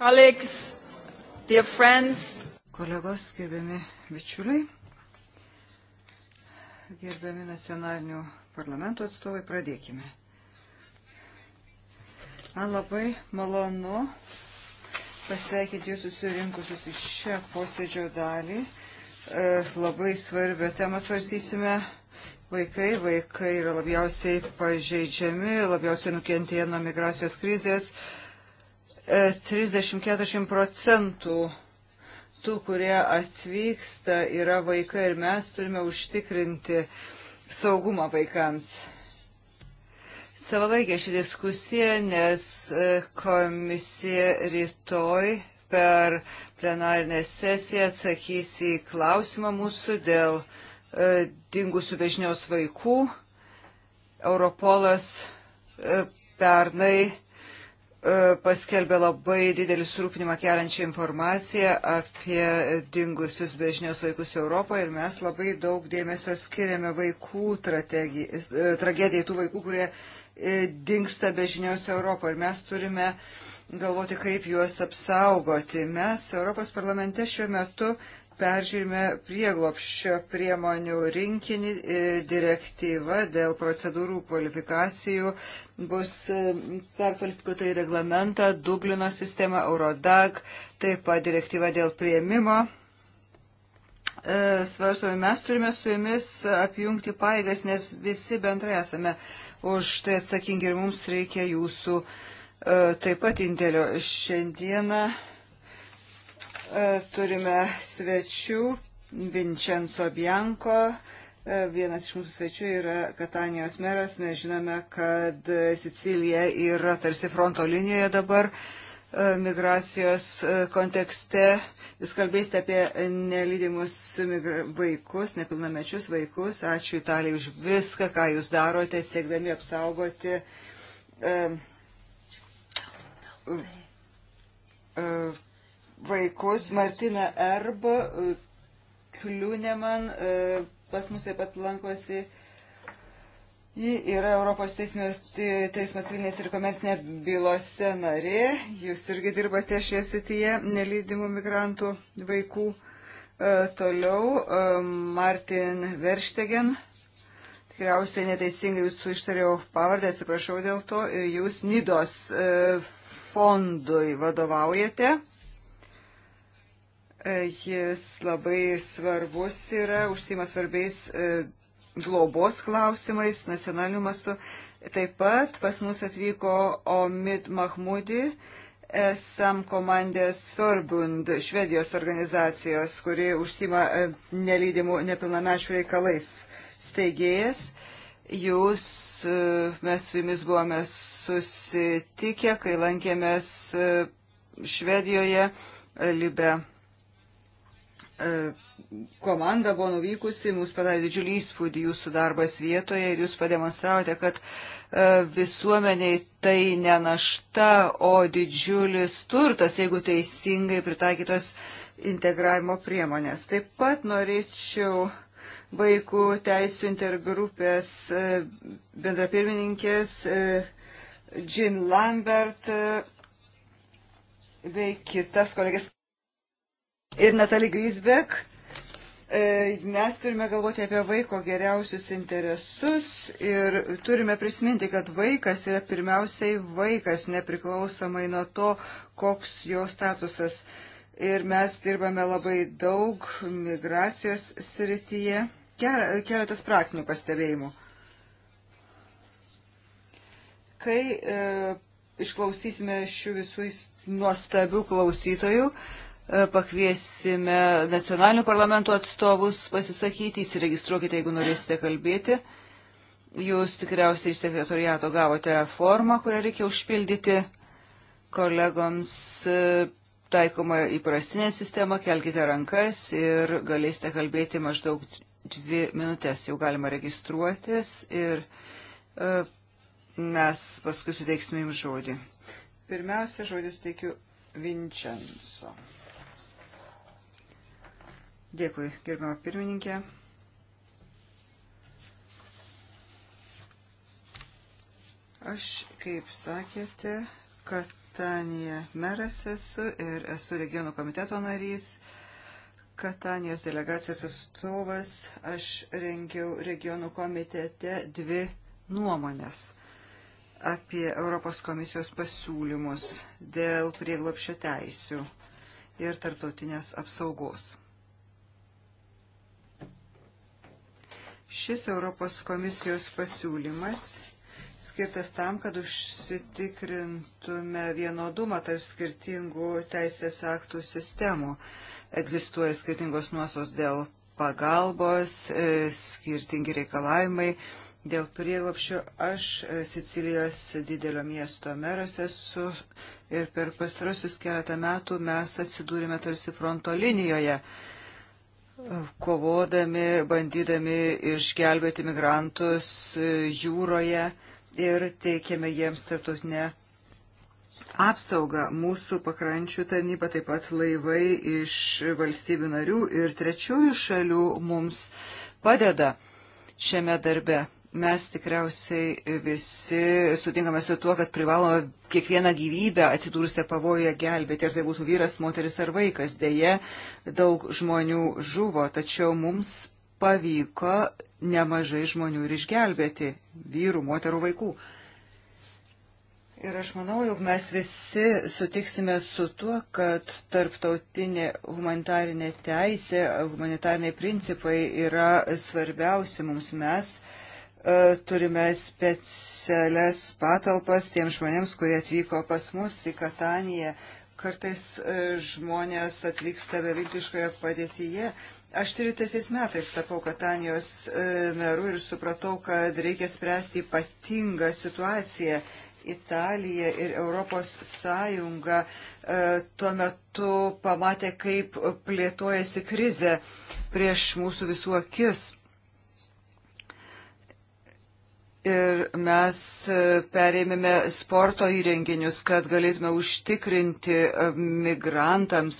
Colleagues, dear friends. Kolegos, gerbiami bičiuliai, gerbiami nacionalinių parlamentų atstovai, pradėkime. Man labai malonu pasveikinti jūs susirinkusius į šią posėdžio dalį. E, labai svarbią temą svarstysime Vaikai, vaikai yra labiausiai pažeidžiami, labiausiai nukentėję nuo migracijos krizės, 30-40 procentų tų, kurie atvyksta, yra vaikai ir mes turime užtikrinti saugumą vaikams. Savalaikė ši diskusija, nes e, komisija rytoj per plenarinę sesiją atsakys į klausimą mūsų dėl e, dingusių bežnios vaikų. Europolas e, pernai E, paskelbė labai didelį surūpinimą keliančią informaciją apie dingusius bežinios vaikus Europoje ir mes labai daug dėmesio skiriame vaikų e, tragedijai, tų vaikų, kurie e, dinksta bežinios Europoje ir mes turime galvoti, kaip juos apsaugoti. Mes Europos parlamente šiuo metu uh, peržiūrime prieglopščio priemonių rinkinį, e, direktyva dėl procedūrų kvalifikacijų bus perkvalifikuota į reglamentą, Dublino sistema, Eurodag, taip pat direktyva dėl prieimimo. E, svarstome, mes turime su jumis apjungti paėgas, nes visi bendrai esame už tai atsakingi ir mums reikia jūsų e, taip pat indėlio šiandieną E, turime svečių Vincenzo Bianko. E, vienas iš mūsų svečių yra Katanijos meras. Mes žinome, kad Sicilija yra tarsi fronto linijoje dabar e, migracijos kontekste. Jūs kalbėsite apie nelydimus vaikus, nepilnamečius vaikus. Ačiū Italijai už viską, ką jūs darote, siekdami apsaugoti um, uh, uh, vaikus. Martina Erba, Kliūneman, e, pas mus taip pat lankosi. Ji yra Europos teismo, teismo civilinės ir komercinė bylose narė. Jūs irgi dirbate šioje srityje nelydimų migrantų vaikų. E, toliau e, Martin Verštegen. Tikriausiai neteisingai jūsų ištariau pavardę, atsiprašau dėl to. Ir jūs Nidos e, fondui vadovaujate. Jis labai svarbus yra, užsima svarbiais e, globos klausimais nacionaliniu mastu. Taip pat pas mus atvyko Omid Mahmudi, SM komandės Sorbund Švedijos organizacijos, kuri užsima e, nelydimų nepilnamečių reikalais steigėjas. Jūs, e, mes su jumis buvome susitikę, kai lankėmės Švedijoje, Libe E, komanda buvo nuvykusi, mums padarė didžiulį įspūdį jūsų darbas vietoje ir jūs pademonstravote, kad e, visuomeniai tai ne našta, o didžiulis turtas, jeigu teisingai pritaikytos integravimo priemonės. Taip pat norėčiau vaikų teisų intergrupės e, bendrapirmininkės Jean Lambert bei kitas kolegės ir Natalie Grisbeck. E, mes turime galvoti apie vaiko geriausius interesus ir turime prisiminti, kad vaikas yra pirmiausiai vaikas, nepriklausomai nuo to, koks jo statusas. Ir mes dirbame labai daug migracijos srityje. Keletas praktinių pastebėjimų. Kai e, išklausysime šių visų nuostabių klausytojų, e, E, pakviesime nacionalinių parlamentų atstovus pasisakyti, įsiregistruokite, jeigu norėsite kalbėti. Jūs tikriausiai iš sekretoriato gavote formą, kurią reikia užpildyti kolegoms e, taikoma įprastinė sistema, kelkite rankas ir galėsite kalbėti maždaug dvi minutės, jau galima registruotis ir e, mes paskui suteiksime jums žodį. Pirmiausia, žodį suteikiu Vincenzo. Dėkui, gerbiamą pirmininkę. Aš, kaip sakėte, Katanija meras esu ir esu regionų komiteto narys. Katanijos delegacijos atstovas, aš rengiau regionų komitete dvi nuomonės apie Europos komisijos pasiūlymus dėl prieglopšio teisių ir tarptautinės apsaugos. Šis Europos komisijos pasiūlymas skirtas tam, kad užsitikrintume vienodumą tarp skirtingų teisės aktų sistemų. Egzistuoja skirtingos nuosos dėl pagalbos, e, skirtingi reikalavimai dėl prieglopščio aš e, Sicilijos didelio miesto meras esu ir per pastarosius keletą metų mes atsidūrėme tarsi fronto linijoje kovodami, bandydami išgelbėti migrantus jūroje ir teikiame jiems tarptautinę apsaugą. Mūsų pakrančių tarnyba taip pat laivai iš valstybių narių ir trečiųjų šalių mums padeda šiame darbe. Mes tikriausiai visi sutinkame su tuo, kad privalome kiekvieną gyvybę atsidūrusią pavojoje gelbėti, ar tai būtų vyras, moteris ar vaikas. Deja, daug žmonių žuvo, tačiau mums pavyko nemažai žmonių ir išgelbėti vyrų, moterų, vaikų. Ir aš manau, jog mes visi sutiksime su tuo, kad tarptautinė humanitarinė teisė, humanitariniai principai yra svarbiausi mums mes. E, turime specialias patalpas tiems žmonėms, kurie atvyko pas mus į Kataniją. Kartais e, žmonės atvyksta beviltiškoje padėtyje. Aš 30 metais tapau Katanijos e, meru ir supratau, kad reikia spręsti ypatingą situaciją. Italija ir Europos Sąjunga tuo metu pamatė, kaip plėtojasi krize prieš mūsų visų akis. Ir mes e, perėmėme sporto įrenginius, kad galėtume užtikrinti e, migrantams,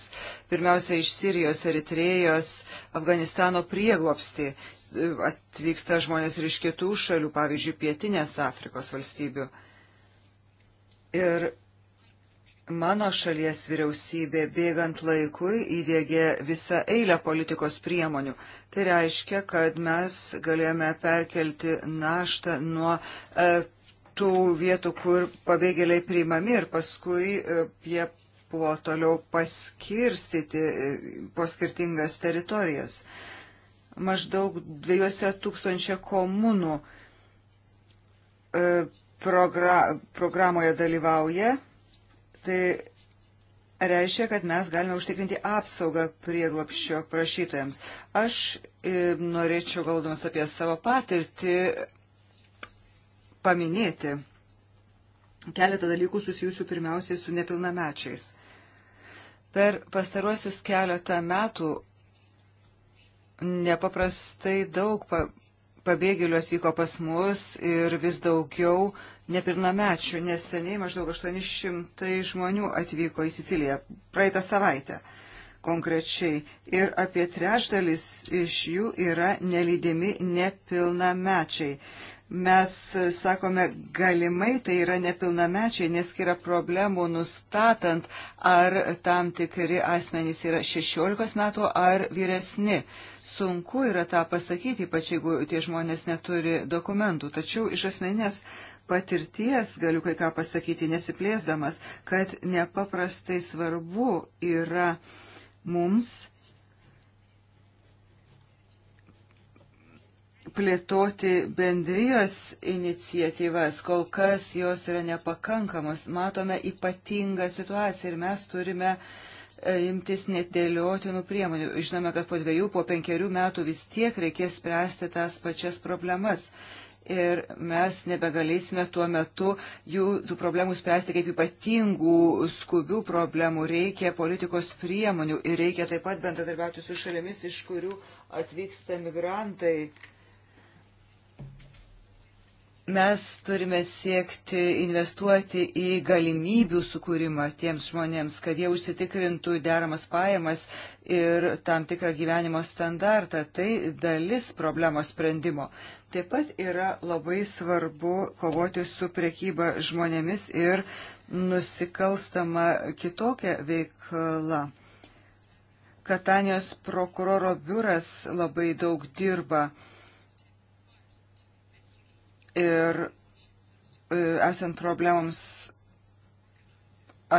pirmiausia iš Sirijos, Eritrėjos, Afganistano prieglopsti. E, atvyksta žmonės ir iš kitų šalių, pavyzdžiui, pietinės Afrikos valstybių. Ir Mano šalies vyriausybė bėgant laikui įdėgė visą eilę politikos priemonių. Tai reiškia, kad mes galėjome perkelti naštą nuo e, tų vietų, kur pabėgėliai priimami ir paskui e, jie buvo toliau paskirstyti e, po skirtingas teritorijas. Maždaug dviejose tūkstančia komunų e, progra programoje dalyvauja Tai reiškia, kad mes galime užtikrinti apsaugą prieglopščio prašytojams. Aš e, norėčiau, galvodamas apie savo patirtį, paminėti keletą dalykų susijusių pirmiausiai su nepilnamečiais. Per pastaruosius keletą metų nepaprastai daug pabėgėlių atvyko pas mus ir vis daugiau nepilnamečių. Neseniai maždaug 800 žmonių atvyko į Siciliją praeitą savaitę konkrečiai. Ir apie trečdalis iš jų yra nelydimi nepilnamečiai. Mes sakome, galimai tai yra nepilnamečiai, nes yra problemų nustatant, ar tam tikri asmenys yra 16 metų ar vyresni. Sunku yra tą pasakyti, ypač jeigu tie žmonės neturi dokumentų. Tačiau iš asmenės patirties galiu kai ką pasakyti, nesiplėsdamas, kad nepaprastai svarbu yra mums plėtoti bendrijos iniciatyvas, kol kas jos yra nepakankamos. Matome ypatingą situaciją ir mes turime e, imtis netėliotinų priemonių. Žinome, kad po dviejų, po penkerių metų vis tiek reikės spręsti tas pačias problemas ir mes nebegalėsime tuo metu jų tų problemų spręsti kaip ypatingų skubių problemų. Reikia politikos priemonių ir reikia taip pat bendradarbiauti su šalimis, iš kurių atvyksta migrantai. Mes turime siekti investuoti į galimybių sukūrimą tiems žmonėms, kad jie užsitikrintų deramas pajamas ir tam tikrą gyvenimo standartą. Tai dalis problemos sprendimo. Taip pat yra labai svarbu kovoti su prekyba žmonėmis ir nusikalstama kitokia veikla. Katanijos prokuroro biuras labai daug dirba ir e, esant problemams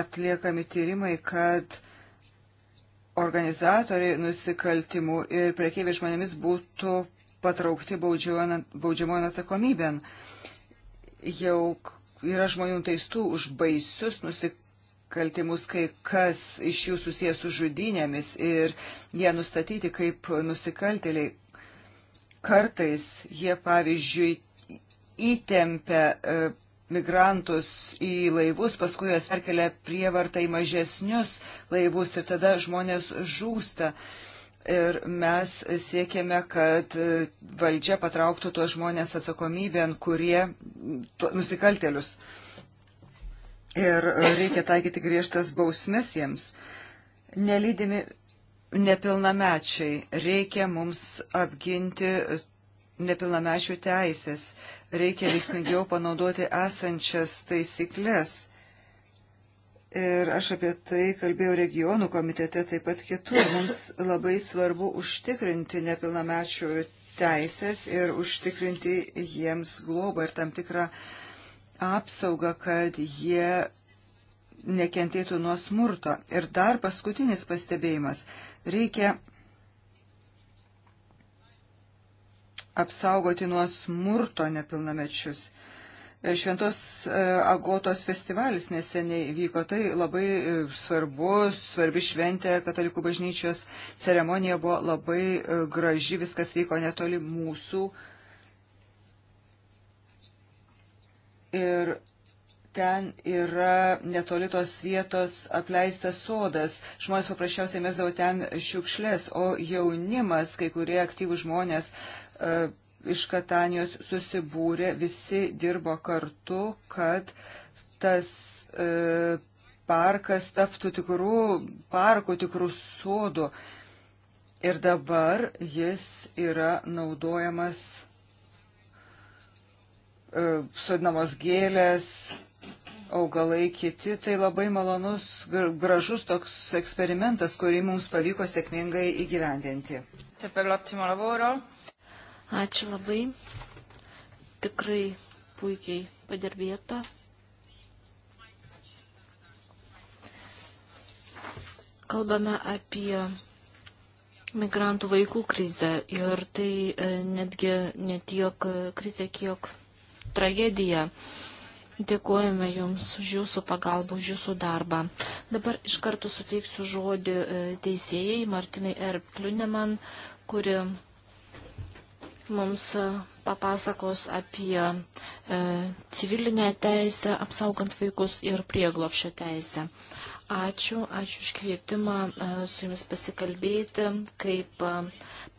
atliekami tyrimai, kad organizatoriai nusikaltimų ir prekybė žmonėmis būtų patraukti baudžiamojon atsakomybėn. Jau yra žmonių teistų už baisius nusikaltimus, kai kas iš jų susijęs su žudinėmis ir jie nustatyti kaip nusikaltėliai. Kartais jie, pavyzdžiui, įtempia e, migrantus į laivus, paskui juos perkelia prievartą į mažesnius laivus ir tada žmonės žūsta. Uh, Ir mes siekiame, kad valdžia patrauktų tuos žmonės atsakomybėn, kurie nusikaltelius. Ir reikia taikyti griežtas bausmes jiems. Nelydimi nepilnamečiai. Reikia mums apginti nepilnamečių teisės. Reikia veiksmingiau panaudoti esančias taisyklės Ir aš apie tai kalbėjau regionų komitete, taip pat kitur. Mums labai svarbu užtikrinti nepilnamečių teisės ir užtikrinti jiems globą ir tam tikrą apsaugą, kad jie nekentėtų nuo smurto. Ir dar paskutinis pastebėjimas. Reikia apsaugoti nuo smurto nepilnamečius Šventos e, Agotos festivalis neseniai vyko. Tai labai e, svarbu, svarbi šventė Katalikų bažnyčios ceremonija buvo labai e, graži, viskas vyko netoli mūsų. Ir ten yra netoli tos vietos apleistas sodas. Žmonės paprasčiausiai mesdavo ten šiukšlės, o jaunimas, kai kurie aktyvų žmonės, iš Katanijos susibūrė, visi dirbo kartu, kad tas e, parkas taptų tikrų parkų, tikrų sodų. Ir dabar jis yra naudojamas e, sodinamos gėlės, augalai kiti, tai labai malonus, gražus toks eksperimentas, kurį mums pavyko sėkmingai įgyvendinti. Taip, per l'ottimo lavoro. Ačiū labai. Tikrai puikiai padirbėta. Kalbame apie migrantų vaikų krizę ir tai e, netgi ne tiek krizė, kiek tragedija. Dėkojame Jums už Jūsų pagalbą, už Jūsų darbą. Dabar iš karto suteiksiu žodį e, teisėjai Martinai Erb Kliuneman, kuri mums e, papasakos apie e, civilinę teisę, apsaugant vaikus ir prieglopšio teisę. Ačiū, ačiū už kvietimą e, su Jumis pasikalbėti, kaip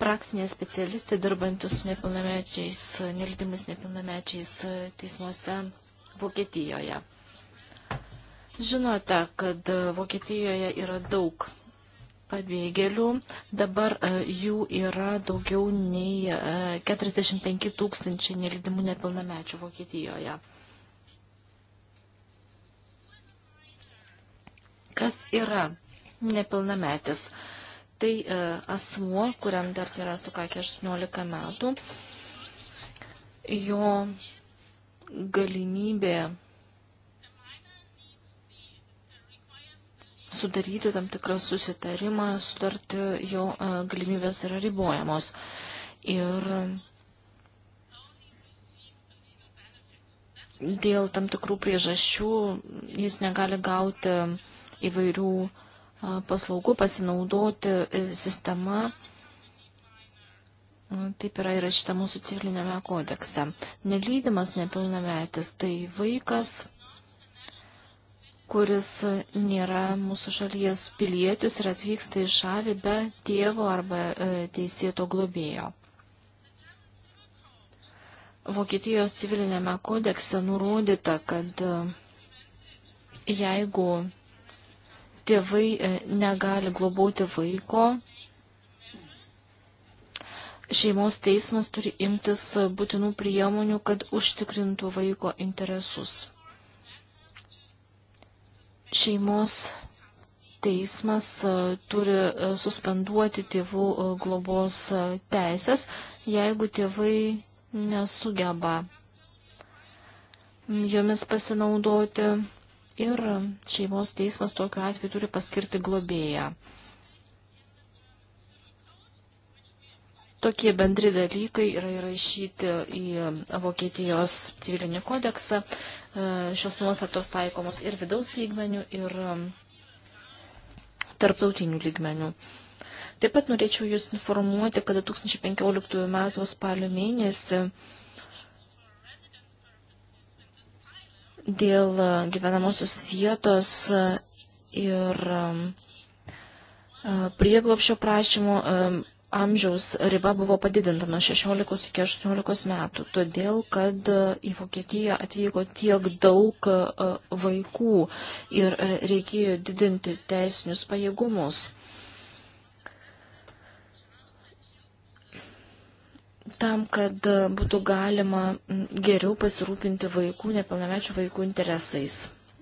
praktinė specialistė dirbanti su nepilnamečiais, nelydimais nepilnamečiais teismuose Vokietijoje. Žinote, kad Vokietijoje yra daug pabėgėlių. Dabar e, jų yra daugiau nei 45 e, tūkstančiai nelydimų nepilnamečių Vokietijoje. Kas yra nepilnametis? Tai e, asmuo, kuriam dar yra sukakę 18 metų, jo galimybė sudaryti tam tikrą susitarimą, sutarti jo e, galimybės yra ribojamos. Ir dėl tam tikrų priežasčių jis negali gauti įvairių e, paslaugų, pasinaudoti e, sistema. Taip yra įrašyta mūsų civilinėme kodekse. Nelydimas nepilnametis tai vaikas, kuris nėra mūsų šalies pilietis ir atvyksta į šalį be tėvo arba e, teisėto globėjo. Vokietijos civilinėme kodekse nurodyta, kad e, jeigu tėvai e, negali globoti vaiko, šeimos teismas turi imtis būtinų priemonių, kad užtikrintų vaiko interesus šeimos teismas e, turi e, suspenduoti tėvų e, globos teisės, jeigu tėvai nesugeba jomis pasinaudoti ir šeimos teismas tokiu atveju turi paskirti globėją. Tokie bendri dalykai yra įrašyti į Vokietijos civilinį kodeksą. E, šios nuostatos taikomos ir vidaus lygmenių, ir e, tarptautinių lygmenių. Taip pat norėčiau Jūs informuoti, kad 2015 m. spalio mėnesį dėl gyvenamosios vietos ir e, prieglopšio prašymo amžiaus riba buvo padidinta nuo 16 iki 18 metų, todėl kad e, į Vokietiją atvyko tiek daug e, vaikų ir e, reikėjo didinti teisinius pajėgumus. Tam, kad būtų galima geriau pasirūpinti vaikų, nepilnamečių vaikų interesais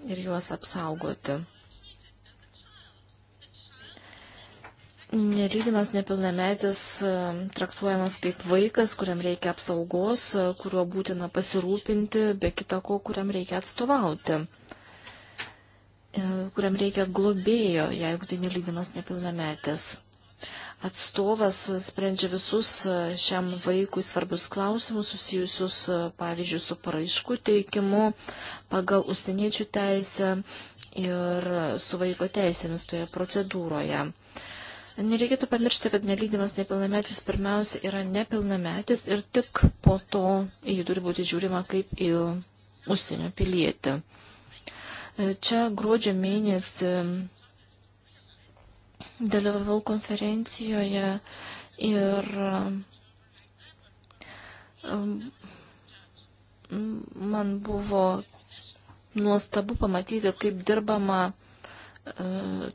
ir juos apsaugoti. Nelydimas nepilnametis e, traktuojamas kaip vaikas, kuriam reikia apsaugos, e, kuriuo būtina pasirūpinti, be kita ko, kuriam reikia atstovauti, e, kuriam reikia globėjo, jeigu tai nelydimas nepilnametis atstovas sprendžia visus šiam vaikui svarbius klausimus susijusius, pavyzdžiui, su paraiškų teikimu pagal užsieniečių teisę ir su vaiko teisėmis toje procedūroje. Nereikėtų pamiršti, kad nelydimas nepilnametis pirmiausia yra nepilnametis ir tik po to jį turi būti žiūrima kaip į užsienio pilietį. E, čia gruodžio mėnesį dalyvavau konferencijoje ir e, man buvo nuostabu pamatyti, kaip dirbama E,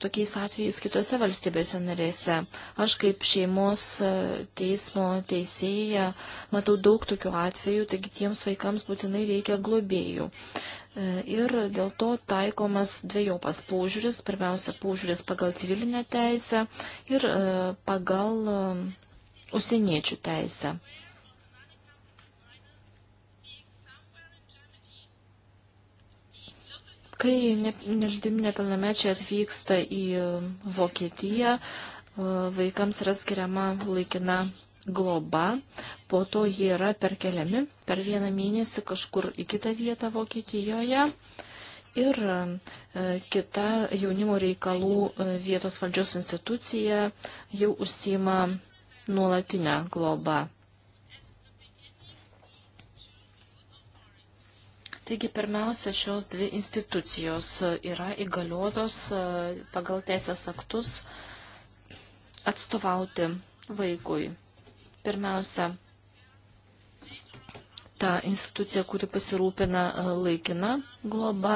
tokiais atvejais kitose valstybėse narėse. Aš kaip šeimos e, teismo teisėja matau daug tokių atvejų, taigi tiems vaikams būtinai reikia globėjų. E, ir dėl to taikomas dviejopas paužiūris, pirmiausia paužiūris pagal civilinę teisę ir pagal užsieniečių teisę. Kai nelydimi nepilnamečiai atvyksta į um, Vokietiją, uh, vaikams yra skiriama laikina globa, po to jie yra perkeliami per vieną mėnesį kažkur į kitą vietą Vokietijoje. Ir um, uh, kita jaunimo reikalų uh, vietos valdžios institucija jau užsima nuolatinę globą. Taigi, pirmiausia, šios dvi institucijos e, yra įgaliotos e, pagal teisės aktus atstovauti vaikui. Pirmiausia, ta institucija, kuri pasirūpina e, laikina globa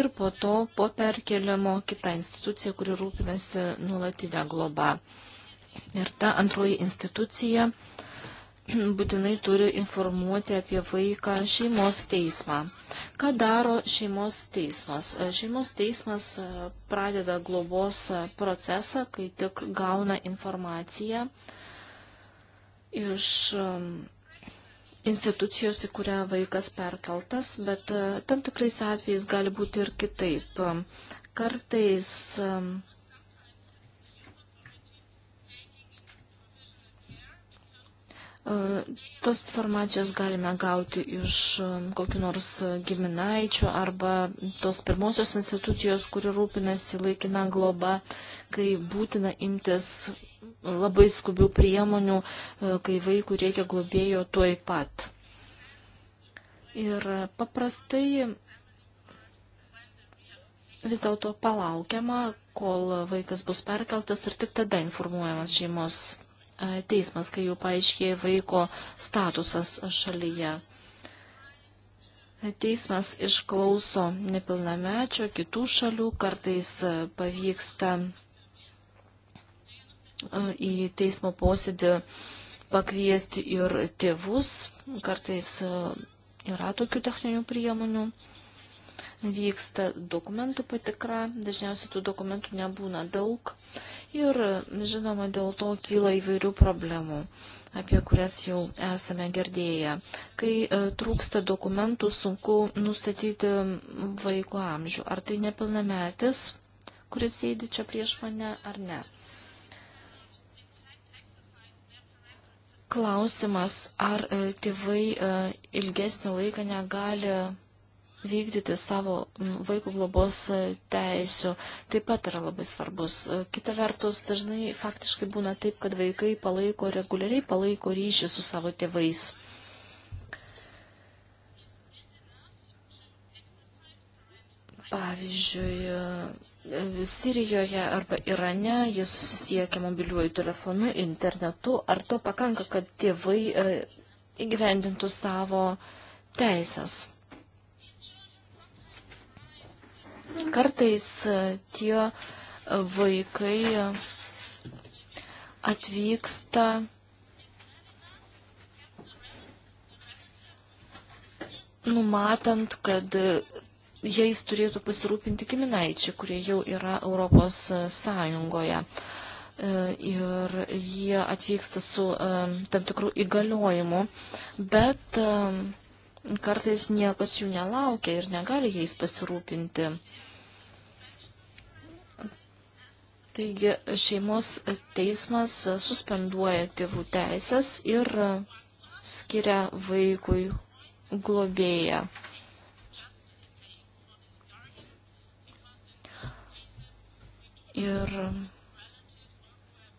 ir po to po perkeliamo kita institucija, kuri rūpinasi nuolatinę globą. Ir ta antroji institucija būtinai turi informuoti apie vaiką šeimos teismą. Ką daro šeimos teismas? E, šeimos teismas e, pradeda globos e, procesą, kai tik gauna informaciją iš institucijos, į kurią vaikas perkeltas, bet tam tikrais atvejais gali būti ir kitaip. Kartais E, tos informacijos galime gauti iš e, kokiu nors giminaičių arba tos pirmosios institucijos, kuri rūpinasi laikina globa, kai būtina imtis labai skubių priemonių, e, kai vaikų reikia globėjo tuoj pat. Ir paprastai vis dėlto palaukiama, kol vaikas bus perkeltas ir tik tada informuojamas šeimos teismas, kai jau paaiškėja vaiko statusas šalyje. Teismas išklauso nepilnamečio kitų šalių, kartais pavyksta į teismo posėdį pakviesti ir tėvus, kartais yra tokių techninių priemonių vyksta dokumentų patikra, dažniausiai tų dokumentų nebūna daug ir, žinoma, dėl to kyla įvairių problemų apie kurias jau esame girdėję. Kai e, trūksta dokumentų, sunku nustatyti vaiko amžių. Ar tai nepilnametis, kuris sėdi čia prieš mane, ar ne? Klausimas, ar e, tėvai e, ilgesnį laiką negali vykdyti savo vaikų globos e, teisių taip pat yra labai svarbus. E, kita vertus, dažnai faktiškai būna taip, kad vaikai palaiko reguliariai palaiko ryšį su savo tėvais. Pavyzdžiui, e, Sirijoje arba Irane jie susisiekia mobiliuoju telefonu, internetu, ar to pakanka, kad tėvai įgyvendintų savo teisės. Kartais e, tie e, vaikai e, atvyksta numatant, kad jais turėtų pasirūpinti giminaičiai, kurie jau yra Europos Sąjungoje. Ir jie atvyksta su tam tikrų įgaliojimu, bet kartais niekas jų nelaukia ir negali jais pasirūpinti. Taigi šeimos teismas suspenduoja tėvų teisės ir skiria vaikui globėją. Ir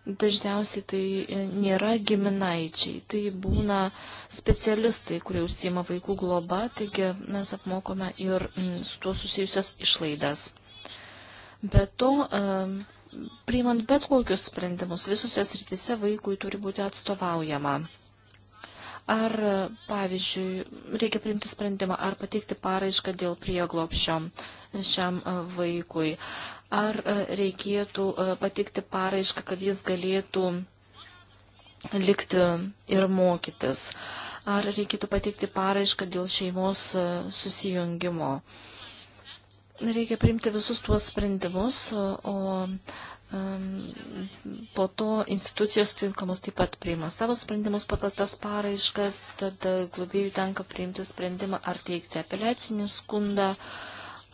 Dažniausiai tai e, nėra giminaičiai, tai būna specialistai, kurie užsima vaikų globa, taigi mes apmokome ir mm, su tuo susijusias išlaidas. Be to, e, priimant bet kokius sprendimus, visose srityse vaikui turi būti atstovaujama ar, e, pavyzdžiui, reikia priimti sprendimą, ar pateikti paraišką dėl prieglopšio šiam vaikui, ar e, reikėtų e, patikti paraišką, kad jis galėtų likti ir mokytis, ar reikėtų patikti paraišką dėl šeimos e, susijungimo. Reikia priimti visus tuos sprendimus, o Po to institucijos tinkamos taip pat priima savo sprendimus pagal tas paraiškas, tada globėjų tenka priimti sprendimą ar teikti apeliacinį skundą,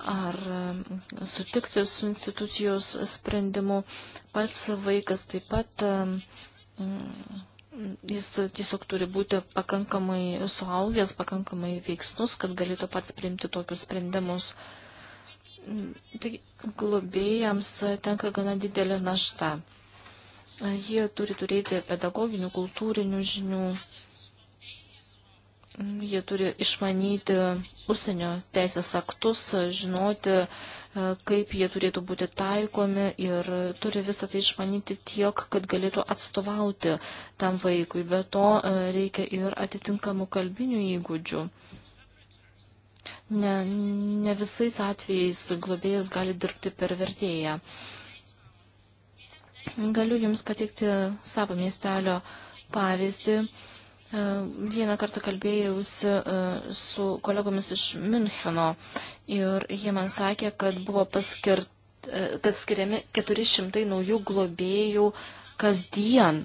ar sutikti su institucijos sprendimu. Pats vaikas taip pat, jis tiesiog turi būti pakankamai suaugęs, pakankamai veiksnus, kad galėtų pats priimti tokius sprendimus. Tai globėjams tenka gana didelė našta. Jie turi turėti pedagoginių, kultūrinių žinių Jie turi išmanyti užsienio teisės aktus, žinoti, e, kaip jie turėtų būti taikomi ir turi visą tai išmanyti tiek, kad galėtų atstovauti tam vaikui. Be to e, reikia ir atitinkamų kalbinių įgūdžių. Ne, ne visais atvejais globėjas gali dirbti per vertėją. Galiu Jums pateikti savo miestelio pavyzdį. E, vieną kartą kalbėjausi e, su kolegomis iš Müncheno ir jie man sakė, kad buvo paskirt, e, kad skiriami 400 naujų globėjų kasdien,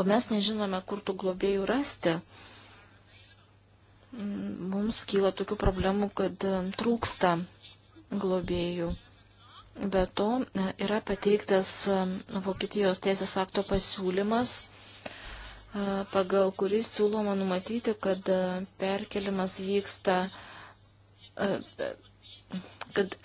o mes nežinome, kur tų globėjų rasti. Mums kyla tokių problemų, kad trūksta globėjų. Be to yra pateiktas Vokietijos teisės akto pasiūlymas pagal kurį siūloma numatyti, kad perkelimas vyksta, kad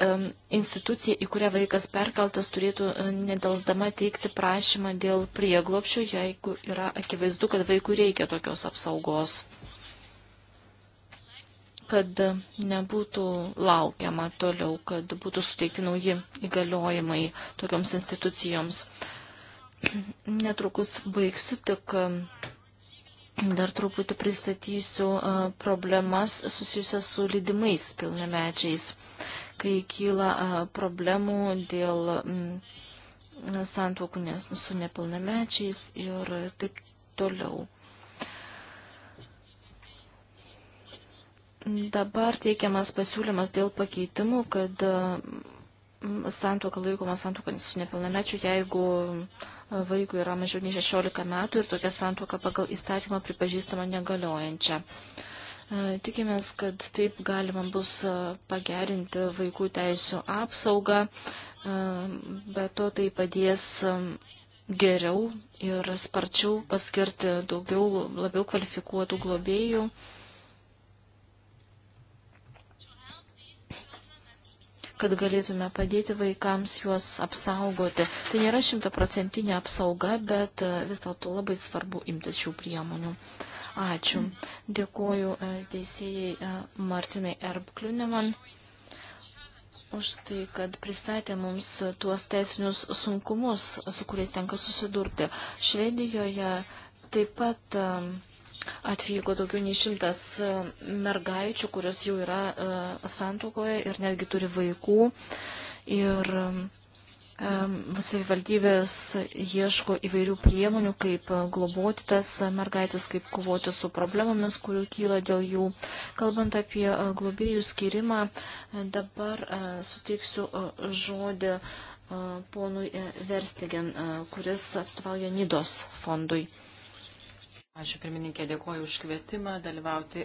institucija, į kurią vaikas perkeltas, turėtų nedelsdama teikti prašymą dėl prieglopšio, jeigu yra akivaizdu, kad vaikų reikia tokios apsaugos kad nebūtų laukiama toliau, kad būtų suteikti nauji įgaliojimai tokioms institucijoms. Uh, Netrukus baigsiu, tik um, dar truputį pristatysiu uh, problemas susijusias su lydimais pilnamečiais, kai kyla uh, problemų dėl mm, santuokų su nepilnamečiais ir taip toliau. Dabar teikiamas pasiūlymas dėl pakeitimų, kad santuoka laikoma santuoka su nepilnamečiu, jeigu e, vaikui yra mažiau nei 16 metų ir tokia santuoka pagal įstatymą pripažįstama negaliojančia. E, tikimės, kad taip galima bus e, pagerinti vaikų teisų apsaugą, bet to tai padės geriau ir sparčiau paskirti daugiau labiau kvalifikuotų globėjų kad galėtume padėti vaikams juos apsaugoti. Tai nėra šimtaprocentinė apsauga, bet e, vis dėlto labai svarbu imtis šių priemonių. Ačiū. Dėkuoju e, teisėjai e, Martinai Erbkliuneman už tai, kad pristatė mums tuos teisinius sunkumus, su kuriais tenka susidurti. Švedijoje taip pat atvyko daugiau nei šimtas e, mergaičių, kurios jau yra e, santuokoje ir netgi turi vaikų. Ir e, savivaldybės ieško įvairių priemonių, kaip globoti tas mergaitės, kaip kovoti su problemomis, kurių kyla dėl jų. Kalbant apie globėjų skirimą, dabar suteiksiu žodį ponui Verstigen, kuris atstovauja Nidos fondui. Ačiū pirmininkė, dėkuoju už kvietimą dalyvauti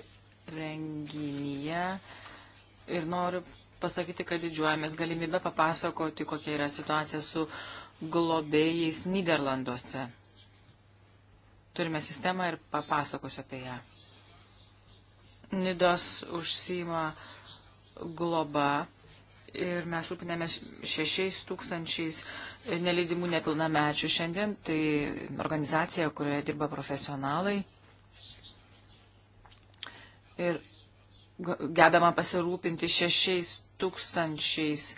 renginyje ir noriu pasakyti, kad didžiuojamės galimybę papasakoti, kokia yra situacija su globėjais Niderlanduose. Turime sistemą ir papasakosiu apie ją. Nidos užsima globa ir mes rūpinėmės 6 tūkstančiais nelydimų nepilnamečių šiandien. Tai organizacija, kurioje dirba profesionalai. Ir gebama pasirūpinti 6 tūkstančiais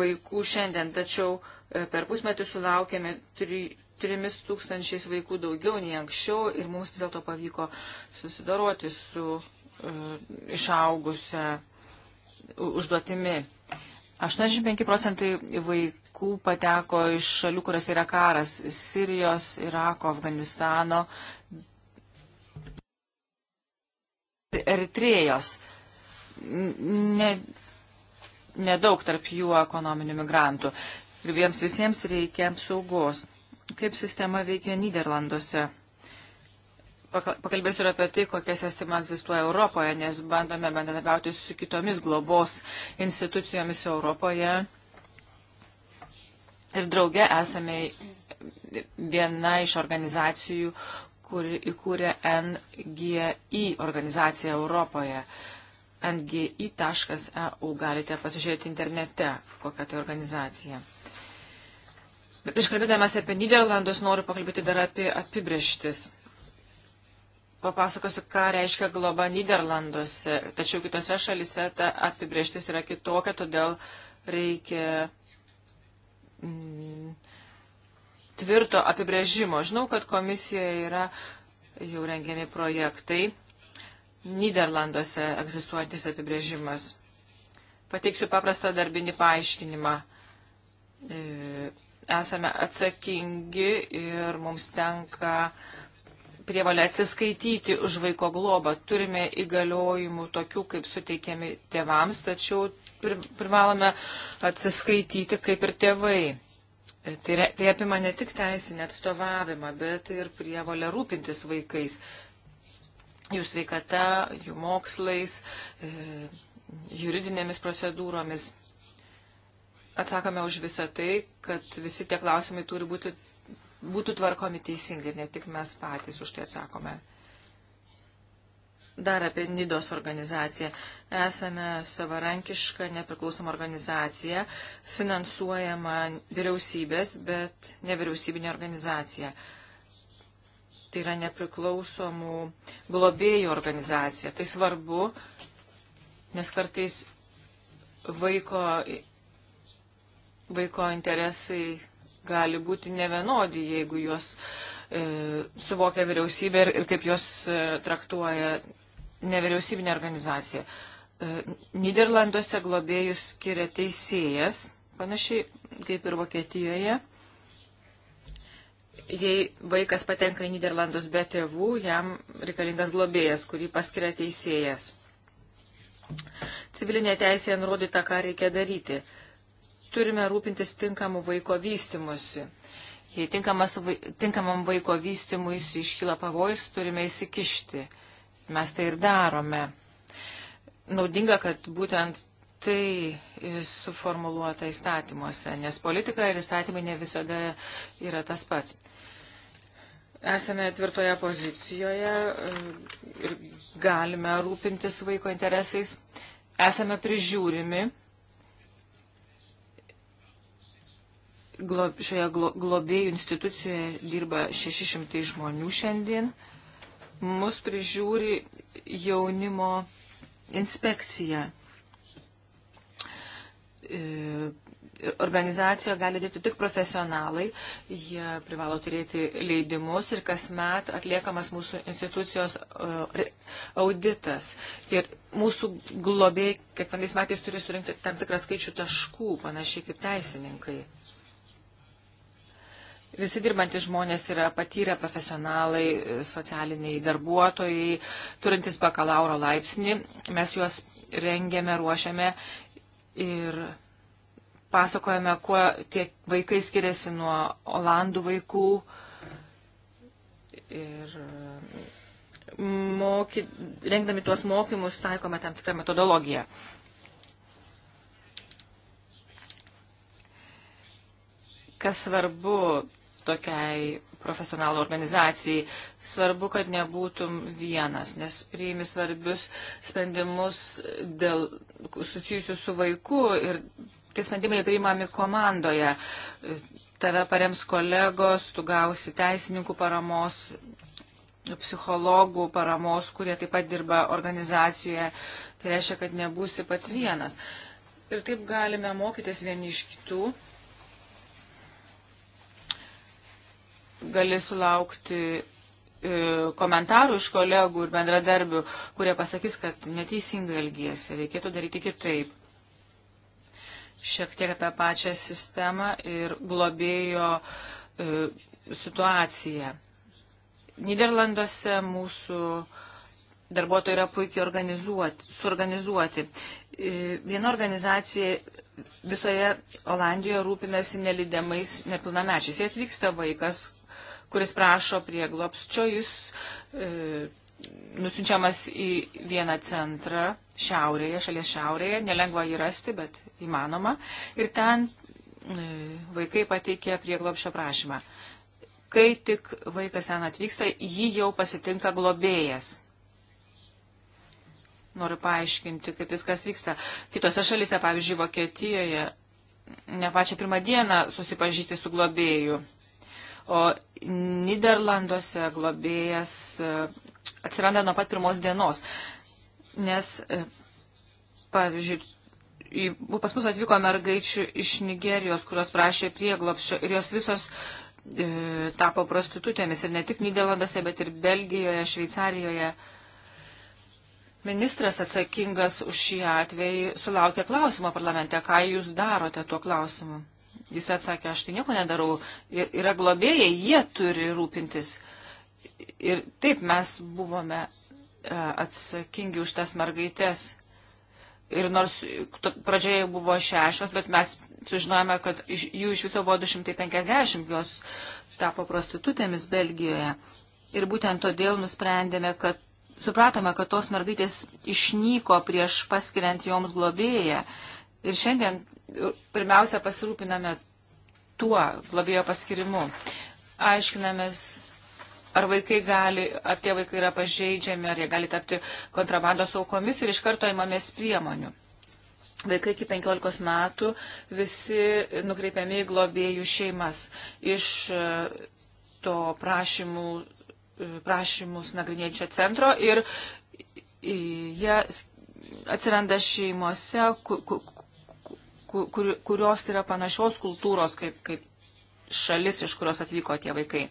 vaikų šiandien, tačiau e, per pusmetį sulaukėme 3 tūkstančiais vaikų daugiau nei anksčiau ir mums vis dėlto pavyko susidoroti su uh, e, išaugusią užduotimi. 85 procentai vaikų pateko iš šalių, kuriuose yra karas - Sirijos, Irako, Afganistano, Eritrėjos. Ne, nedaug tarp jų ekonominių migrantų. Ir jiems visiems reikia apsaugos. Kaip sistema veikia Niderlanduose? pakalbėsiu ir apie tai, kokia sistema egzistuoja Europoje, nes bandome bendradarbiauti su kitomis globos institucijomis Europoje. Ir drauge esame viena iš organizacijų, kuri įkūrė NGI organizaciją Europoje. NGI.eu galite pasižiūrėti internete, kokia tai organizacija. Prieš kalbėdamas apie Niderlandus noriu pakalbėti dar apie apibrieštis papasakosiu, ką reiškia globa Niderlanduose. Tačiau kitose šalise ta apibrieštis yra kitokia, todėl reikia mm, tvirto apibrėžimo. Žinau, kad komisijoje yra jau rengiami projektai. Niderlanduose egzistuojantis apibrėžimas. Pateiksiu paprastą darbinį paaiškinimą. E, esame atsakingi ir mums tenka prievalę atsiskaityti už vaiko globą. Turime įgaliojimų tokių, kaip suteikiami tėvams, tačiau privalome atsiskaityti kaip ir tėvai. Tai, re, tai apima ne tik teisinę atstovavimą, bet ir prievalę rūpintis vaikais, jų sveikata, jų mokslais, e, juridinėmis procedūromis. Atsakome už visą tai, kad visi tie klausimai turi būti būtų tvarkomi teisingai ir ne tik mes patys už tai atsakome. Dar apie Nidos organizaciją. Esame savarankiška, nepriklausoma organizacija, finansuojama vyriausybės, bet nevyriausybinė organizacija. Tai yra nepriklausomų globėjų organizacija. Tai svarbu, nes kartais vaiko, vaiko interesai gali būti nevienodi, jeigu juos e, suvokia vyriausybė ir, ir kaip juos e, traktuoja nevyriausybinė organizacija. E, Niderlanduose globėjus skiria teisėjas, panašiai kaip ir Vokietijoje. Jei vaikas patenka į Niderlandus be tėvų, jam reikalingas globėjas, kurį paskiria teisėjas. Civilinė teisė nurodyta, ką reikia daryti. E, turime rūpintis tinkamu vaiko vystimusi. Jei tinkamas, tinkamam vaiko vystimui iškyla pavojus, turime įsikišti. Mes tai ir darome. Naudinga, kad būtent tai suformuluota įstatymuose, nes politika ir įstatymai ne visada yra tas pats. Esame tvirtoje pozicijoje e, ir galime rūpintis vaiko interesais. Esame prižiūrimi glo, šioje glo, globėjų institucijoje dirba 600 žmonių šiandien. Mus prižiūri jaunimo inspekcija. E, organizacijoje gali dirbti tik profesionalai, jie privalo turėti leidimus ir kasmet atliekamas mūsų institucijos e, auditas. Ir mūsų globėjai kiekvienais metais turi surinkti tam tikrą skaičių taškų, panašiai kaip teisininkai. Visi dirbantys žmonės yra patyrę profesionalai, socialiniai darbuotojai, turintys bakalauro laipsnį. Mes juos rengėme, ruošiame ir pasakojame, kuo tie vaikai skiriasi nuo olandų vaikų. Ir moky, rengdami tuos mokymus taikome tam tikrą metodologiją. Kas svarbu, tokiai profesionalų organizacijai. Svarbu, kad nebūtum vienas, nes priimi svarbius sprendimus dėl susijusius su vaiku ir tie sprendimai priimami komandoje. Tave parems kolegos, tu gausi teisininkų paramos psichologų paramos, kurie taip pat dirba organizacijoje, tai reiškia, kad nebūsi pats vienas. Ir taip galime mokytis vieni iš kitų gali sulaukti e, komentarų iš kolegų ir bendradarbių, kurie pasakys, kad neteisingai elgiesi, reikėtų daryti kitaip. Šiek tiek apie pačią sistemą ir globėjo e, situaciją. Niderlanduose mūsų darbuotojai yra puikiai organizuoti, suorganizuoti. E, viena organizacija visoje Olandijoje rūpinasi nelidėmais nepilnamečiais. Jie atvyksta vaikas, kuris prašo prieglopsčio, jis e, nusinčiamas į vieną centrą šiaurėje, šalies šiaurėje, nelengva jį rasti, bet įmanoma. Ir ten e, vaikai pateikia prieglopščio prašymą. Kai tik vaikas ten atvyksta, jį jau pasitinka globėjas. Noriu paaiškinti, kaip viskas vyksta. Kitose šalise, pavyzdžiui, Vokietijoje, ne pačią pirmą dieną susipažyti su globėju. O Niderlanduose globėjas e, atsiranda nuo pat pirmos dienos, nes, e, pavyzdžiui, pas mus atvyko mergaičių iš Nigerijos, kurios prašė prieglopščio ir jos visos e, tapo prostitutėmis ir ne tik Niderlanduose, bet ir Belgijoje, Šveicarijoje. Ministras atsakingas už šį atvejį sulaukė klausimo parlamente, ką jūs darote tuo klausimu. Jis atsakė, aš tai nieko nedarau. Ir, yra globėjai, jie turi rūpintis. Ir taip mes buvome e, atsakingi už tas mergaitės. Ir nors pradžioje buvo šešios, bet mes sužinojame, kad jų iš viso buvo 250, jos tapo prostitutėmis Belgijoje. Ir būtent todėl nusprendėme, kad supratome, kad tos mergaitės išnyko prieš paskiriant joms globėją. Ir šiandien e, pirmiausia pasirūpiname tuo globėjo paskirimu. Aiškinamės, ar vaikai gali, ar tie vaikai yra pažeidžiami, ar jie gali tapti kontrabandos aukomis ir iš karto įmamės priemonių. Vaikai iki 15 metų visi nukreipiami į globėjų šeimas. Iš e, to prašymų, e, prašymus nagrinėjančio centro ir jie atsiranda šeimose, kur, kurios yra panašios kultūros kaip, kaip šalis, iš kurios atvyko tie vaikai.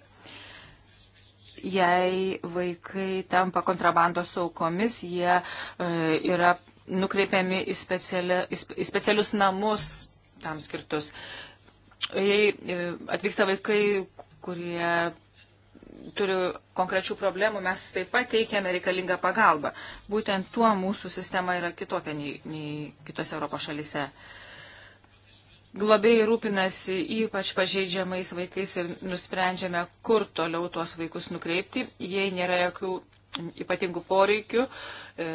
Jei vaikai tampa kontrabandos aukomis, jie e, yra nukreipiami į, speciali, į specialius namus tam skirtus. Jei e, atvyksta vaikai, kurie turi konkrečių problemų, mes taip pat teikiame reikalingą pagalbą. Būtent tuo mūsų sistema yra kitokia nei, nei kitose Europos šalise. E, globėjai rūpinasi ypač pažeidžiamais vaikais ir nusprendžiame, kur toliau tuos vaikus nukreipti, jei nėra jokių ypatingų poreikių. E,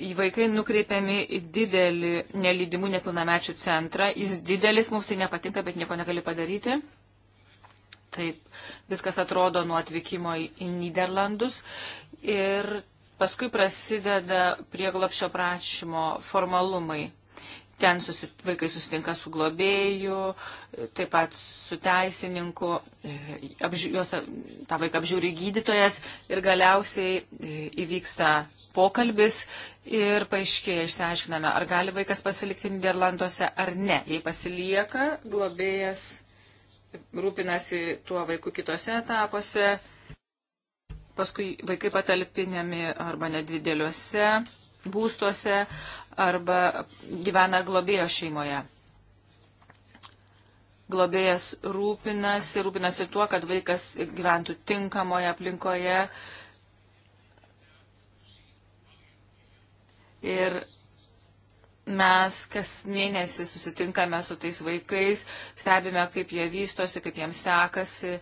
į vaikai nukreipiami į didelį nelydimų nepilnamečių centrą. Jis didelis, mums tai nepatinka, bet nieko negali padaryti. Taip, viskas atrodo nuo atvykimo į Niderlandus. Ir paskui prasideda prieglapšio prašymo formalumai Ten susi, vaikai susitinka su globėju, taip pat su teisininku, apži, juos, tą vaiką apžiūri gydytojas ir galiausiai e, įvyksta pokalbis ir paaiškėja, išsiaiškiname, ar gali vaikas pasilikti Niderlanduose ar ne. Jei pasilieka, globėjas rūpinasi tuo vaiku kitose etapuose, paskui vaikai patalpinami arba nedideliuose būstuose arba gyvena globėjo šeimoje. Globėjas rūpinasi, rūpinasi tuo, kad vaikas gyventų tinkamoje aplinkoje. Ir mes kas mėnesį susitinkame su tais vaikais, stebime, kaip jie vystosi, kaip jiems sekasi,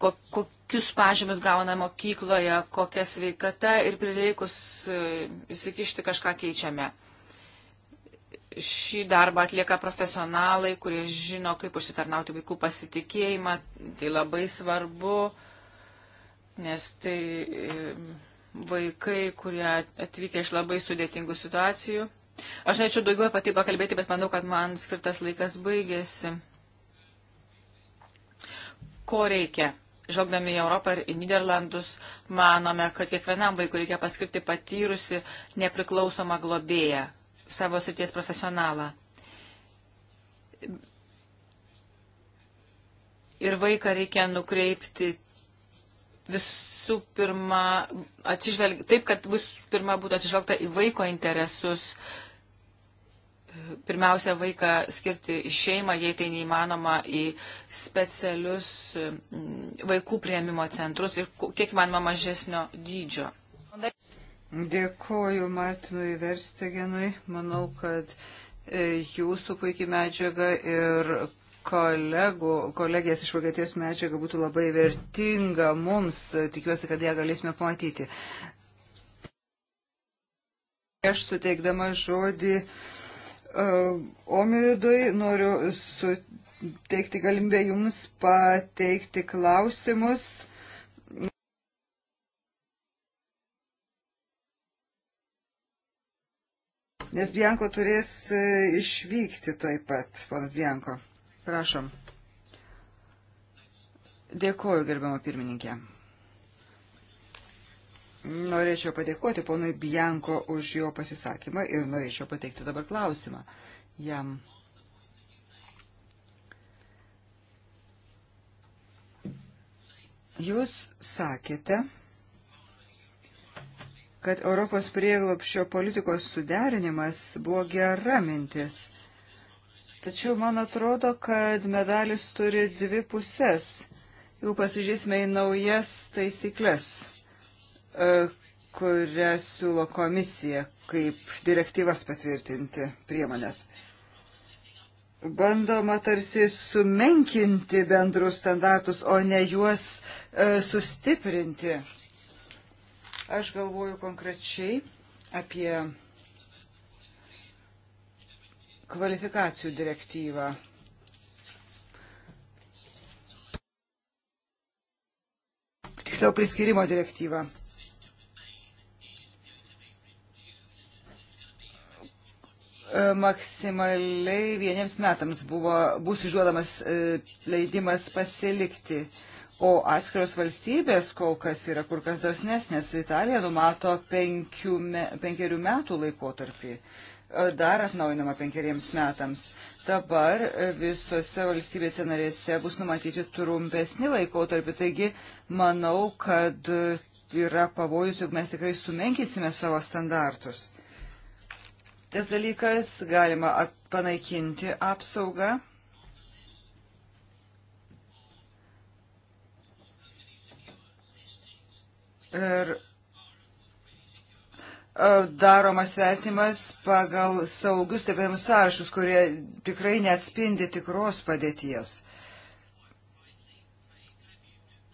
kokie kokius pažymius gauna mokykloje, kokia sveikata ir prireikus e, įsikišti kažką keičiame. Šį darbą atlieka profesionalai, kurie žino, kaip užsitarnauti vaikų pasitikėjimą. Tai labai svarbu, nes tai e, vaikai, kurie atvykę iš labai sudėtingų situacijų. Aš norėčiau daugiau apie tai pakalbėti, bet manau, kad man skirtas laikas baigėsi. Ko reikia? žvelgdami į Europą ir į Niderlandus, manome, kad kiekvienam vaikui reikia paskirti patyrusi nepriklausomą globėją, savo srities profesionalą. Ir vaiką reikia nukreipti visų pirma, atsižvelg, taip, kad visų pirma būtų atsižvelgta į vaiko interesus, pirmiausia vaiką skirti į šeimą, jei tai neįmanoma, į specialius mm, vaikų prieimimo centrus ir kiek manoma mažesnio dydžio. Dėkoju Martinui Verstegenui. Manau, kad e, jūsų puikiai medžiaga ir kolegų, kolegės iš Vokietijos medžiaga būtų labai vertinga mums. Tikiuosi, kad ją galėsime pamatyti. Aš suteikdama žodį uh, Omidui noriu suteikti galimybę jums pateikti klausimus. Nes Bianko turės e, išvykti taip pat, ponas Bianko. Prašom. Dėkuoju, gerbiamo pirmininkė. Norėčiau padėkoti ponui Bianko už jo pasisakymą ir norėčiau pateikti dabar klausimą jam. Jūs sakėte, kad Europos prieglopščio politikos suderinimas buvo gera mintis. Tačiau man atrodo, kad medalis turi dvi pusės. Jau pasižiūrėsime į naujas taisyklės E, kurią siūlo komisija kaip direktyvas patvirtinti priemonės. Bandoma tarsi sumenkinti bendrus standartus, o ne juos e, sustiprinti. Aš galvoju konkrečiai apie kvalifikacijų direktyvą. Tiksliau priskirimo direktyvą. E, maksimaliai vieniems metams buvo, bus išduodamas e, leidimas pasilikti. O atskiros valstybės kol kas yra kur kas dosnesnės. Italija numato penkių, me, penkerių metų laikotarpį. E, dar atnaujinama penkeriems metams. Dabar visose valstybėse narėse bus numatyti trumpesni laikotarpį. Taigi, manau, kad yra pavojus, jog mes tikrai sumenkysime savo standartus. Kitas dalykas, galima panaikinti apsaugą. Ir e, daromas vertimas pagal saugius taip vadinamus sąrašus, kurie tikrai neatspindi tikros padėties.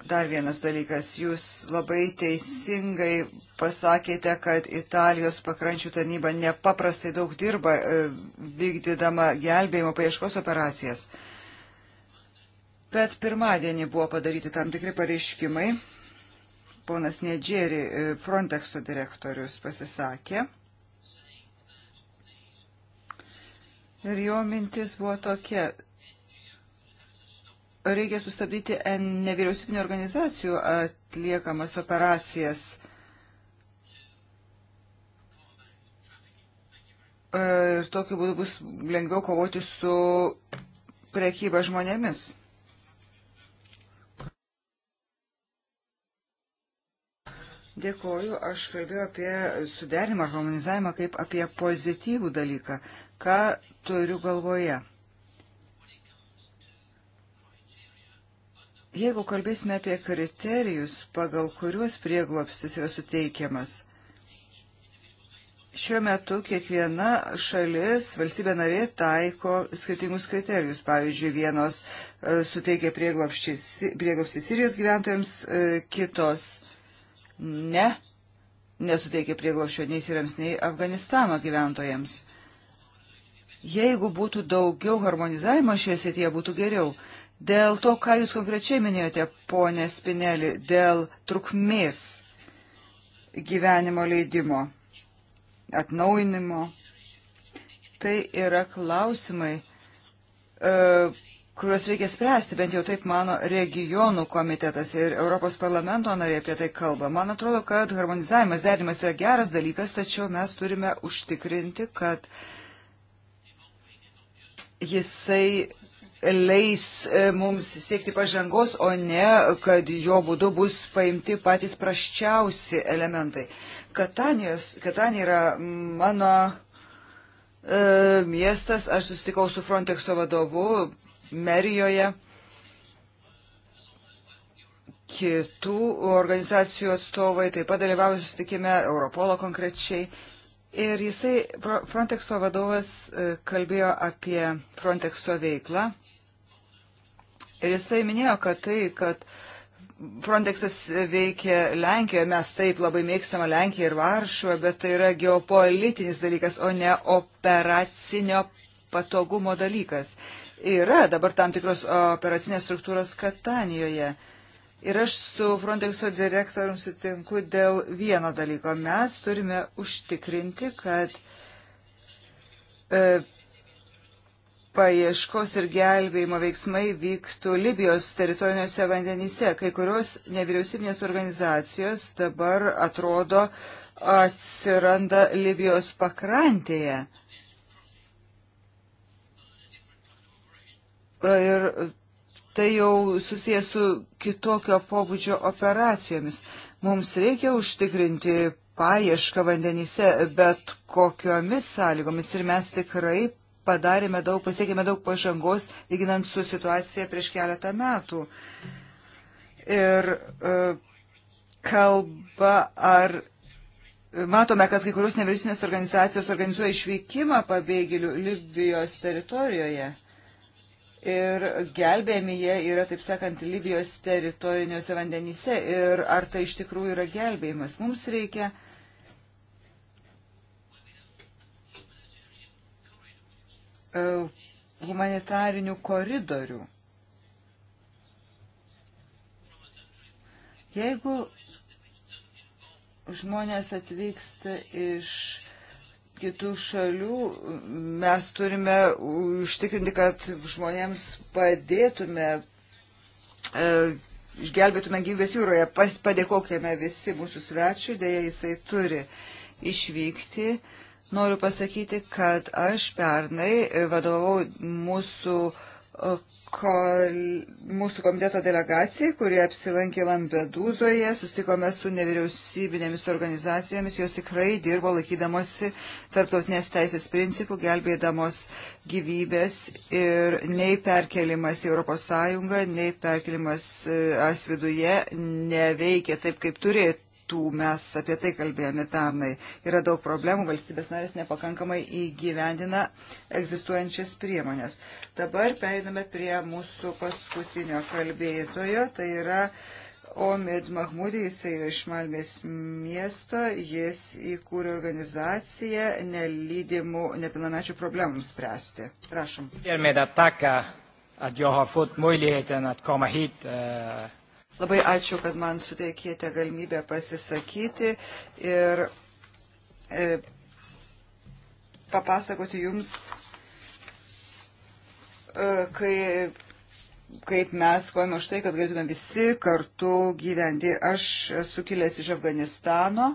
Dar vienas dalykas, jūs labai teisingai pasakėte, kad Italijos pakrančių tarnyba nepaprastai daug dirba e, vykdydama gelbėjimo paieškos operacijas. Bet pirmadienį buvo padaryti tam tikri pareiškimai. Ponas Nedžeri, e, Frontexo direktorius, pasisakė. Ir jo mintis buvo tokia, reikia sustabdyti nevyriausybinio organizacijų atliekamas operacijas. E, ir tokiu būdu bus lengviau kovoti su prekyba žmonėmis. Dėkoju, aš kalbėjau apie suderimą, harmonizavimą kaip apie pozityvų dalyką. Ką turiu galvoje? Jeigu kalbėsime apie kriterijus, pagal kuriuos prieglopstis yra suteikiamas, šiuo metu kiekviena šalis, valstybė narė, taiko skirtingus kriterijus. Pavyzdžiui, vienos e, suteikia prieglopstį Sirijos gyventojams, e, kitos ne, nesuteikia prieglopščio nei Sirijams, nei Afganistano gyventojams. Jeigu būtų daugiau harmonizavimo šioje srityje, būtų geriau. Dėl to, ką Jūs konkrečiai minėjote, ponė Spinelį, dėl trukmės gyvenimo leidimo, atnaujinimo, tai yra klausimai, e, kuriuos reikia spręsti, bent jau taip mano regionų komitetas ir Europos parlamento nariai apie tai kalba. Man atrodo, kad harmonizavimas, derimas yra geras dalykas, tačiau mes turime užtikrinti, kad jisai leis e, mums siekti pažangos, o ne, kad jo būdu bus paimti patys praščiausi elementai. Katanijos, Katanija yra mano e, miestas, aš susitikau su Frontexo vadovu Merijoje. Kitų organizacijų atstovai taip pat dalyvauja susitikime, Europolo konkrečiai. Ir jisai, Frontexo vadovas, e, kalbėjo apie Frontexo veiklą Ir jisai minėjo, kad tai, kad Frontexas veikia Lenkijoje, mes taip labai mėgstame Lenkiją ir Varšuą, bet tai yra geopolitinis dalykas, o ne operacinio patogumo dalykas. Yra dabar tam tikros operacinės struktūros Katanijoje. Ir aš su Frontexo direktorium sutinku dėl vieno dalyko. Mes turime užtikrinti, kad e, paieškos ir gelbėjimo veiksmai vyktų Libijos teritoriniuose vandenyse. Kai kurios nevyriausybinės organizacijos dabar atrodo atsiranda Libijos pakrantėje. Ir tai jau susijęs su kitokio pobūdžio operacijomis. Mums reikia užtikrinti paiešką vandenyse, bet kokiomis sąlygomis ir mes tikrai padarėme daug, pasiekėme daug pažangos, lyginant su situacija prieš keletą metų. Ir e, kalba ar Matome, kad kai kurios nevyriausybinės organizacijos organizuoja išvykimą pabėgėlių Libijos teritorijoje. Ir gelbėjami jie yra, taip sakant, Libijos teritoriniuose vandenyse. Ir ar tai iš tikrųjų yra gelbėjimas? Mums reikia uh, E, humanitarinių koridorių. Jeigu žmonės atvyksta iš kitų šalių, mes turime užtikrinti, kad žmonėms padėtume, e, išgelbėtume gyvybės jūroje. Pas, padėkokime visi mūsų svečiui, dėja jisai turi išvykti. E, Noriu pasakyti, kad aš pernai vadovau mūsų, e, kol, mūsų komiteto delegacijai, kurie apsilankė Lampedūzoje, sustikome su nevyriausybinėmis organizacijomis, jos tikrai dirbo laikydamosi tarptautinės teisės principų, gelbėdamos gyvybės ir nei perkelimas į ES, nei perkelimas e, asviduje neveikia taip, kaip turėtų metų, mes apie tai kalbėjome pernai, yra daug problemų, valstybės narės nepakankamai įgyvendina egzistuojančias priemonės. Dabar pereiname prie mūsų paskutinio kalbėtojo, tai yra Omid Mahmudi, jis yra iš Malmės miesto, jis įkūrė organizaciją nelydimų nepilnamečių problemams spręsti. Prašom. Ir med attacka att jag har fått möjligheten att komma hit eh, Labai ačiū, kad man suteikėte galimybę pasisakyti ir e, papasakoti jums, e, kai, kaip mes kojame už tai, kad galėtume visi kartu gyventi. Aš esu kilęs iš Afganistano.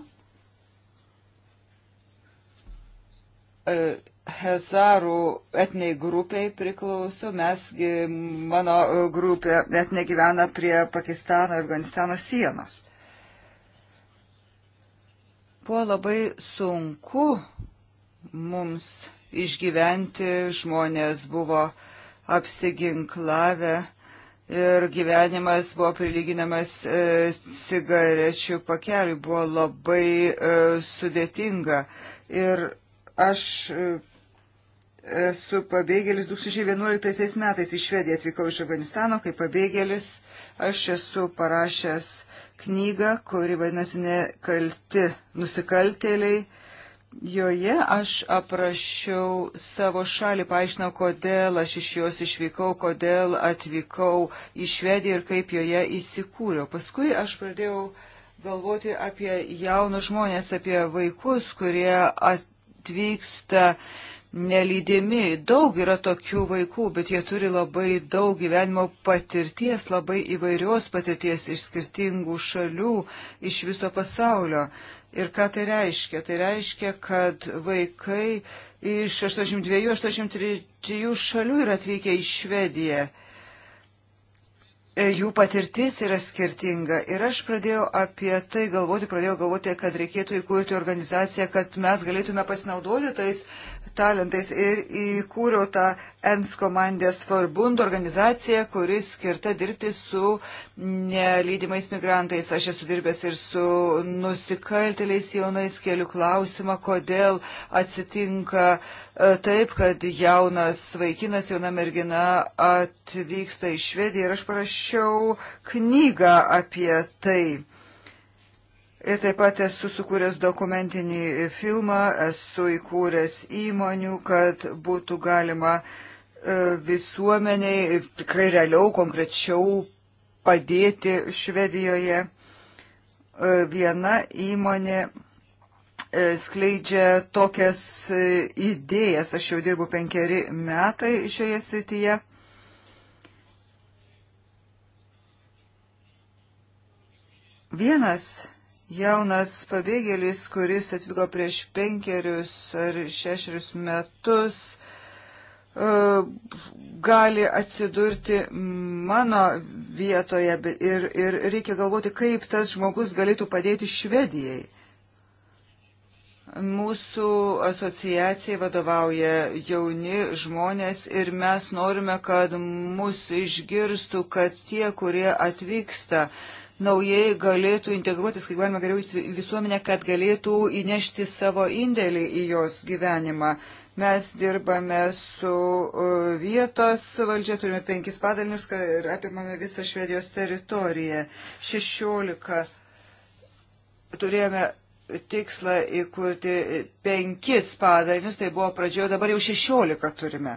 E, Hezarų etniai grupiai priklauso, mes, mano grupė net negyvena prie Pakistano ir Afganistano sienos. Buvo labai sunku mums išgyventi, žmonės buvo apsiginklavę ir gyvenimas buvo prilyginamas e, cigarečių pakeliui, buvo labai e, sudėtinga. Ir aš e, su pabėgėlis 2011 metais į Švediją atvykau iš Afganistano kaip pabėgėlis. Aš esu parašęs knygą, kuri vadinasi Nekalti nusikaltėliai. Joje aš aprašiau savo šalį, paaiškinau, kodėl aš iš jos išvykau, kodėl atvykau į Švediją ir kaip joje įsikūriau. Paskui aš pradėjau galvoti apie jaunus žmonės, apie vaikus, kurie atvyksta uh, nelydimi. Daug yra tokių vaikų, bet jie turi labai daug gyvenimo patirties, labai įvairios patirties iš skirtingų šalių, iš viso pasaulio. Ir ką tai reiškia? Tai reiškia, kad vaikai iš 82-83 šalių yra atvykę į Švediją. E, jų patirtis yra skirtinga. Ir aš pradėjau apie tai galvoti, pradėjau galvoti, kad reikėtų įkurti organizaciją, kad mes galėtume pasinaudoti tais talentais. Ir įkūriau tą ENS komandės Forbund organizaciją, kuris skirta dirbti su nelydimais migrantais. Aš esu dirbęs ir su nusikalteliais jaunais, keliu klausimą, kodėl atsitinka uh, E, taip, kad jaunas vaikinas, jauna mergina atvyksta į Švediją ir aš parašiau knygą apie tai. Ir taip pat esu sukūręs dokumentinį filmą, esu įkūręs įmonių, kad būtų galima e, visuomeniai tikrai realiau, konkrečiau padėti Švedijoje. E, viena įmonė E, skleidžia tokias e, idėjas. Aš jau dirbu penkeri metai šioje srityje. Vienas jaunas pabėgėlis, kuris atvyko prieš penkerius ar šešerius metus, e, gali atsidurti mano vietoje ir, ir reikia galvoti, kaip tas žmogus galėtų padėti Švedijai. Mūsų asociacijai vadovauja jauni žmonės ir mes norime, kad mūsų išgirstų, kad tie, kurie atvyksta, naujai galėtų integruotis, kaip galima geriau į visuomenę, kad galėtų įnešti savo indėlį į jos gyvenimą. Mes dirbame su e, vietos valdžia, turime penkis padalinius ir apimame visą Švedijos teritoriją. 16 turėjome tikslą įkurti penkis padalinius, tai buvo pradžioje, dabar jau šešiolika turime.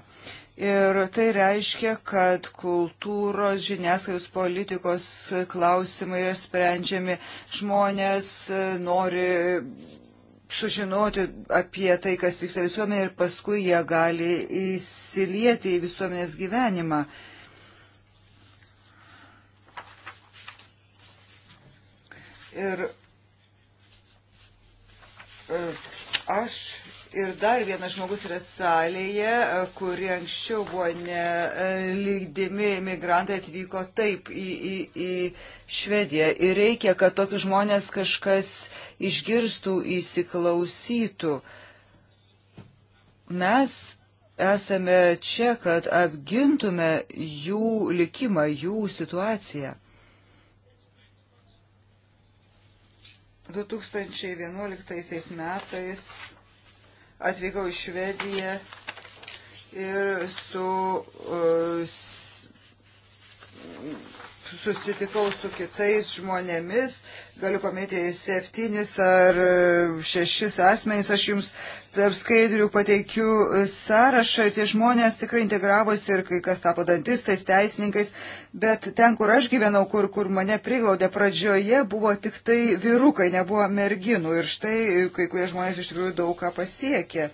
Ir tai reiškia, kad kultūros, žiniasklaidos, politikos klausimai yra sprendžiami, žmonės e, nori sužinoti apie tai, kas vyksta visuomenė ir paskui jie gali įsilieti į visuomenės gyvenimą. Ir E, aš ir dar vienas žmogus yra salėje, e, kuri anksčiau buvo nelydimi e, imigrantai atvyko taip į, į, į Švediją. Ir reikia, kad tokius žmonės kažkas išgirstų, įsiklausytų. Mes esame čia, kad apgintume jų likimą, jų situaciją. 2011 metais atvykau į Švediją ir su uh, susitikau su kitais žmonėmis, galiu paminėti septynis ar e, šešis asmenys, aš jums tarp skaidrių pateikiu sąrašą ir tie žmonės tikrai integravosi ir kai kas tapo dantistais, teisininkais, bet ten, kur aš gyvenau, kur, kur mane priglaudė pradžioje, buvo tik tai vyrukai, nebuvo merginų ir štai kai kurie žmonės iš tikrųjų daug ką pasiekė. Uh,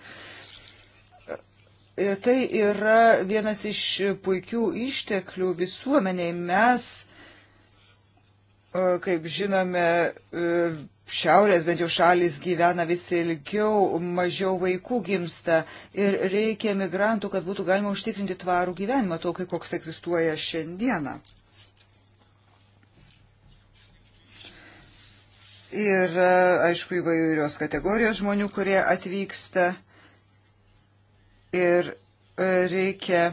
E, tai yra vienas iš puikių išteklių visuomeniai. Mes, e, kaip žinome, e, šiaurės bent jau šalis gyvena vis ilgiau, mažiau vaikų gimsta ir reikia migrantų, kad būtų galima užtikrinti tvarų gyvenimą, tokį koks egzistuoja šiandieną. Ir aišku įvairios kategorijos žmonių, kurie atvyksta. Uh, Ir e, reikia e,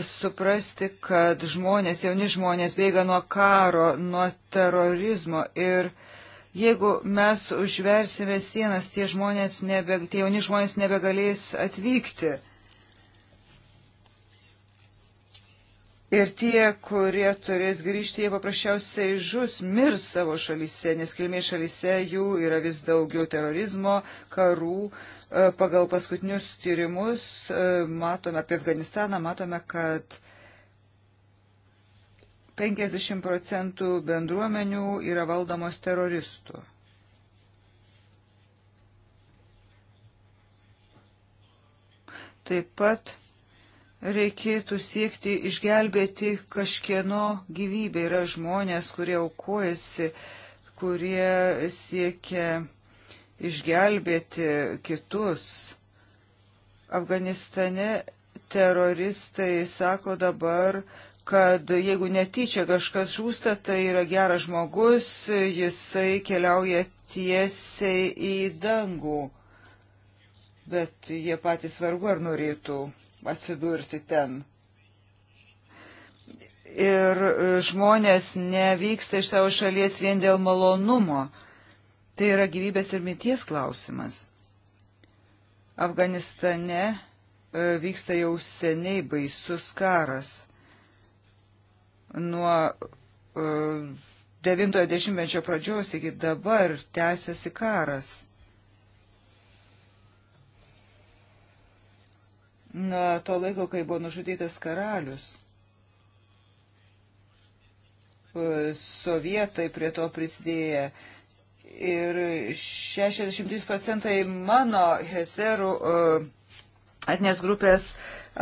suprasti, kad žmonės, jauni žmonės bėga nuo karo, nuo terorizmo ir jeigu mes užversime sienas, tie, žmonės nebe, tie jauni žmonės nebegalės atvykti. Ir tie, kurie turės grįžti, jie paprasčiausiai žus, mirs savo šalyse, nes kilmės šalyse jų yra vis daugiau terorizmo, karų, uh, E, pagal paskutinius tyrimus e, matome apie Afganistaną, matome, kad 50 procentų bendruomenių yra valdomos teroristų. Taip pat reikėtų siekti išgelbėti kažkieno gyvybę. Yra žmonės, kurie aukojasi, kurie siekia išgelbėti kitus. Afganistane teroristai sako dabar, kad jeigu netyčia kažkas žūsta, tai yra geras žmogus, jisai keliauja tiesiai į dangų. Bet jie patys vargu ar norėtų atsidurti ten. Ir žmonės nevyksta iš savo šalies vien dėl malonumo. Tai yra gyvybės ir mirties klausimas. Afganistane e, vyksta jau seniai baisus karas. Nuo 90-ojo e, dešimtmečio pradžios iki dabar tęsiasi karas. Nuo to laiko, kai buvo nužudytas karalius, e, sovietai prie to prisidėję Ir 63 procentai mano heserų atnės e, grupės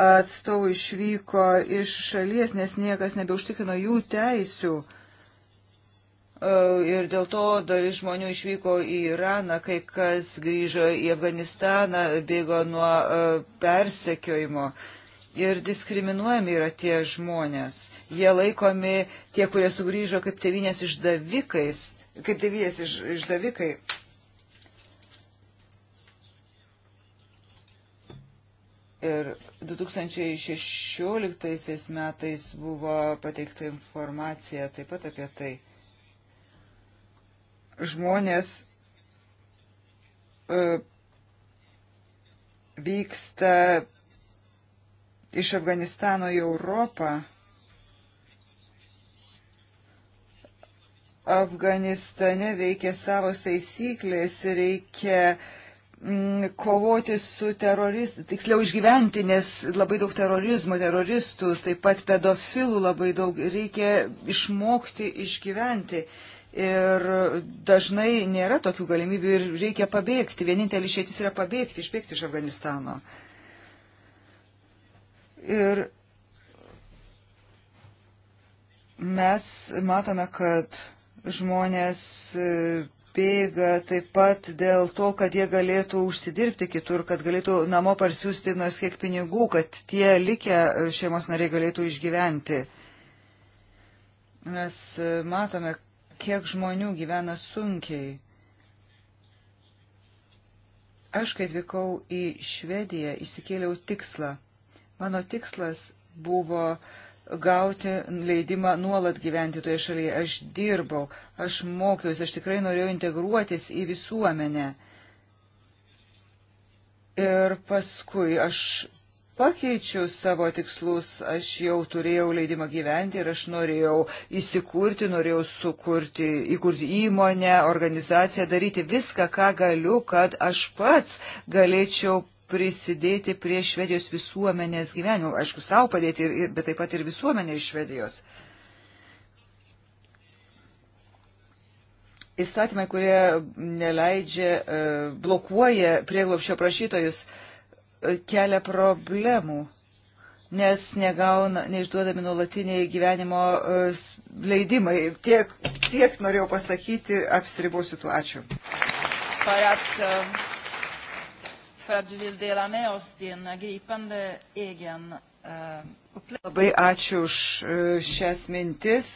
atstovų išvyko iš šalies, nes niekas nebeužtikrino jų teisių. E, ir dėl to dalis žmonių išvyko į Iraną, kai kas grįžo į Afganistaną, bėgo nuo e, persekiojimo. Ir diskriminuojami yra tie žmonės. Jie laikomi tie, kurie sugrįžo kaip tevinės išdavikais kaip devijas iš, išdavikai. Ir 2016 metais buvo pateikta informacija taip pat apie tai. Žmonės uh, vyksta iš Afganistano į Europą Afganistane veikia savo taisyklės, reikia mm, kovoti su teroristais, tiksliau išgyventi, nes labai daug terorizmo, teroristų, taip pat pedofilų labai daug, reikia išmokti išgyventi. Ir dažnai nėra tokių galimybių ir reikia pabėgti. Vienintelis išėtis yra pabėgti, išbėgti iš Afganistano. Ir mes matome, kad žmonės e, bėga taip pat dėl to, kad jie galėtų užsidirbti kitur, kad galėtų namo parsiųsti nors kiek pinigų, kad tie likę e, šeimos nariai galėtų išgyventi. Mes e, matome, kiek žmonių gyvena sunkiai. Aš, kai atvykau į Švediją, išsikėliau tikslą. Mano tikslas buvo uh, gauti leidimą nuolat gyventi toje šalyje. Aš dirbau, aš mokiausi, aš tikrai norėjau integruotis į visuomenę. Ir paskui aš pakeičiau savo tikslus, aš jau turėjau leidimą gyventi ir aš norėjau įsikurti, norėjau sukurti, įkurti įmonę, organizaciją, daryti viską, ką galiu, kad aš pats galėčiau prisidėti prie Švedijos visuomenės gyvenimo, aišku, savo padėti, ir, bet taip pat ir visuomenė iš Švedijos. Įstatymai, kurie neleidžia, e, blokuoja prieglopščio prašytojus, e, kelia problemų, nes negauna, neišduodami nuolatiniai gyvenimo e, leidimai. Tiek, tiek norėjau pasakyti, apsiribosiu tuo ačiū. Parat, uh... Um, för att du vill dela med oss din gripande egen eh, upplevelse. Labai ačiū už eh, šias mintis.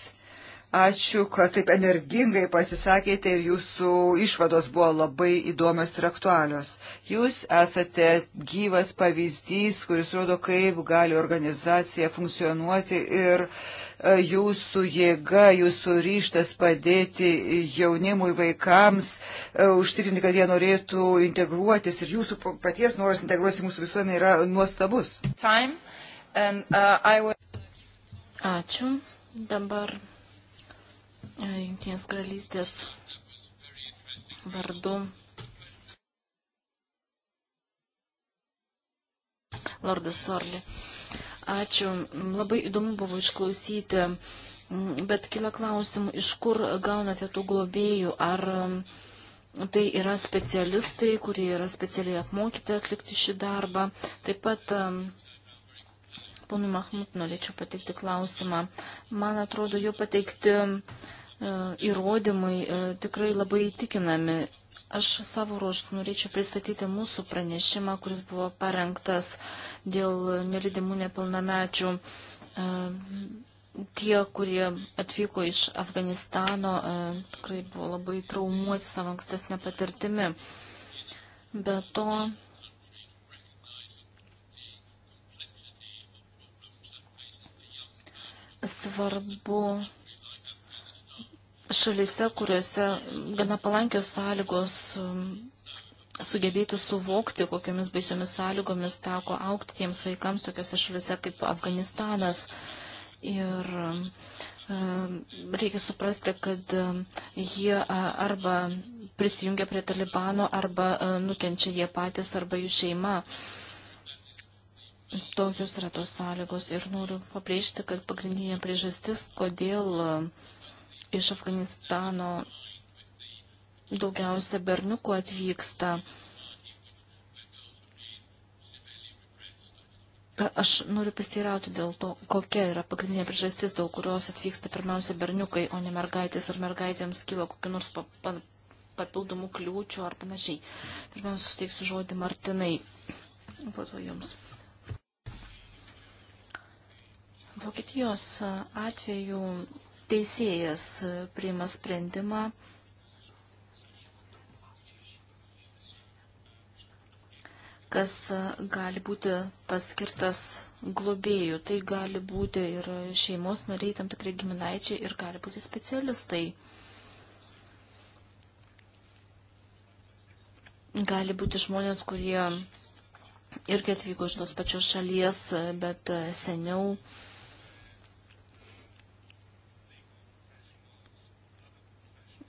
Ačiū, kad taip energingai pasisakėte ir jūsų išvados buvo labai įdomios ir aktualios. Jūs esate gyvas pavyzdys, kuris rodo, kaip gali organizacija funkcionuoti ir e, jūsų jėga, jūsų ryštas padėti jaunimui, vaikams, e, užtikrinti, kad jie norėtų integruotis ir jūsų paties noras integruotis į mūsų visuomenę yra nuostabus. Time, and, uh, will... Ačiū. Dabar Junktinės karalystės vardu Lordas Sorli. Ačiū. Labai įdomu buvo išklausyti, bet kila klausimų, iš kur gaunate tų globėjų? Ar tai yra specialistai, kurie yra specialiai apmokyti atlikti šį darbą? Taip pat Ponu Mahmut norėčiau pateikti klausimą. Man atrodo, jo pateikti e, įrodymai e, tikrai labai įtikinami. Aš savo ruoštų norėčiau pristatyti mūsų pranešimą, kuris buvo parengtas dėl nelidimų nepilnamečių. E, tie, kurie atvyko iš Afganistano, tikrai buvo labai traumuoti savo ankstesnė patirtimi. Be to, svarbu šalise, kuriuose gana palankios sąlygos um, sugebėti suvokti, kokiamis baisiomis sąlygomis teko aukti tiems vaikams tokiuose šalise kaip Afganistanas. Ir um, reikia suprasti, kad um, jie arba prisijungia prie Talibano, arba nukenčia jie patys, arba jų šeima tokios yra tos sąlygos ir noriu pabrėžti, kad pagrindinė priežastis, kodėl e, iš Afganistano daugiausia berniukų atvyksta. E, aš noriu pasirauti dėl to, kokia yra pagrindinė priežastis, dėl kurios atvyksta pirmiausia berniukai, o ne mergaitės ar mergaitėms kyla kokiu nors pa, pa, papildomų kliūčių ar panašiai. Pirmiausia, suteiksiu žodį Martinai. Po to jums. Vokietijos atveju teisėjas priima sprendimą kas gali būti paskirtas globėjų. Tai gali būti ir šeimos nariai, tam tikrai giminaičiai ir gali būti specialistai. Gali būti žmonės, kurie irgi atvyko iš tos pačios šalies, bet seniau uh,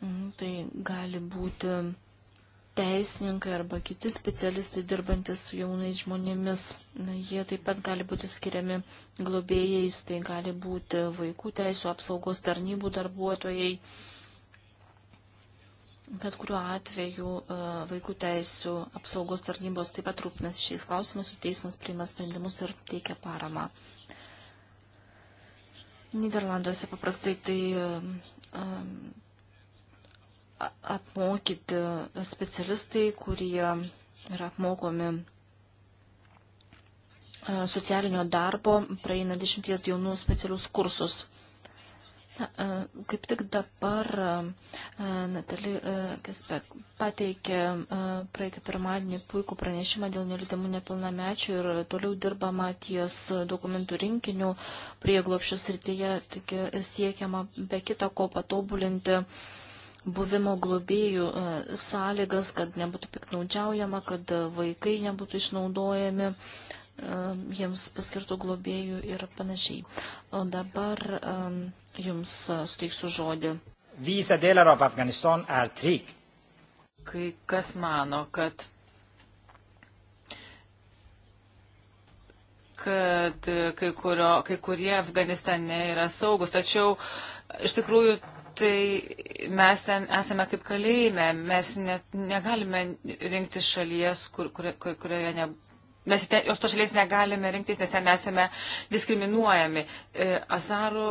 Mhm, tai gali būti teisininkai arba kiti specialistai dirbantis su jaunais žmonėmis. Jie taip pat gali būti skiriami globėjais, tai gali būti vaikų teisų apsaugos tarnybų darbuotojai. Bet kuriuo atveju e, vaikų teisų apsaugos tarnybos taip pat rūpinasi šiais klausimais, su teismas priima sprendimus ir teikia paramą. Niderlanduose paprastai tai e, e, apmokyti specialistai, kurie yra apmokomi e, socialinio darbo, praeina dešimties dienų specialius kursus. Na, e, kaip tik dabar e, Natali Kasbek pateikė praeitį pirmadienį puikų pranešimą dėl nelydamų nepilnamečių ir toliau dirbama ties dokumentų rinkiniu prieglopščių srityje, tik siekiama be kita ko patobulinti uh, buvimo globėjų e, sąlygas, kad nebūtų piknaudžiaujama, kad e, vaikai nebūtų išnaudojami e, jiems paskirtų globėjų ir panašiai. O dabar jums suteiksiu žodį. Visa dėlė Europą Afganistan ar trik. Kai kas mano, kad kad kai, kurio, kai kurie Afganistane yra saugus, tačiau iš tikrųjų tai mes ten esame kaip kalėjime, mes net negalime rinkti šalies, kur, kur, kur, kurioje ne. Mes ten, jos to šalies negalime rinktis, nes ten esame diskriminuojami. E, Azarų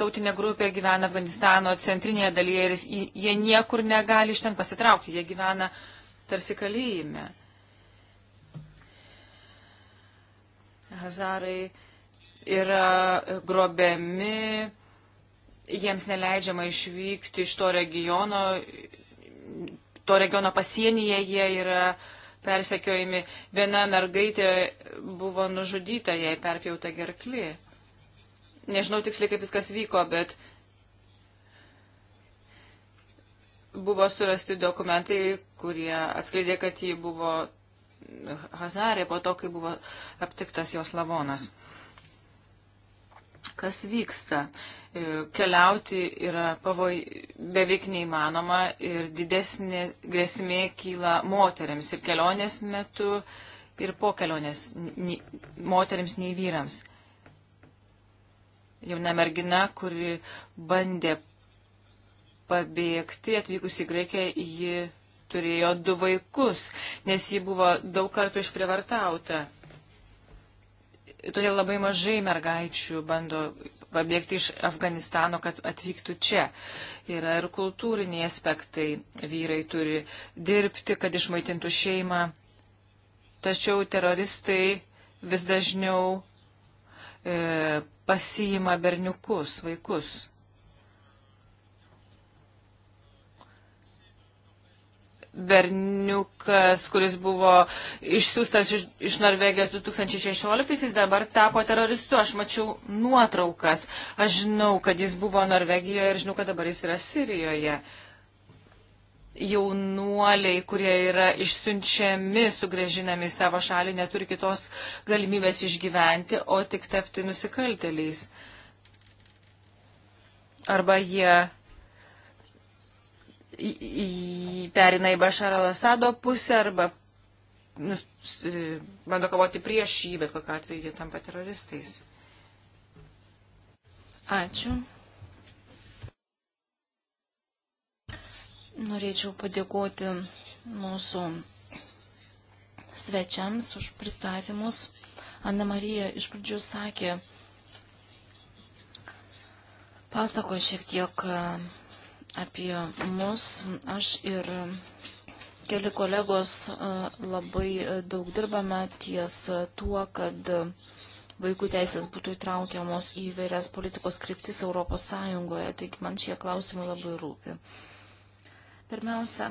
tautinė grupė gyvena Afganistano centrinėje dalyje ir jie niekur negali iš ten pasitraukti, jie gyvena tarsi kalėjime. Hazarai yra grobiami, jiems neleidžiama išvykti iš to regiono, to regiono pasienyje jie yra persekiojami. Viena mergaitė buvo nužudyta, jai perpjauta gerkli. Nežinau tiksliai, kaip viskas vyko, bet buvo surasti dokumentai, kurie atskleidė, kad ji buvo Hazarė po to, kai buvo aptiktas jos lavonas. Kas vyksta? Uh, E, keliauti yra pavoj beveik neįmanoma ir didesnė grėsmė kyla moteriams ir kelionės metu ir po kelionės nei, moteriams nei vyrams. Jauna mergina, kuri bandė pabėgti, atvykus į Graikiją, ji turėjo du vaikus, nes ji buvo daug kartų išprivartauta. Todėl labai mažai mergaičių bando pabėgti iš Afganistano, kad atvyktų čia. Yra ir kultūriniai aspektai. Vyrai turi dirbti, kad išmaitintų šeimą. Tačiau teroristai vis dažniau e, pasiima berniukus, vaikus. berniukas, kuris buvo išsiųstas iš, iš Norvegijos 2016, jis dabar tapo teroristu. Aš mačiau nuotraukas. Aš žinau, kad jis buvo Norvegijoje ir žinau, kad dabar jis yra Sirijoje. Jaunuoliai, kurie yra išsiunčiami, sugrėžinami į savo šalį, neturi kitos galimybės išgyventi, o tik tapti nusikalteliais. Arba jie perina į Bašarą Lasado pusę arba nus, e, bando kovoti prieš jį, bet kokiu atveju jie tampa teroristais. Ačiū. Norėčiau padėkoti mūsų svečiams už pristatymus. Anna Marija iš pradžių sakė, pasakoja šiek tiek apie mus. Aš ir keli kolegos labai daug dirbame ties tuo, kad vaikų teisės būtų įtraukiamos į vairias politikos kryptis Europos Sąjungoje. Taigi man šie klausimai labai rūpi. Pirmiausia,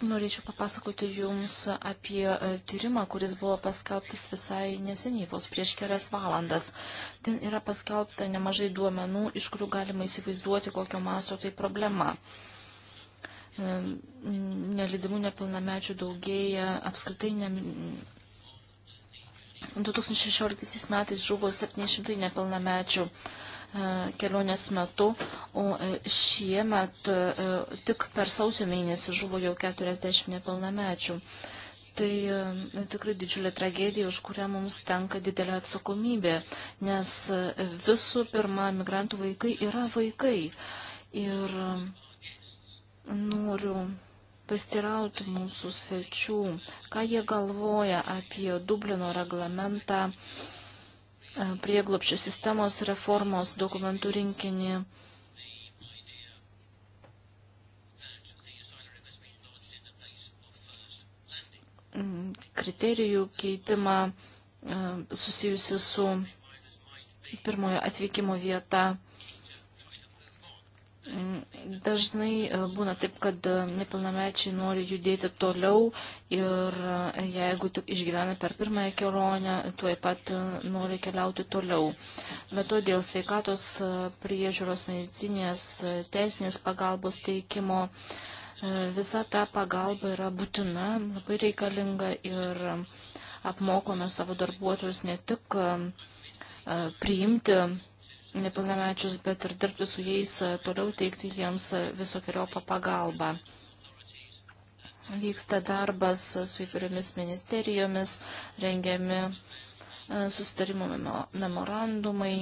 Norėčiau papasakoti Jums apie e, tyrimą, kuris buvo paskelbtas visai neseniai, vos prieš kelias valandas. Ten yra paskelbta nemažai duomenų, iš kurių galima įsivaizduoti, kokio masto tai problema. E, Nelidimų nepilnamečių daugėja apskritai. Ne... 2016 metais žuvo 700 nepilnamečių. E, kelionės metu, o e, šiemet e, tik per sausio mėnesį žuvo jau 40 nepilnamečių. Tai tikrai didžiulė tragedija, už kurią mums tenka didelė atsakomybė, nes visų pirma, migrantų vaikai yra vaikai. Ir noriu pastirauti mūsų svečių, ką jie galvoja apie Dublino reglamentą, E, prieglopščių sistemos reformos dokumentų rinkinį. Mm, kriterijų keitimą e, susijusi su pirmojo atvykimo vieta Dažnai e, būna taip, kad e, nepilnamečiai nori judėti toliau ir e, jeigu tik išgyvena per pirmąją kelionę, tuoj pat nori keliauti toliau. Bet to dėl sveikatos priežiūros medicinės teisinės pagalbos teikimo visa ta pagalba yra būtina, labai reikalinga ir apmokome savo darbuotojus ne tik priimti nepilnamečius, bet ir dirbti su jais, e, toliau teikti jiems e, visokiojopą pagalbą. Vyksta darbas e, su įvairiomis ministerijomis, rengiami sustarimo memorandumai.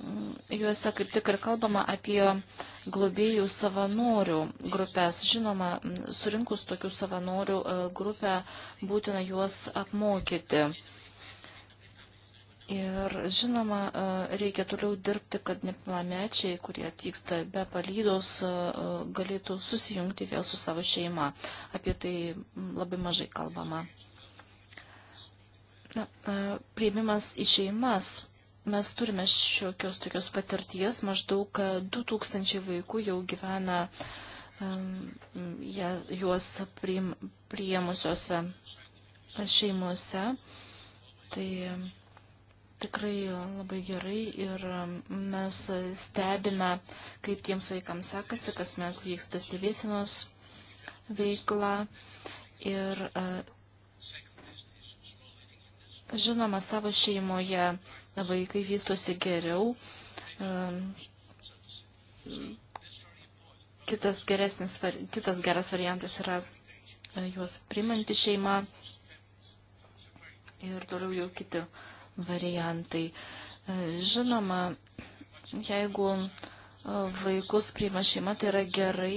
Mm, juose kaip tik ir kalbama apie globėjų savanorių grupės. Žinoma, surinkus tokių savanorių grupę būtina juos apmokyti. Ir žinoma, e, reikia toliau dirbti, kad nepilnamečiai, kurie atvyksta be palydos, e, e, galėtų susijungti vėl su savo šeima. Apie tai labai mažai kalbama. Na, prieimimas į šeimas. Mes turime šiokios tokios patirties, maždaug 2000 vaikų jau gyvena juos priėmusiuose šeimuose. Tai tikrai labai gerai ir um, mes stebime, kaip tiems vaikams sekasi, kas met vyksta stebėsinos veikla. Ir uh, žinoma, savo šeimoje vaikai vystosi geriau, um, kitas, geresnis, kitas geras variantas yra uh, juos primanti šeima ir toliau jau kiti variantai. E, žinoma, jeigu e, vaikus priima šeima, tai yra gerai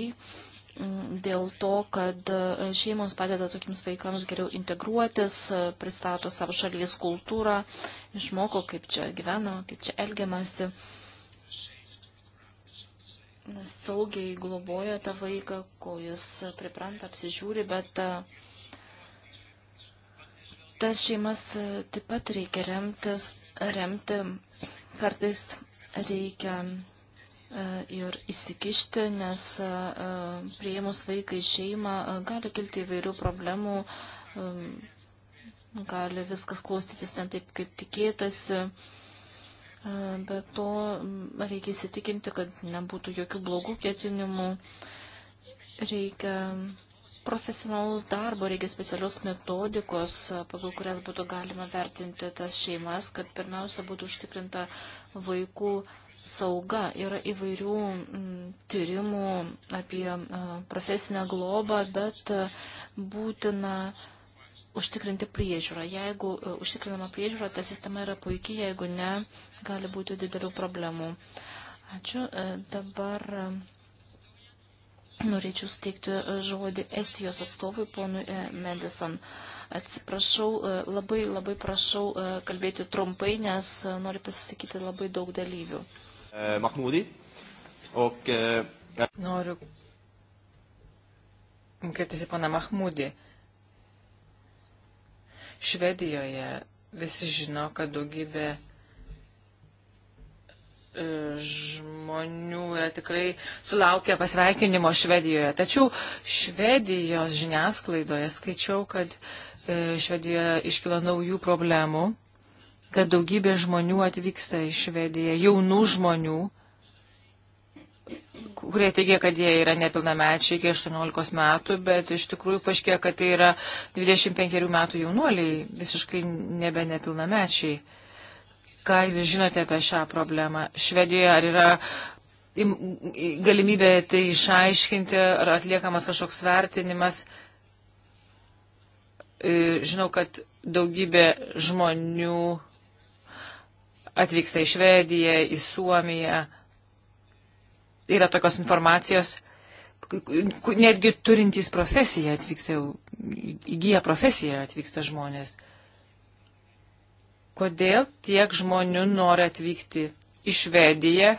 dėl to, kad e, šeimos padeda tokiems vaikams geriau integruotis, pristato savo šalies kultūrą, išmoko, kaip čia gyvena, kaip čia elgiamasi. Saugiai globoja tą vaiką, ko jis pripranta, apsižiūri, bet uh, tas šeimas e, taip pat reikia remtis, remti, kartais reikia e, ir įsikišti, nes e, prieimus vaiką į šeimą gali kilti įvairių problemų, gali viskas klausytis ne taip, kaip tikėtasi. Bet to reikia įsitikinti, kad nebūtų jokių blogų ketinimų. Reikia profesionalus darbo, reikia specialios metodikos, pagal kurias būtų galima vertinti tas šeimas, kad pirmiausia būtų užtikrinta vaikų sauga. Yra įvairių mm, tyrimų apie profesinę globą, bet būtina užtikrinti priežiūrą. Jeigu užtikrinama priežiūra, ta sistema yra puikiai, jeigu ne, gali būti didelių problemų. Ačiū. Dabar Norėčiau steikti e, žodį Estijos atstovui, ponui e, Madison. Atsiprašau, e, labai labai prašau kalbėti trumpai, nes noriu pasisakyti labai daug dalyvių. Mahmudi. Ok. Noriu kreiptis į poną Mahmudį. Švedijoje visi žino, kad daugybė žmonių yra tikrai sulaukę pasveikinimo Švedijoje. Tačiau Švedijos žiniasklaidoje skaičiau, kad e, Švedijoje iškilo naujų problemų, kad daugybė žmonių atvyksta į Švediją, jaunų žmonių, kurie teigia, kad jie yra nepilnamečiai iki 18 metų, bet iš tikrųjų paaiškėjo, kad tai yra 25 metų jaunuoliai, visiškai nebe nepilnamečiai. Ką jūs žinote apie šią problemą? Švedijoje ar yra galimybė tai išaiškinti, ar atliekamas kažkoks vertinimas? E, žinau, kad daugybė žmonių atvyksta į Švediją, į Suomiją. Yra tokios informacijos, netgi turintys profesiją atvyksta, įgyja profesiją atvyksta žmonės. Kodėl tiek žmonių nori atvykti į Švediją?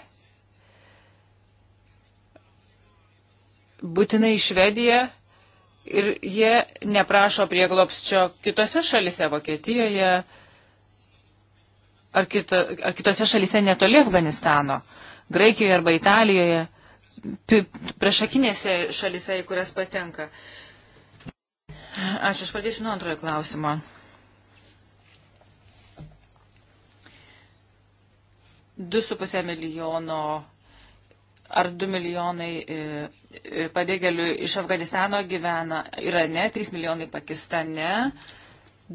Būtinai į Švediją ir jie neprašo prieglopsčio kitose šalise, Vokietijoje ar, kito, ar kitose šalise netoli Afganistano, Graikijoje arba Italijoje, priešakinėse šalise, į kurias patenka. Ačiū, aš pradėsiu nuo antrojo klausimo. 2,5 milijono ar 2 milijonai e, e, pabėgėlių iš Afganistano gyvena Irane, 3 milijonai Pakistane,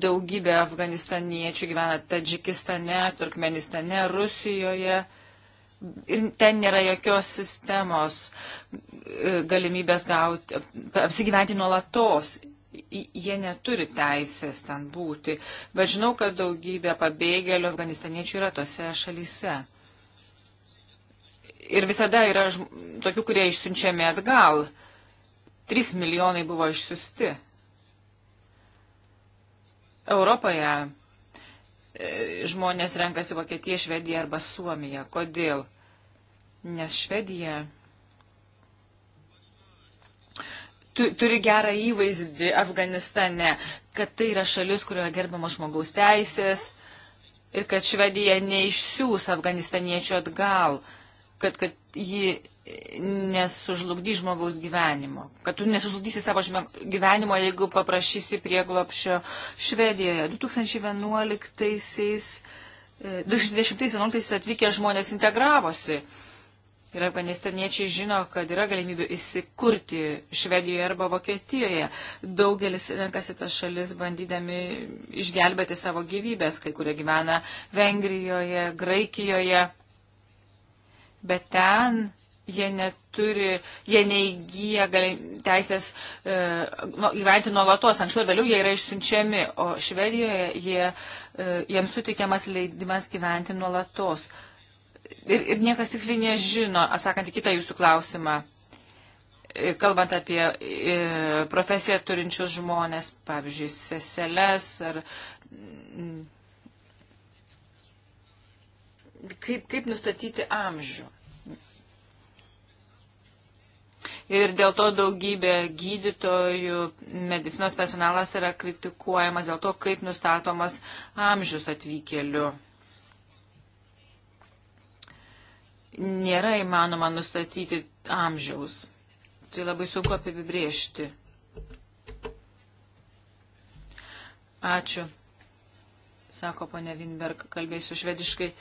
daugybė afganistaniečių gyvena Tadžikistane, Turkmenistane, Rusijoje. Ir ten nėra jokios sistemos e, galimybės gauti, apsigyventi nuolatos jie neturi teisės ten būti, bet žinau, kad daugybė pabėgėlių afganistaniečių yra tose šalyse ir visada yra tokių, kurie išsiunčiami atgal. 3 milijonai buvo išsiusti. Europoje e, žmonės renkasi Vokietiją, Švediją arba Suomiją. Kodėl? Nes Švedija turi gerą įvaizdį Afganistane, kad tai yra šalis, kurioje gerbiamos žmogaus teisės ir kad Švedija neišsiūs afganistaniečių atgal. Uh, kad, kad ji nesužlugdy žmogaus gyvenimo. Kad tu nesužlugdysi savo žmog... gyvenimo, jeigu paprašysi prieglopšio Švedijoje. 2011-aisiais, 2010-aisiais e, atvykę žmonės integravosi. Ir afganistaniečiai žino, kad yra galimybių įsikurti Švedijoje arba Vokietijoje. Daugelis renkasi tas šalis bandydami išgelbėti savo gyvybės, kai kurie gyvena Vengrijoje, Graikijoje bet ten jie neturi, jie neįgyja teisės e, nu, gyventi nuolatos, anksčiau vėliau jie yra išsiunčiami, o Švedijoje jie, e, jiems suteikiamas leidimas gyventi nuolatos. Ir, ir niekas tiksliai nežino, atsakant į kitą jūsų klausimą, e, kalbant apie e, profesiją turinčius žmonės, pavyzdžiui, seseles ar m, kaip, kaip nustatyti amžių. Ir dėl to daugybė gydytojų, medicinos personalas yra kritikuojamas dėl to, kaip nustatomas amžius atvykėliu. Nėra įmanoma nustatyti amžiaus. Tai labai sunku apibriežti. Ačiū, sako ponia Vinberg, kalbėsiu švediškai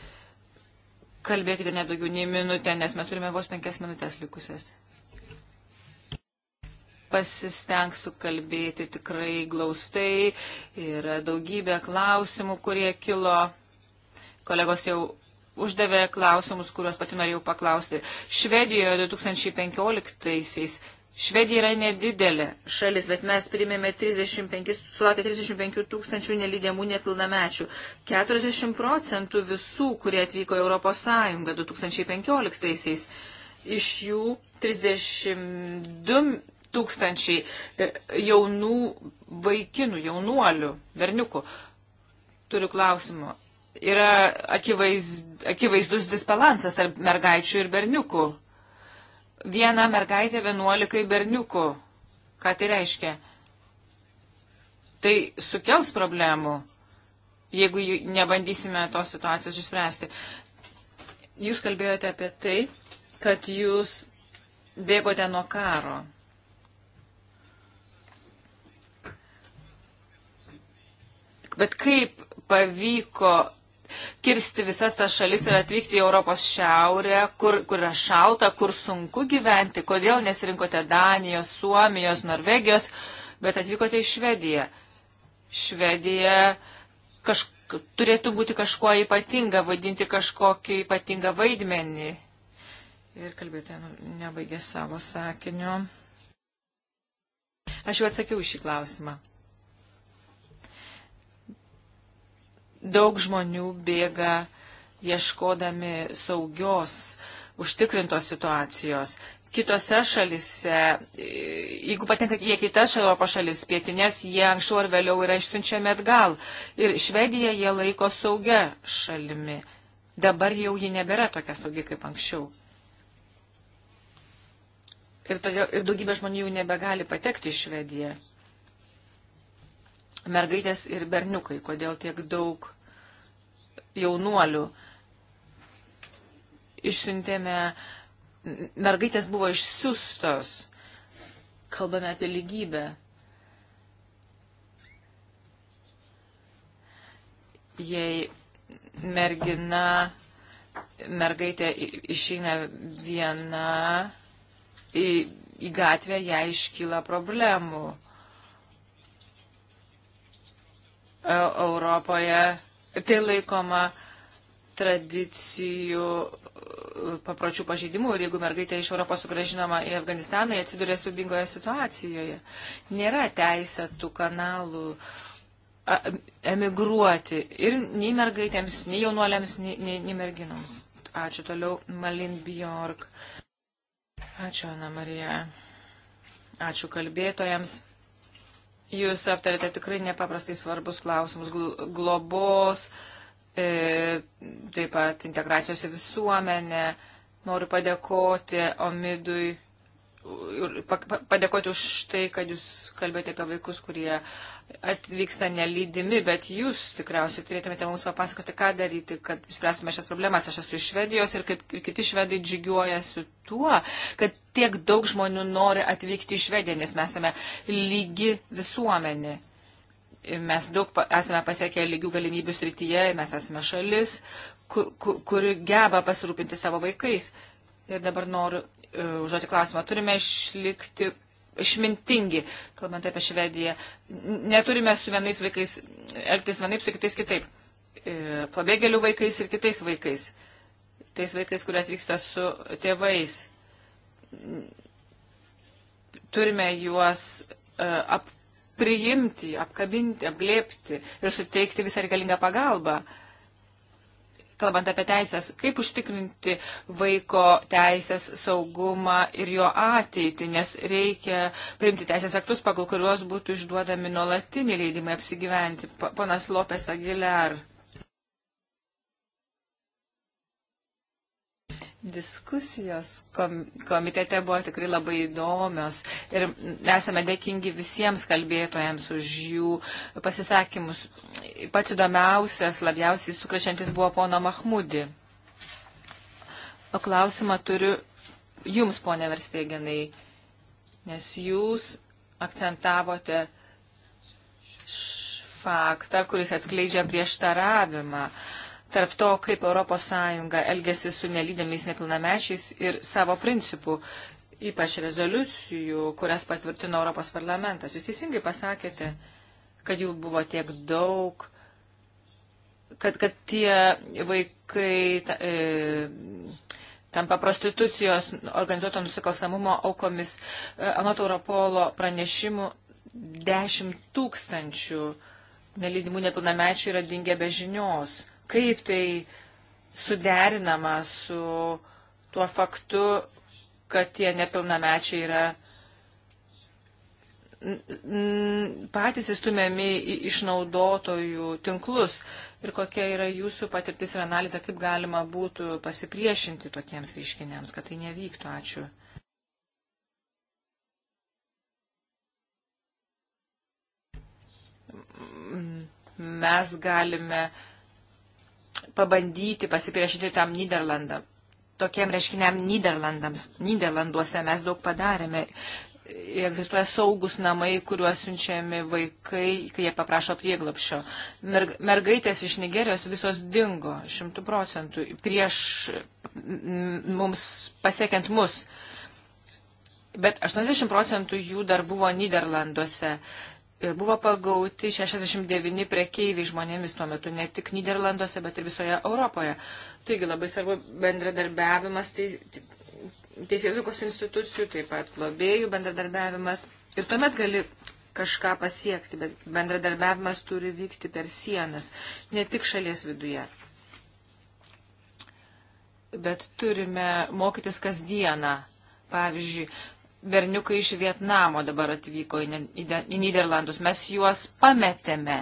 kalbėkite nedaugiau nei minutę, nes mes turime vos penkias minutės likusias. Pasistengsiu kalbėti tikrai glaustai. Yra daugybė klausimų, kurie kilo. Kolegos jau uždavė klausimus, kuriuos pati norėjau paklausti. Švedijoje 2015-aisiais Švedija yra nedidelė šalis, bet mes priimėme 35, sulaukė 35 tūkstančių nelydėmų nepilnamečių. 40 procentų visų, kurie atvyko į Europos Sąjungą 2015-aisiais, iš jų 32 tūkstančiai e, jaunų vaikinų, jaunuolių, berniukų. Turiu klausimą. Yra akivaiz, akivaizdus disbalansas tarp mergaičių ir berniukų vieną mergaitę 11 berniukų. Ką tai reiškia? Tai sukels problemų, jeigu nebandysime tos situacijos išspręsti. Jūs kalbėjote apie tai, kad jūs bėgote nuo karo. Bet kaip pavyko kirsti visas tas šalis ir atvykti į Europos šiaurę, kur, kur yra šalta, kur sunku gyventi, kodėl nesirinkote Danijos, Suomijos, Norvegijos, bet atvykote į Švediją. Švedija kažk turėtų būti kažkuo ypatinga, vaidinti kažkokį ypatingą vaidmenį. Ir kalbėtoja nu, nebaigė savo sakinio. Aš jau atsakiau šį klausimą. Daug žmonių bėga ieškodami saugios, užtikrintos situacijos. Kitose šalise, jeigu patinka jie kitas Europos šalis, pietinės, jie anksčiau ar vėliau yra išsiunčiami atgal. Ir Švediją jie laiko saugia šalimi. Dabar jau ji nebėra tokia saugi kaip anksčiau. Ir, todėl, ir daugybė žmonių jau nebegali patekti į Švediją mergaitės ir berniukai, kodėl tiek daug jaunuolių. Išsiuntėme, mergaitės buvo išsiustos, kalbame apie lygybę. Jei mergina, mergaitė išeina viena į, į gatvę, jai iškyla problemų E, Europoje tai laikoma tradicijų e, papročių pažeidimų ir jeigu mergaitė iš Europos sugražinama į Afganistaną, jie atsiduria subingoje situacijoje. Nėra teisėtų kanalų emigruoti ir nei mergaitėms, nei jaunuoliams, nei, nei, nei merginoms. Ačiū toliau, Malin Bjork. Ačiū, Ana Marija. Ačiū kalbėtojams. Jūs aptarėte tikrai nepaprastai svarbus klausimus globos, e, taip pat integracijos į visuomenę. Noriu padėkoti Omidui padėkoti už tai, kad jūs kalbėjote apie vaikus, kurie atvyksta nelydimi, bet jūs tikriausiai turėtumėte mums papasakoti, ką daryti, kad išspręstume šias problemas. Aš esu iš Švedijos ir kaip ir kiti švedai džiugiuoja su tuo, kad tiek daug žmonių nori atvykti į Švediją, nes mes esame lygi visuomenė. Mes daug esame pasiekę lygių galimybių srityje, mes esame šalis, kuri geba pasirūpinti savo vaikais. Ir dabar noriu E, užduoti klausimą. Turime išlikti išmintingi, kalbant apie Švediją. Neturime su vienais vaikais elgtis vienaip, su kitais kitaip. E, pabėgėlių vaikais ir kitais vaikais. Tais vaikais, kurie atvyksta su tėvais. Turime juos e, ap priimti, apkabinti, apglėpti ir suteikti visą reikalingą pagalbą. Uh, kalbant apie teisės, kaip užtikrinti vaiko teisės saugumą ir jo ateitį, nes reikia priimti teisės aktus, pagal kuriuos būtų išduodami nuolatiniai leidimai apsigyventi. Ponas Lopes Aguilar. diskusijos komitete buvo tikrai labai įdomios ir esame dėkingi visiems kalbėtojams už jų pasisakymus. Pats įdomiausias, labiausiai sukrešiantis buvo pono Mahmudi. O klausimą turiu jums, ponė Verstėgenai, nes jūs akcentavote faktą, kuris atskleidžia prieštaravimą. Uh, tarp to, kaip ES elgesi su nelydėmiais nepilnamečiais ir savo principų, ypač rezoliucijų, kurias patvirtino Europos parlamentas. Jūs teisingai pasakėte, kad jų buvo tiek daug, kad, kad tie vaikai ta, e, tampa prostitucijos organizuoto nusikalstamumo aukomis. E, anot Europolo pranešimų 10 tūkstančių nelydimų nepilnamečių yra dingę be žinios kaip tai suderinama su tuo faktu, kad tie nepilnamečiai yra patys įstumiami į išnaudotojų tinklus ir kokia yra jūsų patirtis ir analizė, kaip galima būtų pasipriešinti tokiems reiškiniams, kad tai nevyktų. Ačiū. Mes galime uh, pabandyti pasipriešinti tam Niderlandam. Tokiem reiškiniam Niderlandams. Niderlanduose mes daug padarėme. Egzistuoja saugus namai, kuriuos siunčiami vaikai, kai jie paprašo prieglapšio. Mergaitės iš Nigerijos visos dingo šimtų procentų prieš mums pasiekiant mus. Bet 80 procentų jų dar buvo Niderlanduose. Uh, E, buvo pagauti 69 prekeiviai žmonėmis tuo metu, ne tik Niderlanduose, bet ir visoje Europoje. Taigi labai svarbu bendradarbiavimas, teis, teisėsukos institucijų, taip pat globėjų bendradarbiavimas. Ir tuomet gali kažką pasiekti, bet bendradarbiavimas turi vykti per sienas, ne tik šalies viduje. Bet turime mokytis kasdieną. Pavyzdžiui, berniukai iš Vietnamo dabar atvyko į, į, į Niderlandus. Mes juos pametėme.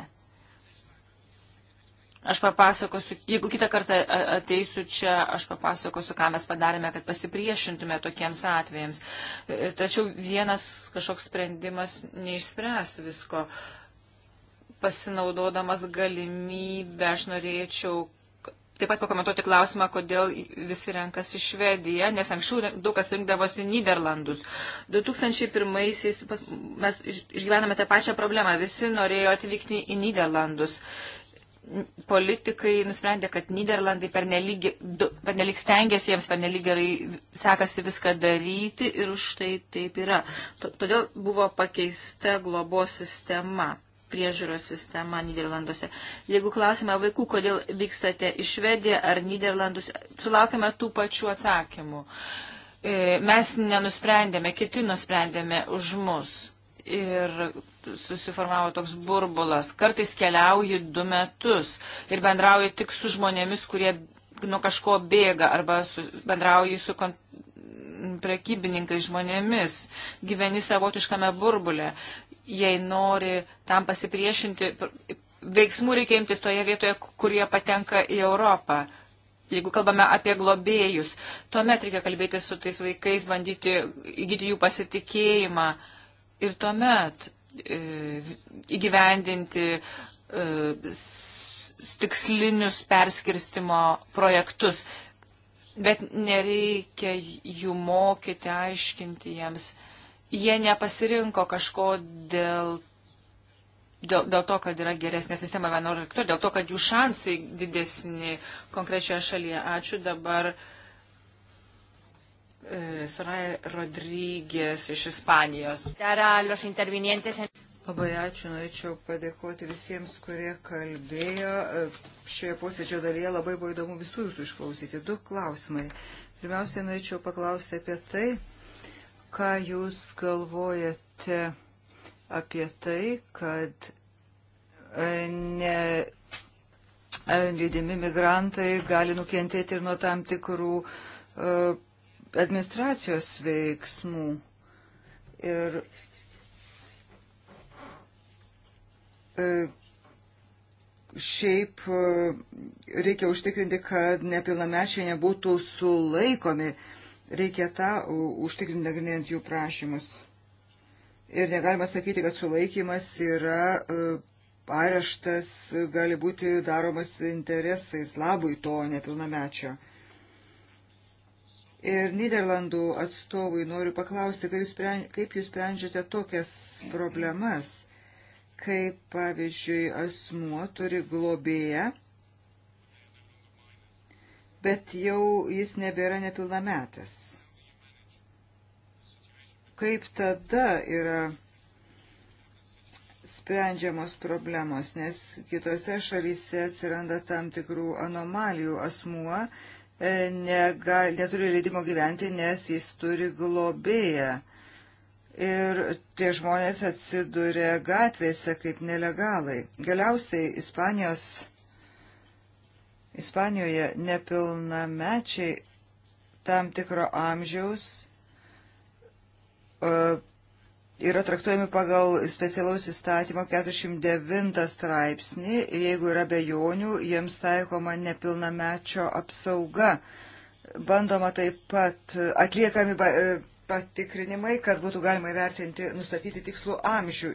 Aš papasakosiu, jeigu kitą kartą ateisiu čia, aš papasakosiu, ką mes padarėme, kad pasipriešintume tokiems atvejams. E, tačiau vienas kažkoks sprendimas neišspręs visko. Pasinaudodamas galimybę, aš norėčiau taip pat pakomentuoti klausimą, kodėl visi renkasi Švediją, nes anksčiau daug kas rinkdavosi Niderlandus. 2001-aisiais mes išgyvename tą pačią problemą, visi norėjo atvykti į Niderlandus. Politikai nusprendė, kad Niderlandai per nelik, per nelik stengiasi, jiems per nelik gerai sekasi viską daryti ir už tai taip yra. Todėl buvo pakeista globos sistema priežiūros sistema Niderlanduose. Jeigu klausime vaikų, kodėl vykstate į Švediją ar Niderlandus, sulaukime tų pačių atsakymų. E, mes nenusprendėme, kiti nusprendėme už mus. Ir susiformavo toks burbulas. Kartais keliauji du metus ir bendrauji tik su žmonėmis, kurie nuo kažko bėga arba su, bendrauji su kont prekybininkais žmonėmis, gyveni savotiškame burbulė jei nori tam pasipriešinti, veiksmų reikia imtis toje vietoje, kurie patenka į Europą. Jeigu kalbame apie globėjus, tuomet reikia kalbėti su tais vaikais, bandyti įgyti jų pasitikėjimą ir tuomet e, įgyvendinti e, tikslinius perskirstimo projektus. Bet nereikia jų mokyti, aiškinti jiems. E, jie nepasirinko kažko dėl, dėl, dėl to, kad yra geresnė sistema vienor ar kitur, dėl to, kad jų šansai didesni konkrečioje šalyje. Ačiū dabar. E, Soraya Rodrygės iš Ispanijos. Labai ačiū, norėčiau padėkoti visiems, kurie kalbėjo. E, šioje posėdžio dalyje labai buvo įdomu visų jūsų išklausyti. Du klausimai. Pirmiausia, norėčiau paklausti apie tai, Ką Jūs galvojate apie tai, kad e, ne e, lydimi migrantai gali nukentėti ir nuo tam tikrų e, administracijos veiksmų. Ir šiaip reikia užtikrinti, kad nepilnamečiai nebūtų sulaikomi Reikia tą užtikrinti nagrinėjant jų prašymus. Ir negalima sakyti, kad sulaikymas yra e, areštas, gali būti daromas interesais labui to nepilnamečio. Ir Niderlandų atstovui noriu paklausti, kaip jūs, kaip jūs sprendžiate tokias problemas, kaip, pavyzdžiui, asmuo turi globėją bet jau jis nebėra nepilnametis. Kaip tada yra sprendžiamos problemos, nes kitose šalyse atsiranda tam tikrų anomalijų asmuo, e, negal, neturi leidimo gyventi, nes jis turi globėją. Ir tie žmonės atsiduria gatvėse kaip nelegalai. Galiausiai Ispanijos Ispanijoje nepilnamečiai tam tikro amžiaus e, yra traktuojami pagal specialaus įstatymo 49 straipsnį ir jeigu yra bejonių, jiems taikoma nepilnamečio apsauga. Bandoma taip pat atliekami e, patikrinimai, kad būtų galima įvertinti, nustatyti tikslų amžių.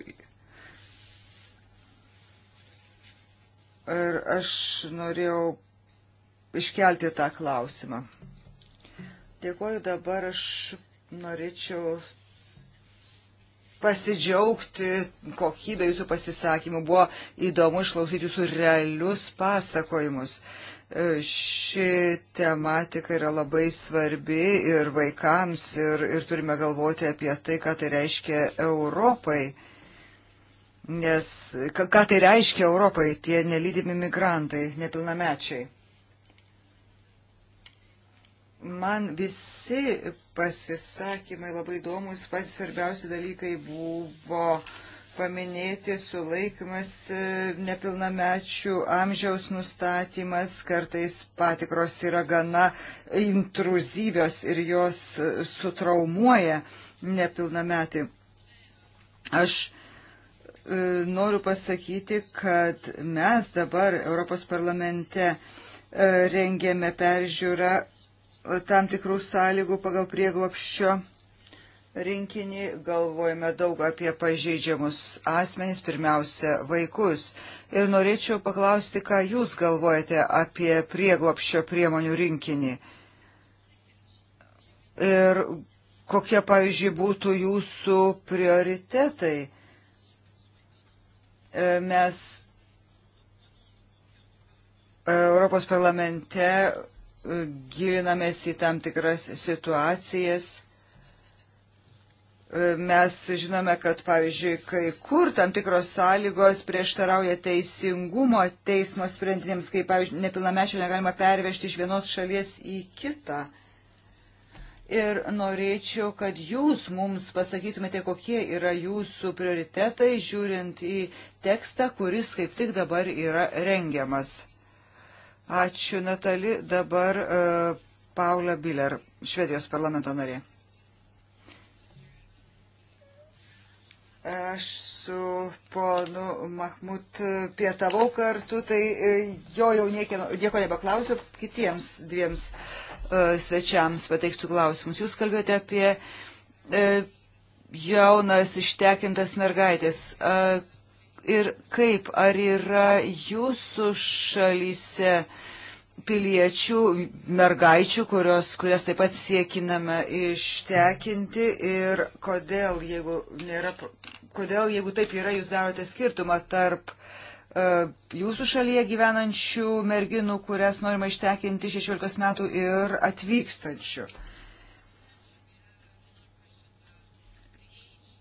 Ir aš norėjau iškelti tą klausimą. Dėkuoju, dabar aš norėčiau pasidžiaugti kokybę jūsų pasisakymų. Buvo įdomu išklausyti jūsų realius pasakojimus. E, ši tematika yra labai svarbi ir vaikams, ir, ir turime galvoti apie tai, ką tai reiškia Europai. Nes ką tai reiškia Europai tie nelydimi migrantai, nepilnamečiai. Man visi pasisakymai labai įdomus, patys svarbiausi dalykai buvo paminėti sulaikimas e, nepilnamečių amžiaus nustatymas, kartais patikros yra gana intruzyvios ir jos sutraumuoja nepilnametį. Aš e, noriu pasakyti, kad mes dabar Europos parlamente e, rengėme peržiūrą tam tikrų sąlygų pagal prieglopščio rinkinį, galvojame daug apie pažeidžiamus asmenys, pirmiausia vaikus. Ir norėčiau paklausti, ką Jūs galvojate apie prieglopščio priemonių rinkinį. Ir kokie, pavyzdžiui, būtų Jūsų prioritetai. E, mes e, Europos parlamente gilinamės į tam tikras situacijas. E, mes žinome, kad, pavyzdžiui, kai kur tam tikros sąlygos prieštarauja teisingumo teismo sprendinėms, kai, pavyzdžiui, nepilnamečio negalima pervežti iš vienos šalies į kitą. Ir norėčiau, kad jūs mums pasakytumėte, kokie yra jūsų prioritetai, žiūrint į tekstą, kuris kaip tik dabar yra rengiamas. Ačiū, Natali. Dabar uh, Paula Biller, Švedijos parlamento narė. Aš su ponu Mahmut pietavau kartu, tai e, jo jau niekieno, nieko nebeklausiu, kitiems dviems uh, svečiams pateiksiu klausimus. Jūs kalbėjote apie uh, jaunas ištekintas mergaitės. Uh, ir kaip, ar yra jūsų šalyse piliečių, mergaičių, kurios, kurias taip pat siekiname ištekinti ir kodėl, jeigu, nėra, kodėl, jeigu taip yra, jūs darote skirtumą tarp uh, jūsų šalyje gyvenančių merginų, kurias norima ištekinti 16 metų ir atvykstančių. Uh,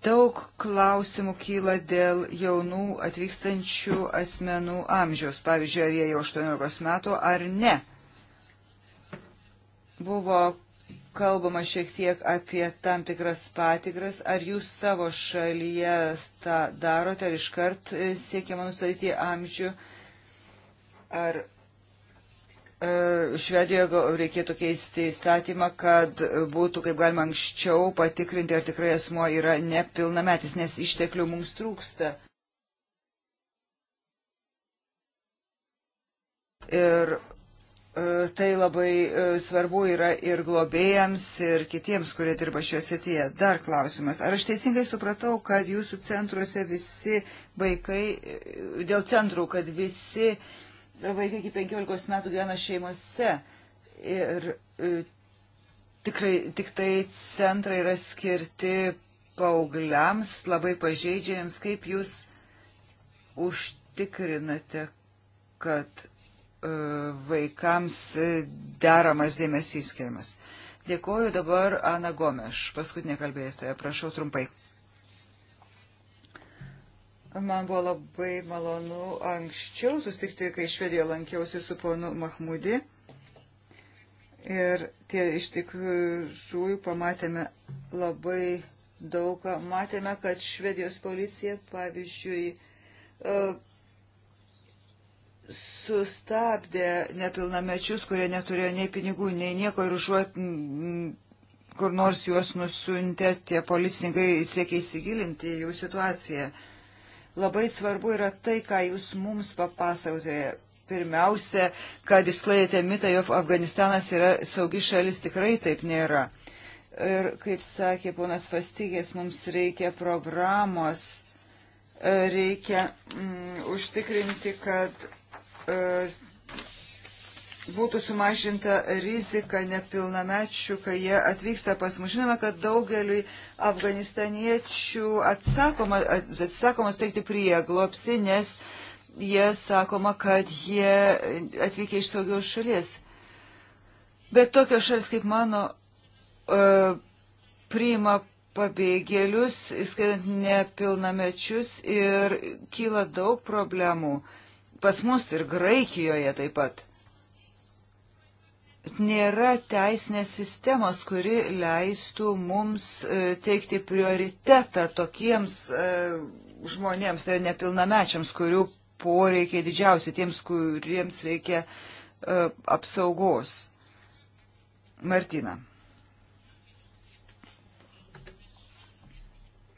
Daug klausimų kyla dėl jaunų atvykstančių asmenų amžiaus, pavyzdžiui, ar jie jau 18 metų ar ne. Buvo kalbama šiek tiek apie tam tikras patikras, ar jūs savo šalyje tą darote, ar iškart siekiama nustatyti amžių, ar E, Švedijoje reikėtų keisti įstatymą, kad būtų kaip galima anksčiau patikrinti, ar tikrai asmo yra nepilnametis, nes išteklių mums trūksta. Ir e, tai labai e, svarbu yra ir globėjams, ir kitiems, kurie dirba šioje srityje. Dar klausimas. Ar aš teisingai supratau, kad jūsų centruose visi vaikai, dėl centrų, kad visi vaikai iki 15 metų gyvena šeimose ir e, tikrai tik tai centrai yra skirti paaugliams, labai pažeidžiams, kaip jūs užtikrinate, kad e, vaikams deramas dėmesys skiriamas. Dėkuoju dabar Ana Gomeš, paskutinė kalbėtoja, prašau trumpai. Man buvo labai malonu anksčiau sustikti, kai Švedijoje lankiausi su ponu Mahmudi. Ir tie iš tikrųjų pamatėme labai daugą. Matėme, kad Švedijos policija, pavyzdžiui, e, sustabdė nepilnamečius, kurie neturėjo nei pinigų, nei nieko ir užuot kur nors juos nusiuntė, tie policininkai siekia įsigilinti į jų situaciją. Labai svarbu yra tai, ką jūs mums papasakote. Pirmiausia, kad išsklaidėte mitą, jog Afganistanas yra saugi šalis, tikrai taip nėra. Ir kaip sakė ponas Fastigės, mums reikia programos, reikia mm, užtikrinti, kad e, būtų sumažinta rizika nepilnamečių, kai jie atvyksta pas mus. Žinome, kad daugeliui afganistaniečių atsakoma, atsakoma steigti prieglopsi, nes jie sakoma, kad jie atvykę iš saugiaus šalies. Bet tokios šalis kaip mano e, priima pabėgėlius, įskaitant nepilnamečius ir kyla daug problemų. Pas mus ir Graikijoje taip pat nėra teisinės sistemos, kuri leistų mums e, teikti prioritetą tokiems e, žmonėms, tai nepilnamečiams, kurių poreikiai didžiausi, tiems, kuriems reikia e, apsaugos. Martina.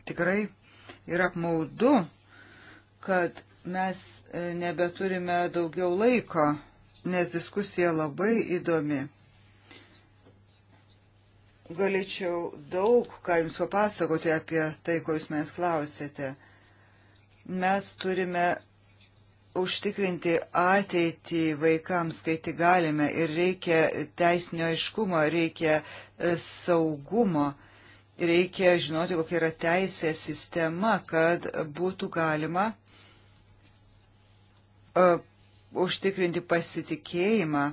Tikrai yra apmaudu, kad mes nebeturime daugiau laiko nes diskusija labai įdomi. Galėčiau daug ką Jums papasakoti apie tai, ko Jūs mes klausėte. Mes turime užtikrinti ateitį vaikams, kai tik galime, ir reikia teisinio aiškumo, reikia e, saugumo, reikia žinoti, kokia yra teisė sistema, kad būtų galima e, užtikrinti pasitikėjimą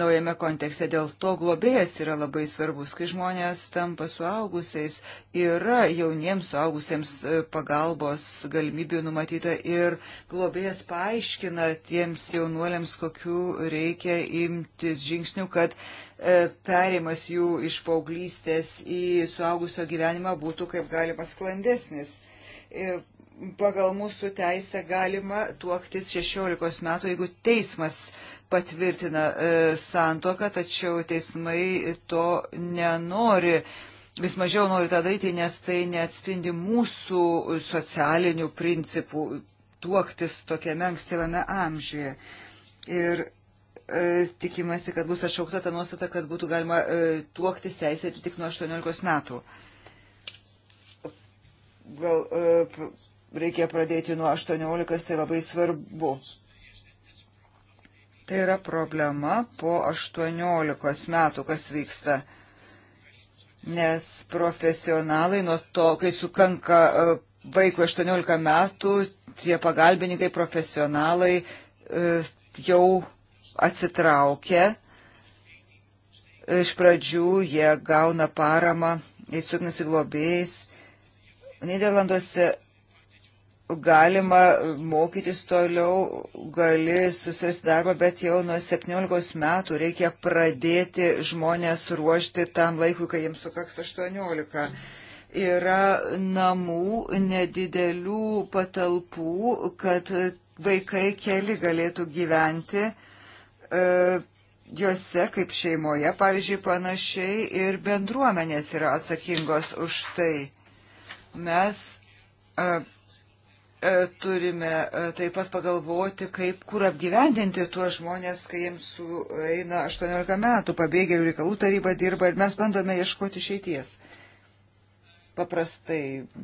naujame kontekste. Dėl to globėjas yra labai svarbus, kai žmonės tampa suaugusiais, yra jauniems suaugusiems e, pagalbos galimybių numatyta ir globėjas paaiškina tiems jaunuoliams, kokiu reikia imtis žingsnių, kad e, perimas jų iš paauglystės į suaugusio gyvenimą būtų kaip galima sklandesnis. E, pagal mūsų teisę galima tuoktis 16 metų, jeigu teismas patvirtina e, santoką, tačiau teismai to nenori. Vis mažiau nori tą daryti, nes tai neatspindi mūsų socialinių principų tuoktis tokiame ankstyvame amžiuje. Ir e, tikimasi, kad bus atšaukta ta nuostata, kad būtų galima e, tuoktis teisėti tik nuo 18 metų. Gal e, reikia pradėti nuo 18, tai labai svarbu. Tai yra problema po 18 metų, kas vyksta. Nes profesionalai nuo to, kai sukanka e, vaiko 18 metų, tie pagalbininkai, profesionalai e, jau atsitraukia. Iš pradžių jie gauna paramą, jie suknasi globėjais. Niderlanduose galima mokytis toliau, gali susirasti darbą, bet jau nuo 17 metų reikia pradėti žmonės ruošti tam laikui, kai jiems sukaks 18. Yra namų nedidelių patalpų, kad vaikai keli galėtų gyventi e, juose kaip šeimoje, pavyzdžiui, panašiai ir bendruomenės yra atsakingos už tai. Mes e, E, turime e, taip pat pagalvoti, kaip kur apgyvendinti tuos žmonės, kai jiems sueina 18 metų, pabėgėlių reikalų taryba dirba ir mes bandome ieškoti išeities. Paprastai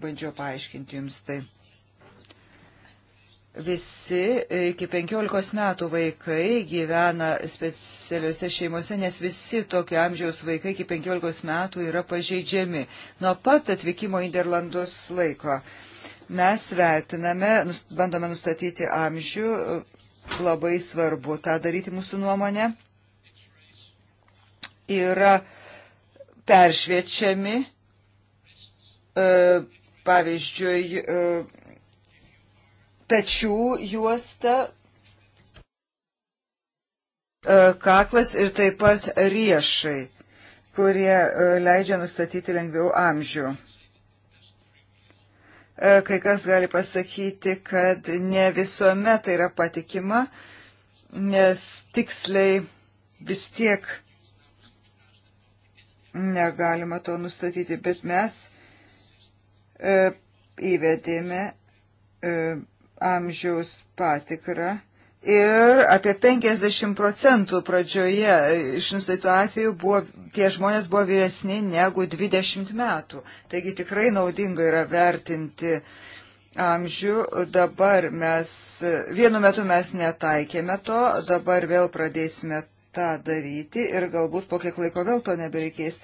bandžiau paaiškinti jums tai. Visi iki 15 metų vaikai gyvena specialiuose šeimuose, nes visi tokio amžiaus vaikai iki 15 metų yra pažeidžiami nuo pat atvykimo į Niderlandus laiko. Uh, Mes vertiname, bandome nustatyti amžių, labai svarbu tą daryti mūsų nuomonė. Yra peršviečiami, e, pavyzdžiui, e, pečių juosta, e, kaklas ir taip pat riešai, kurie leidžia nustatyti lengviau amžių. E, kai kas gali pasakyti, kad ne visuomet tai yra patikima, nes tiksliai vis tiek negalima to nustatyti, bet mes e, įvedėme e, amžiaus patikrą ir apie 50 procentų pradžioje iš nustatytų atvejų buvo, tie žmonės buvo vyresni negu 20 metų. Taigi tikrai naudinga yra vertinti amžių. Dabar mes, vienu metu mes netaikėme to, dabar vėl pradėsime tą daryti ir galbūt po kiek laiko vėl to nebereikės.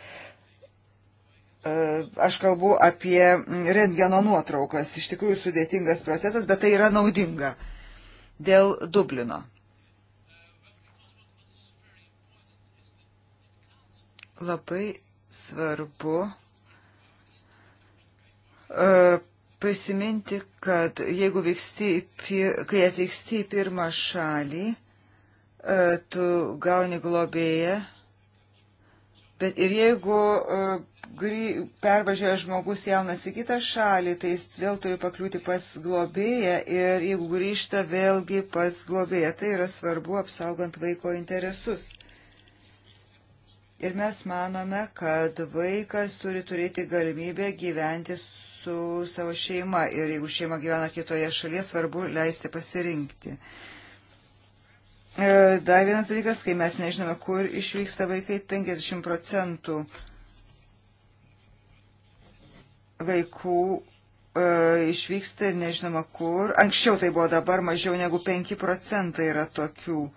E, aš kalbu apie rentgeno nuotraukas. Iš tikrųjų sudėtingas procesas, bet tai yra naudinga dėl Dublino. Labai svarbu e, prisiminti, kad jeigu vyksti, kai atvyksti į pirmą šalį, e, tu gauni globėją, bet ir jeigu e, pervažiuoja žmogus jaunas į kitą šalį, tai jis vėl turi pakliūti pas globėją ir jeigu grįžta vėlgi pas globėją, tai yra svarbu apsaugant vaiko interesus. Ir mes manome, kad vaikas turi turėti galimybę gyventi su savo šeima ir jeigu šeima gyvena kitoje šalyje, svarbu leisti pasirinkti. E, dar vienas dalykas, kai mes nežinome, kur išvyksta vaikai, 50 procentų vaikų e, išvyksta ir nežinoma kur. Anksčiau tai buvo dabar mažiau negu 5 procentai yra tokių e,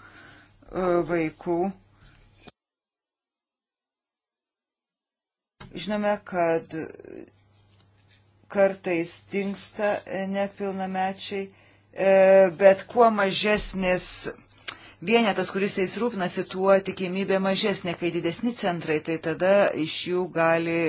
vaikų. Žinome, kad kartais tinksta e, nepilnamečiai, bet kuo mažesnis vienetas, kuris jais rūpinasi, tuo tikimybė mažesnė. Kai didesni centrai, tai tada iš jų gali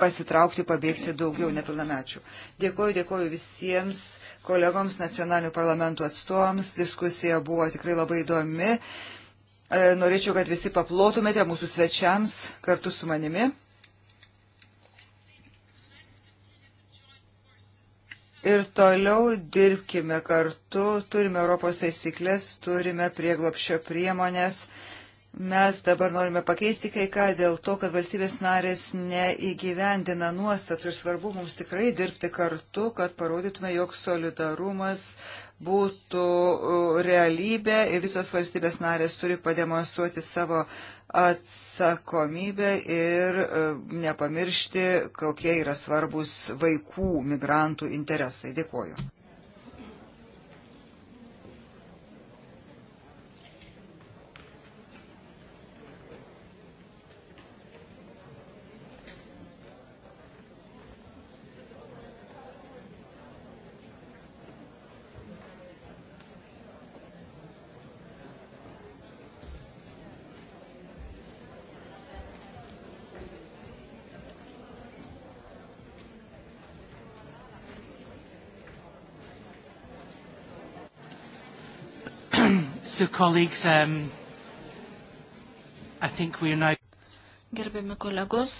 pasitraukti, pabėgti daugiau nepilnamečių. Dėkoju, dėkoju visiems kolegoms, nacionalinių parlamentų atstovams. Diskusija buvo tikrai labai įdomi. E, norėčiau, kad visi paplotumėte mūsų svečiams kartu su manimi. Ir toliau dirbkime kartu, turime Europos taisyklės, turime prieglopščio priemonės. Mes dabar norime pakeisti kai ką dėl to, kad valstybės narės neįgyvendina nuostatų ir svarbu mums tikrai dirbti kartu, kad parodytume, jog solidarumas būtų realybė ir visos valstybės narės turi pademonstruoti savo atsakomybę ir nepamiršti, kokie yra svarbus vaikų migrantų interesai. Dėkuoju. So, colleagues, um, I think we are now... Gerbiami kolegos,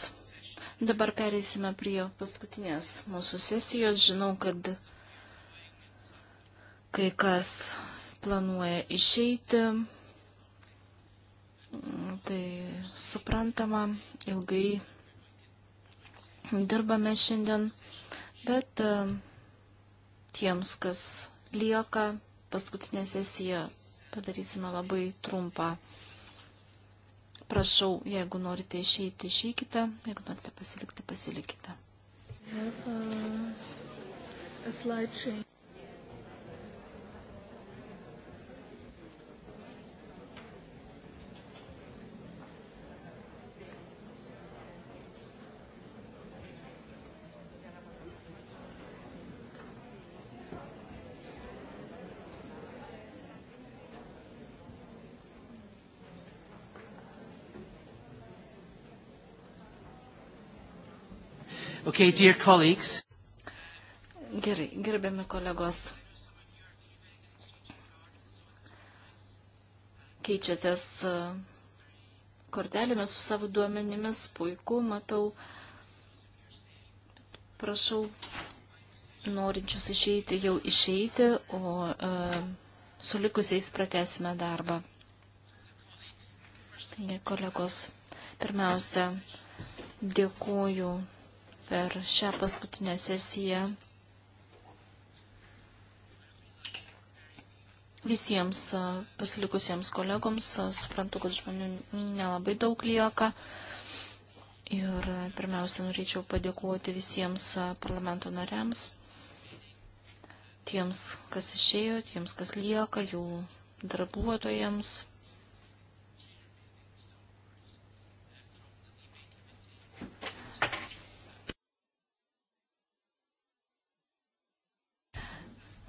dabar pereisime prie paskutinės mūsų sesijos. Žinau, kad kai kas planuoja išeiti, tai suprantama, ilgai dirbame šiandien, bet um, tiems, kas lieka, paskutinė sesija Padarysime labai trumpą. Prašau, jeigu norite išeiti, išeikite, jeigu norite pasilikti, pasilikite. Have, uh, a slide change. Okay, dear colleagues. Gerai, gerbiami kolegos. Keičiatės e, kortelėmis su savo duomenimis, puiku, matau. Prašau norinčius išeiti jau išeiti, o e, su likusiais pratesime darbą. Taigi, kolegos, pirmiausia, dėkuoju per šią paskutinę sesiją visiems pasilikusiems kolegoms. Suprantu, kad žmonių nelabai daug lieka. Ir pirmiausia, norėčiau padėkoti visiems parlamento nariams, tiems, kas išėjo, tiems, kas lieka, jų darbuotojams.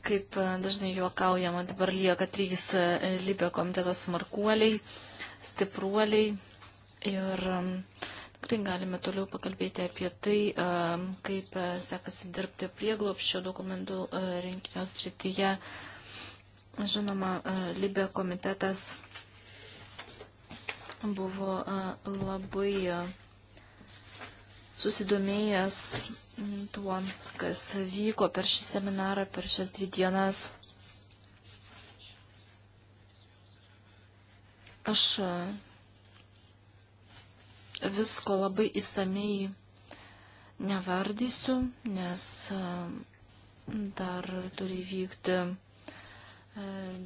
kaip e, dažnai juokaujama, dabar lieka trys e, Libio komiteto smarkuoliai, stipruoliai. Ir tikrai galime toliau pakalbėti apie tai, e, kaip sekasi dirbti prieglopščio dokumentų rinkinio srityje. Žinoma, Libė komitetas buvo labai susidomėjęs tuo, kas vyko per šį seminarą, per šias dvi dienas. Aš e, visko labai įsamei nevardysiu, nes e, dar turi vykti e,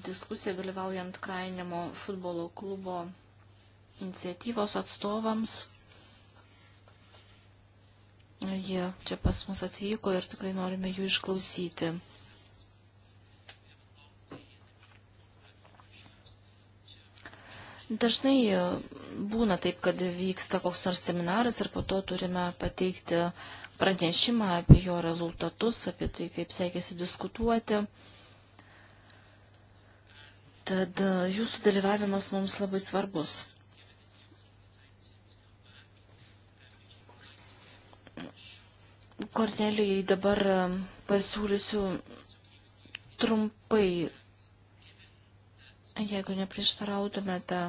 diskusija dalyvaujant Krainimo futbolo klubo iniciatyvos atstovams. Jie čia pas mus atvyko ir tikrai norime jų išklausyti. Dažnai būna taip, kad vyksta koks nors seminaras ir po to turime pateikti pranešimą apie jo rezultatus, apie tai, kaip sekėsi diskutuoti. Tad jūsų dalyvavimas mums labai svarbus. Kornelijai dabar pasiūlysiu trumpai, jeigu neprieštarautumėte.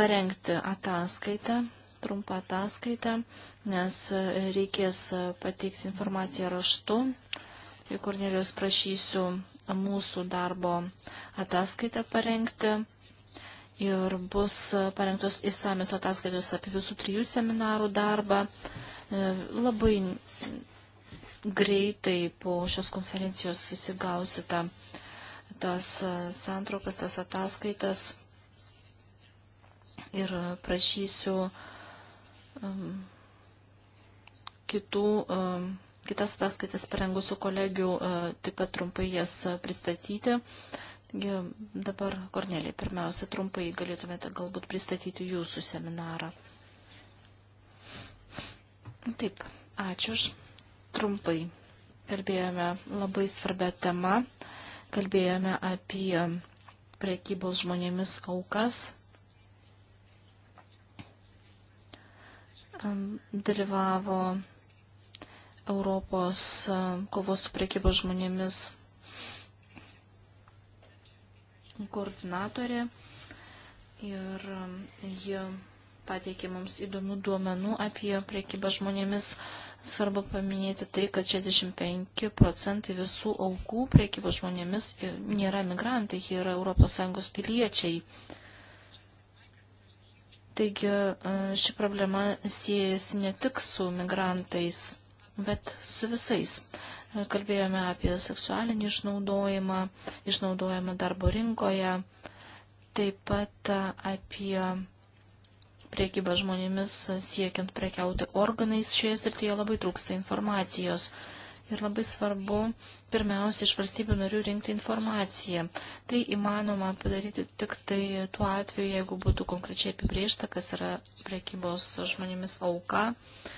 parengti ataskaitą, trumpą ataskaitą, nes e, reikės e, pateikti informaciją raštu. Kornelijos prašysiu mūsų darbo ataskaitą parengti ir bus parengtos įsamios ataskaitos apie visų trijų seminarų darbą. E, labai greitai po šios konferencijos visi gausite tas e, santraukas, tas ataskaitas ir prašysiu kitų, kitas ataskaitas parengusių kolegių e, taip pat trumpai jas pristatyti. Taigi dabar, Kornelė, pirmiausia, trumpai galėtumėte galbūt pristatyti jūsų seminarą. Taip, ačiū už trumpai. Kalbėjome labai svarbę temą. Kalbėjome apie prekybos žmonėmis aukas. Dalyvavo Europos kovos su prekybos žmonėmis koordinatorė ir ji pateikė mums įdomių duomenų apie priekybą žmonėmis. Svarbu paminėti tai, kad 65 procentai visų aukų priekybos žmonėmis nėra migrantai, jie yra ES piliečiai. Taigi e, ši problema siejasi ne tik su migrantais, bet su visais kalbėjome apie seksualinį išnaudojimą, išnaudojimą darbo rinkoje, taip pat apie priekybą žmonėmis siekiant prekiauti organais. Šioje srityje labai trūksta informacijos. Ir labai svarbu pirmiausia iš valstybių narių rinkti informaciją. Tai įmanoma padaryti tik tai tuo atveju, jeigu būtų konkrečiai apibriešta, kas yra priekybos žmonėmis auka. Uh,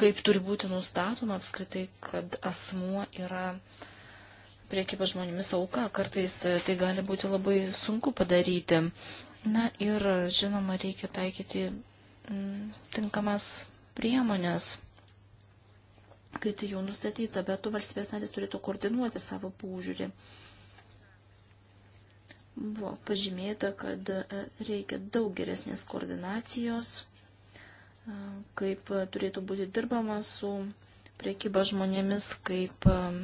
kaip turi būti nustatoma apskritai, kad asmuo yra priekyba žmonėmis auka. Kartais e, tai gali būti labai sunku padaryti. Na ir, žinoma, reikia taikyti mm, tinkamas priemonės, kai tai jau nustatyta, bet tu valstybės narys turėtų koordinuoti savo paužiūrį. Buvo pažymėta, kad e, reikia daug geresnės koordinacijos kaip turėtų būti dirbama su priekyba žmonėmis, kaip um,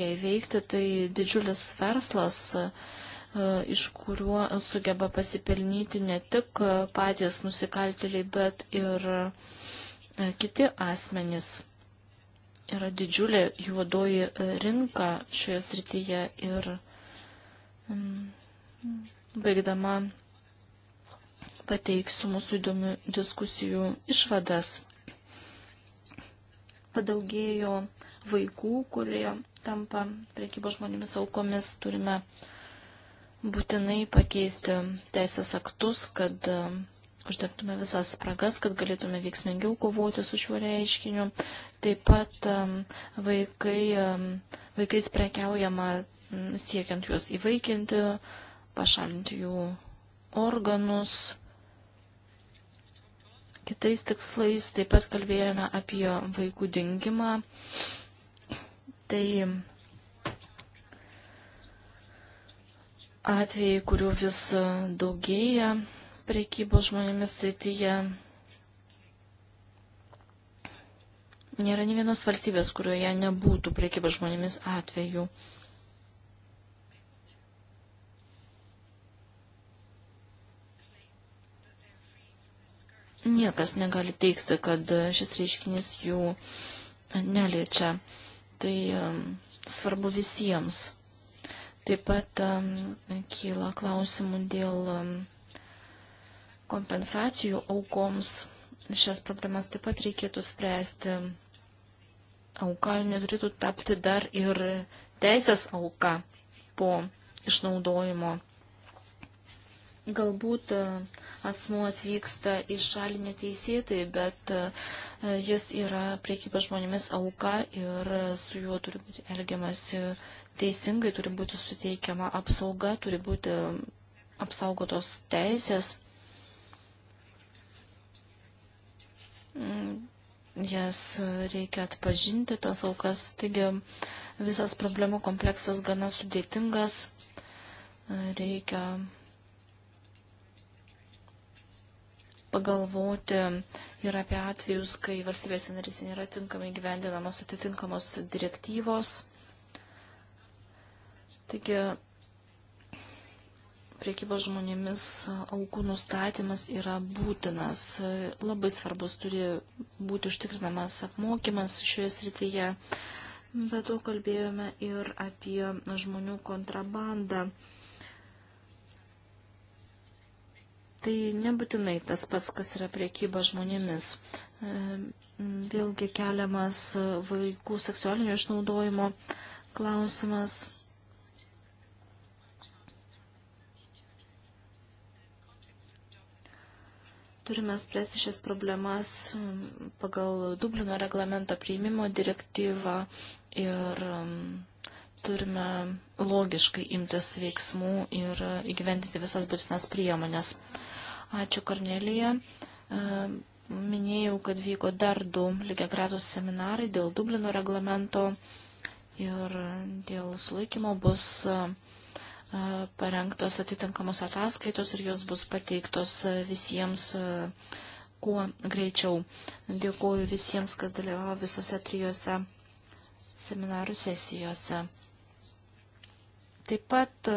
jai veikti. Tai didžiulis verslas, uh, iš kuriuo sugeba pasipelnyti ne tik uh, patys nusikaltėliai, bet ir uh, kiti asmenys. Yra didžiulė juodoji rinka šioje srityje ir um, baigdama pateiksiu mūsų įdomių diskusijų išvadas. Padaugėjo vaikų, kurie tampa priekybos žmonėmis aukomis. Turime būtinai pakeisti teisės aktus, kad e, uždegtume visas spragas, kad galėtume veiksmingiau kovoti su šiuo reiškiniu. Taip pat e, vaikai, e, vaikais prekiaujama siekiant juos įvaikinti, pašalinti jų organus. Kitais tikslais taip pat kalbėjome apie vaikų dingimą. Tai atvejai, kurių vis daugėja prekybos žmonėmis srityje. Nėra ne vienos valstybės, kurioje nebūtų prekybos žmonėmis atvejų. Niekas negali teikti, kad šis reiškinys jų neliečia. Tai um, svarbu visiems. Taip pat um, kyla klausimų dėl um, kompensacijų aukoms. Šias problemas taip pat reikėtų spręsti. Auka neturėtų tapti dar ir teisės auka po išnaudojimo. Galbūt uh, asmuo atvyksta į šalį neteisėtai, bet e, jis yra priekybos žmonėmis auka ir su juo turi būti elgiamasi teisingai, turi būti suteikiama apsauga, turi būti apsaugotos teisės. Mm, jas reikia atpažinti, tas aukas. Taigi visas problemų kompleksas gana sudėtingas. Reikia pagalvoti ir apie atvejus, kai valstybės narys nėra tinkamai gyvendinamos atitinkamos direktyvos. Taigi, priekybos žmonėmis aukų nustatymas yra būtinas. Labai svarbus turi būti užtikrinamas apmokymas šioje srityje. Be to kalbėjome ir apie žmonių kontrabandą. Tai nebūtinai tas pats, kas yra priekyba žmonėmis. E, vėlgi keliamas vaikų seksualinio išnaudojimo klausimas. turime spręsti šias problemas pagal Dublino reglamento priimimo direktyvą ir um, turime logiškai imtis veiksmų ir įgyventyti visas būtinas priemonės. Ačiū Kornelija. E, minėjau, kad vyko dar du lygiagretus seminarai dėl Dublino reglamento ir dėl sulaikymo bus e, parengtos atitinkamos ataskaitos ir jos bus pateiktos e, visiems kuo greičiau. Dėkuoju visiems, kas dalyvavo visose trijose seminarų sesijose. Taip pat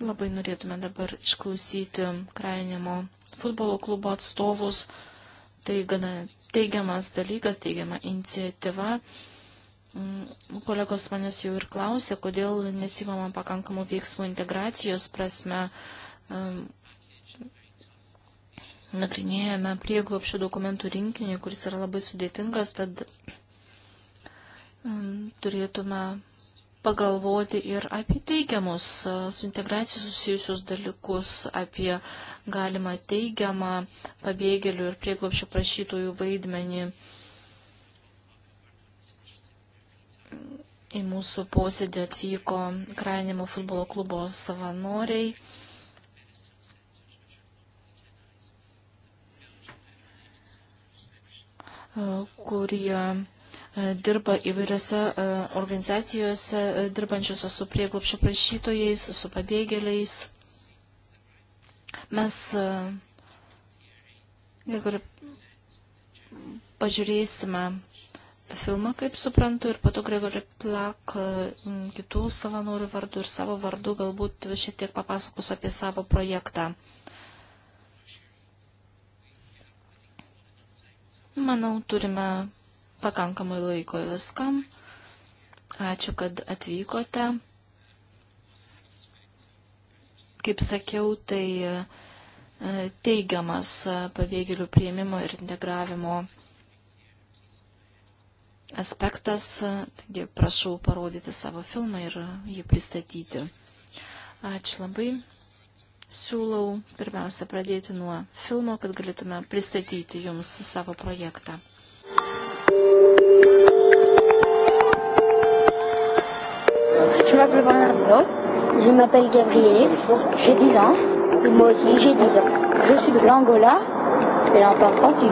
Labai norėtume dabar išklausyti krainimo futbolo klubo atstovus. Tai gana teigiamas dalykas, teigiama iniciatyva. Mm, kolegos manęs jau ir klausė, kodėl nesimama pakankamų veiksmų integracijos prasme. Mm, nagrinėjame prieglopšio dokumentų rinkinį, kuris yra labai sudėtingas, tad mm, turėtume pagalvoti ir apie teigiamus su integracija susijusius dalykus, apie galimą teigiamą pabėgėlių ir prieglopšio prašytojų vaidmenį. Į mūsų posėdį atvyko Krainimo futbolo klubo savanoriai. kurie E, dirba įvairiose e, organizacijose, e, dirbančiose su prieglopšio prašytojais, su pabėgėliais. Mes, jeigu pažiūrėsime filmą, kaip suprantu, ir po to Gregory Plak kitų savanorių vardų ir savo vardų galbūt šiek tiek papasakos apie savo projektą. Manau, turime pakankamai laiko viskam. Ačiū, kad atvykote. Kaip sakiau, tai e, teigiamas pabėgėlių prieimimo ir integravimo aspektas. Taigi prašau parodyti savo filmą ir jį pristatyti. Ačiū labai siūlau pirmiausia pradėti nuo filmo, kad galėtume pristatyti jums savo projektą. je m'appelle Bernardino, je m'appelle Gabriel, j'ai 10 ans, et moi aussi j'ai 10 ans. Je suis de l'Angola, et en tant que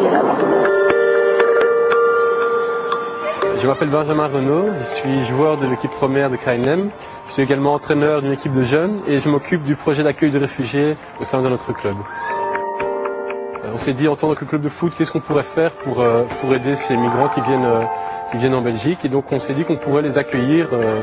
Je m'appelle Benjamin Renault, je suis joueur de l'équipe première de KNM, je suis également entraîneur d'une équipe de jeunes et je m'occupe du projet d'accueil de réfugiés au sein de notre club. Euh, on s'est dit en tant que club de foot, qu'est-ce qu'on pourrait faire pour, euh, pour aider ces migrants qui viennent, euh, qui viennent en Belgique. Et donc on s'est dit qu'on pourrait les accueillir euh,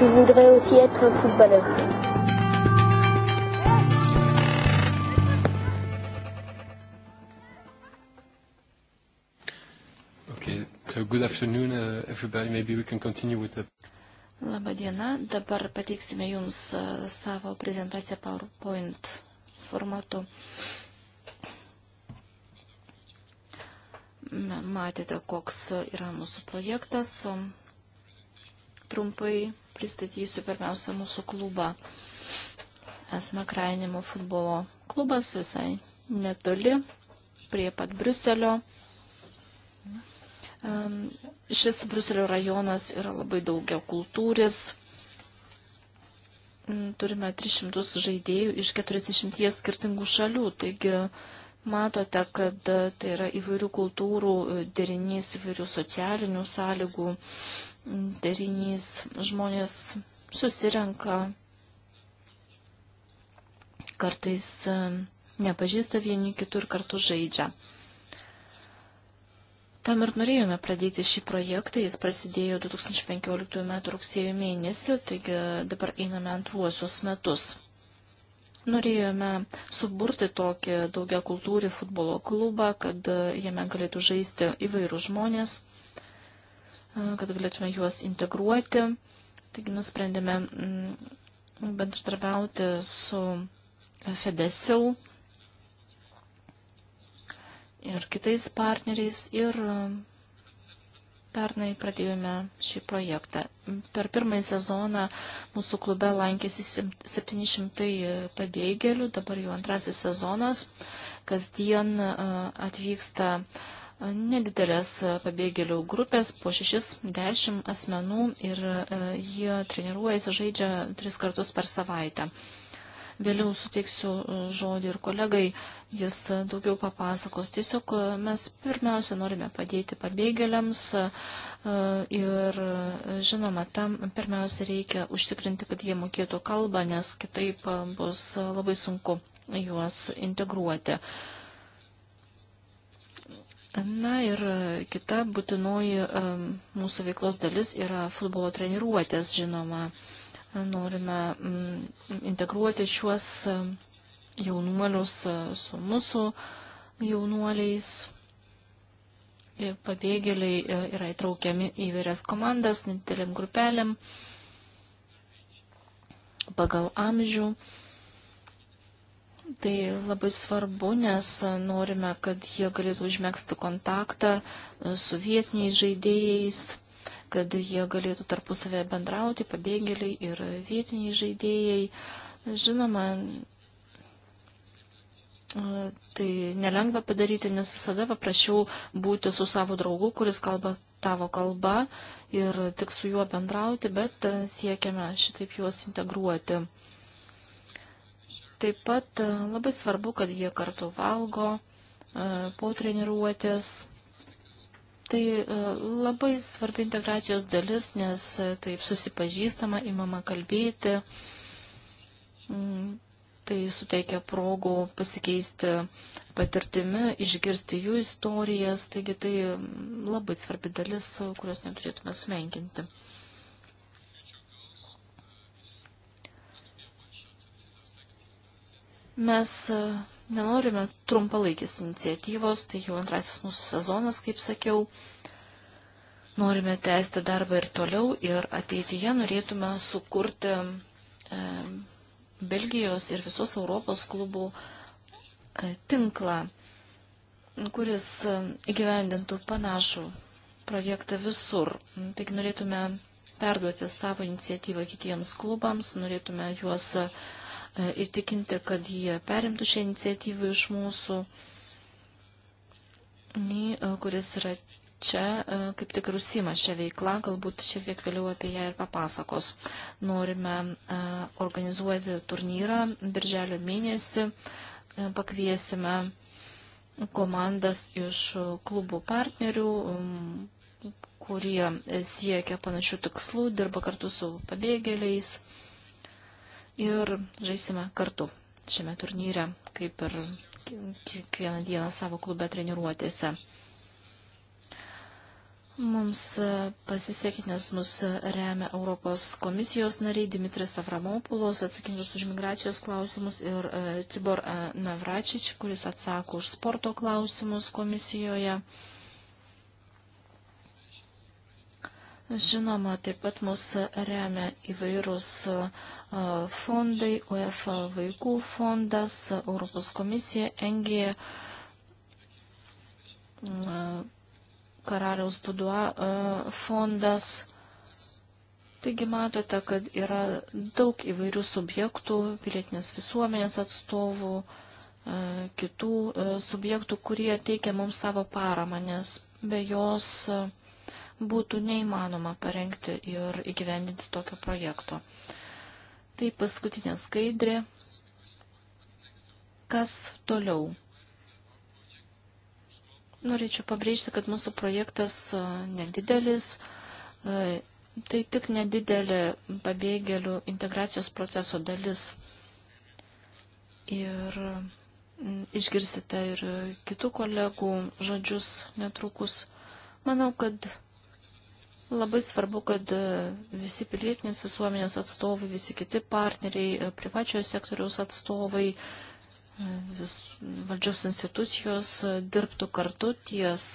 Je voudrais aussi être un footballeur. Okay, so good afternoon, uh, everybody. Maybe we can continue with the. Labą dieną, dabar pateiksime Jums uh, savo prezentaciją PowerPoint formatu. Matėte, koks yra mūsų projektas. Um, Trumpai pristatysiu pirmiausia mūsų klubą. Esame Krainimo futbolo klubas visai netoli, prie pat Bruselio. Šis Bruselio rajonas yra labai daugia kultūris. Turime 300 žaidėjų iš 40 skirtingų šalių, taigi Matote, kad e, tai yra įvairių kultūrų e, derinys, įvairių socialinių sąlygų derinys. Žmonės susirenka kartais e, nepažįsta vieni kitų ir kartu žaidžia. Tam ir norėjome pradėti šį projektą, jis prasidėjo 2015 m. rugsėjo mėnesį, taigi dabar einame antruosius metus. Norėjome suburti tokį daugia kultūrį futbolo klubą, kad jame galėtų žaisti įvairių žmonės, kad galėtume juos integruoti. Taigi nusprendėme mm, bendradarbiauti su Fedesil ir kitais partneriais ir Pernai pradėjome šį projektą. Per pirmąjį sezoną mūsų klube lankėsi 700 pabėgėlių, dabar jau antrasis sezonas. Kasdien atvyksta nedidelės pabėgėlių grupės, po 6-10 asmenų ir jie treniruojasi, žaidžia tris kartus per savaitę. Vėliau suteiksiu e, žodį ir kolegai, jis e, daugiau papasakos. Tiesiog e, mes pirmiausia norime padėti pabėgėliams ir žinoma, tam pirmiausia reikia užtikrinti, kad jie mokėtų kalbą, nes kitaip bus labai sunku juos integruoti. Na ir kita būtinoji mūsų veiklos dalis yra futbolo treniruotės, žinoma. Norime mm, integruoti šiuos mm, jaunuolius mm, su mūsų jaunuoliais. Ir pabėgėliai e, yra įtraukiami į vairias komandas, nedidelėm grupelėm, pagal amžių. Tai labai svarbu, nes norime, kad jie galėtų užmėgsti kontaktą e, su vietiniais žaidėjais, kad jie galėtų tarpusavėje bendrauti, pabėgėliai ir vietiniai žaidėjai. Žinoma, tai nelengva padaryti, nes visada paprašiau būti su savo draugu, kuris kalba tavo kalba ir tik su juo bendrauti, bet siekiame šitaip juos integruoti. Taip pat labai svarbu, kad jie kartu valgo po treniruotės Tai e, labai svarbi integracijos dalis, nes e, taip susipažįstama, įmama kalbėti, mm, tai suteikia progų pasikeisti patirtimi, išgirsti jų istorijas, taigi tai mm, labai svarbi dalis, kurios neturėtume sumenkinti. Mes e, Nenorime trumpalaikis iniciatyvos, tai jau antrasis mūsų sezonas, kaip sakiau. Norime tęsti darbą ir toliau ir ateityje norėtume sukurti e, Belgijos ir visos Europos klubų e, tinklą, kuris e, įgyvendintų panašų projektą visur. Taigi norėtume perduoti savo iniciatyvą kitiems klubams, norėtume juos E, įtikinti, kad jie perimtų šią iniciatyvą iš mūsų, nei e, kuris yra čia e, kaip tik ir užsima šią veiklą, galbūt šiek tiek vėliau apie ją ir papasakos. Norime organizuoti turnyrą birželio mėnesį, pakviesime komandas iš klubų partnerių, kurie siekia panašių tikslų, dirba kartu su pabėgėliais ir žaisime kartu šiame turnyre, kaip ir kiekvieną dieną savo klube treniruotėse. Mums pasisekė, nes mus remia Europos komisijos nariai Dimitris Avramopulos, atsakingas už migracijos klausimus, ir e, Tibor e, Navračič, kuris atsako už sporto klausimus komisijoje. Žinoma, taip pat mus remia įvairūs fondai, UEFA vaikų fondas, Europos komisija, Engija, Karaliaus Budua fondas. Taigi matote, kad yra daug įvairių subjektų, pilietinės visuomenės atstovų, kitų subjektų, kurie teikia mums savo paramą, nes be jos būtų neįmanoma parengti ir įgyvendinti tokio projekto. Tai paskutinė skaidrė. Kas toliau? Norėčiau pabrėžti, kad mūsų projektas e, nedidelis, e, tai tik nedidelė pabėgėlių integracijos proceso dalis. Ir išgirsite ir kitų kolegų žodžius netrukus. Manau, kad Labai svarbu, kad e, visi pilietinės visuomenės atstovai, visi kiti partneriai, e, privačiojo sektoriaus atstovai, e, vis, valdžios institucijos dirbtų kartu ties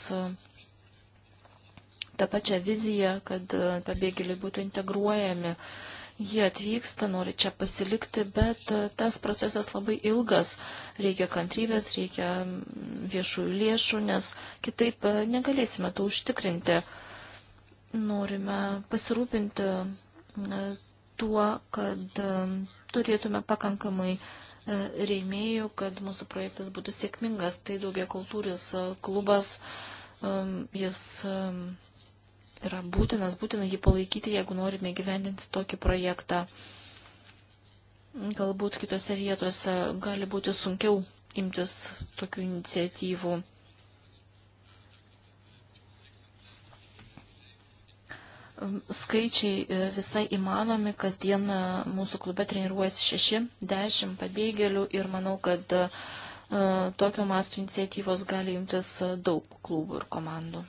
tą pačią viziją, kad pabėgėliai būtų integruojami. Jie atvyksta, nori čia pasilikti, bet tas procesas labai ilgas. Reikia kantrybės, reikia viešųjų lėšų, nes kitaip negalėsime to užtikrinti norime pasirūpinti e, tuo, kad e, turėtume pakankamai e, rėmėjų, kad mūsų projektas būtų sėkmingas. Tai daugia kultūris klubas, jis yra būtinas, būtina jį palaikyti, jeigu norime gyvendinti tokį projektą. Galbūt kitose vietose gali būti sunkiau imtis tokių iniciatyvų. Skaičiai e, visai įmanomi, kasdien e, mūsų klube treniruojasi 6-10 pabėgėlių ir manau, kad e, tokio masto iniciatyvos gali imtis daug klubų ir komandų.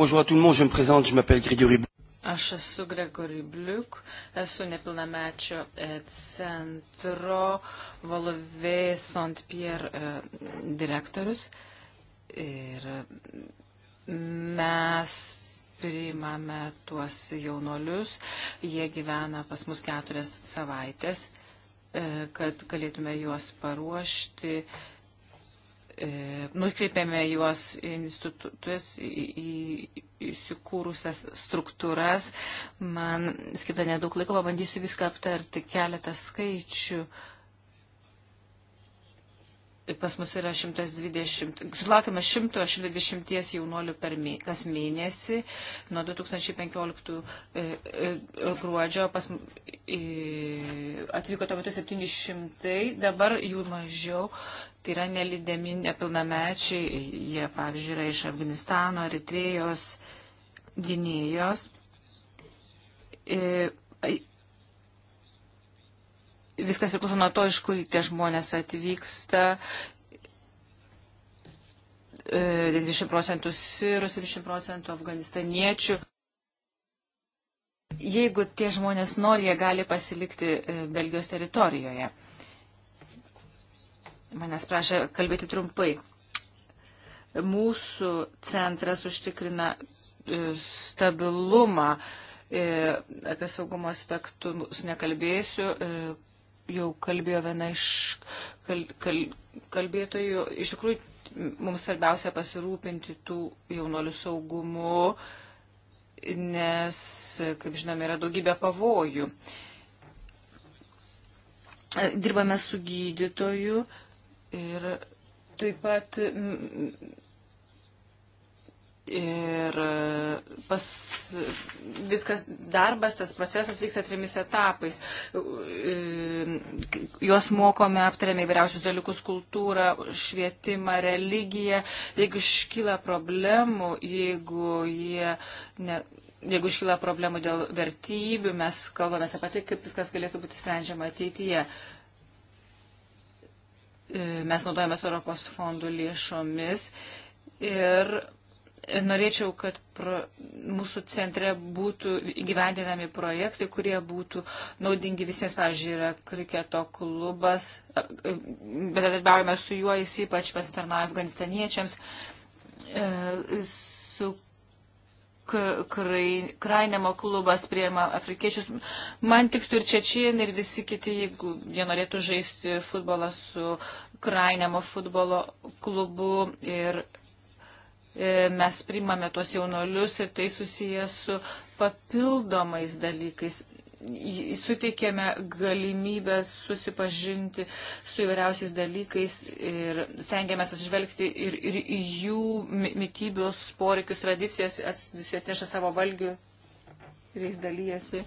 Bonjour à tout le monde, je me présente, je m'appelle Grégory Bliuk. Aš esu Grégory Bliuk, esu nepilnamečio centro Valovė Saint-Pierre direktorius ir mes priimame tuos jaunolius, jie gyvena pas mus keturias savaitės, e, kad galėtume juos paruošti. E, Nukreipėme juos į institutus, į įsikūrusias struktūras. Man skita nedaug laiko, bandysiu viską aptarti keletą skaičių. Uh, pas mus yra 120, sulaukime 100-120 jaunuolių per mė, kas mėnesį. Nuo 2015 e, e, gruodžio pas, e, atvyko tuo metu 700, dabar jų mažiau. Tai yra nelidėmi nepilnamečiai, jie pavyzdžiui yra iš Afganistano, Eritrėjos, Gynėjos. E, viskas priklauso nuo to, iš kur tie žmonės atvyksta. 90 e, procentų sirų, 70 procentų afganistaniečių. Jeigu tie žmonės nori, jie gali pasilikti e, Belgijos teritorijoje. Manęs prašė kalbėti trumpai. Mūsų centras užtikrina e, stabilumą apie saugumo aspektų nekalbėsiu, jau kalbėjo viena iš kal, kal, kalbėtojų, iš tikrųjų mums svarbiausia pasirūpinti tų jaunolių saugumu, nes, kaip žinome, yra daugybė pavojų. Dirbame su gydytoju ir taip pat Ir pas, viskas darbas, tas procesas vyksta trimis etapais. Ehm, juos mokome, aptarėme įvairiausius dalykus - kultūrą, švietimą, religiją. Jeigu iškyla problemų, jeigu jie. Ne, Jeigu iškyla problemų dėl vertybių, mes kalbame apie tai, kaip viskas galėtų būti sprendžiama ateityje. Ehm, mes naudojame Europos fondų lėšomis ir norėčiau, kad pro, mūsų centre būtų gyvendinami projektai, kurie būtų naudingi visiems. Pavyzdžiui, yra kriketo klubas, bendradarbiaujame su juo, jis ypač pasitarnauja afganistaniečiams. E, su Krainemo klubas prieima afrikiečius. Man tik turčečiai ir visi kiti, jeigu jie norėtų žaisti futbolą su Krainemo futbolo klubu ir E, mes primame tuos jaunolius ir tai susijęs su papildomais dalykais. Suteikėme galimybę susipažinti su įvairiausiais dalykais ir stengiamės atsižvelgti ir, ir į jų mytybos poreikius, tradicijas, visi atneša savo valgių ir jais dalyjasi.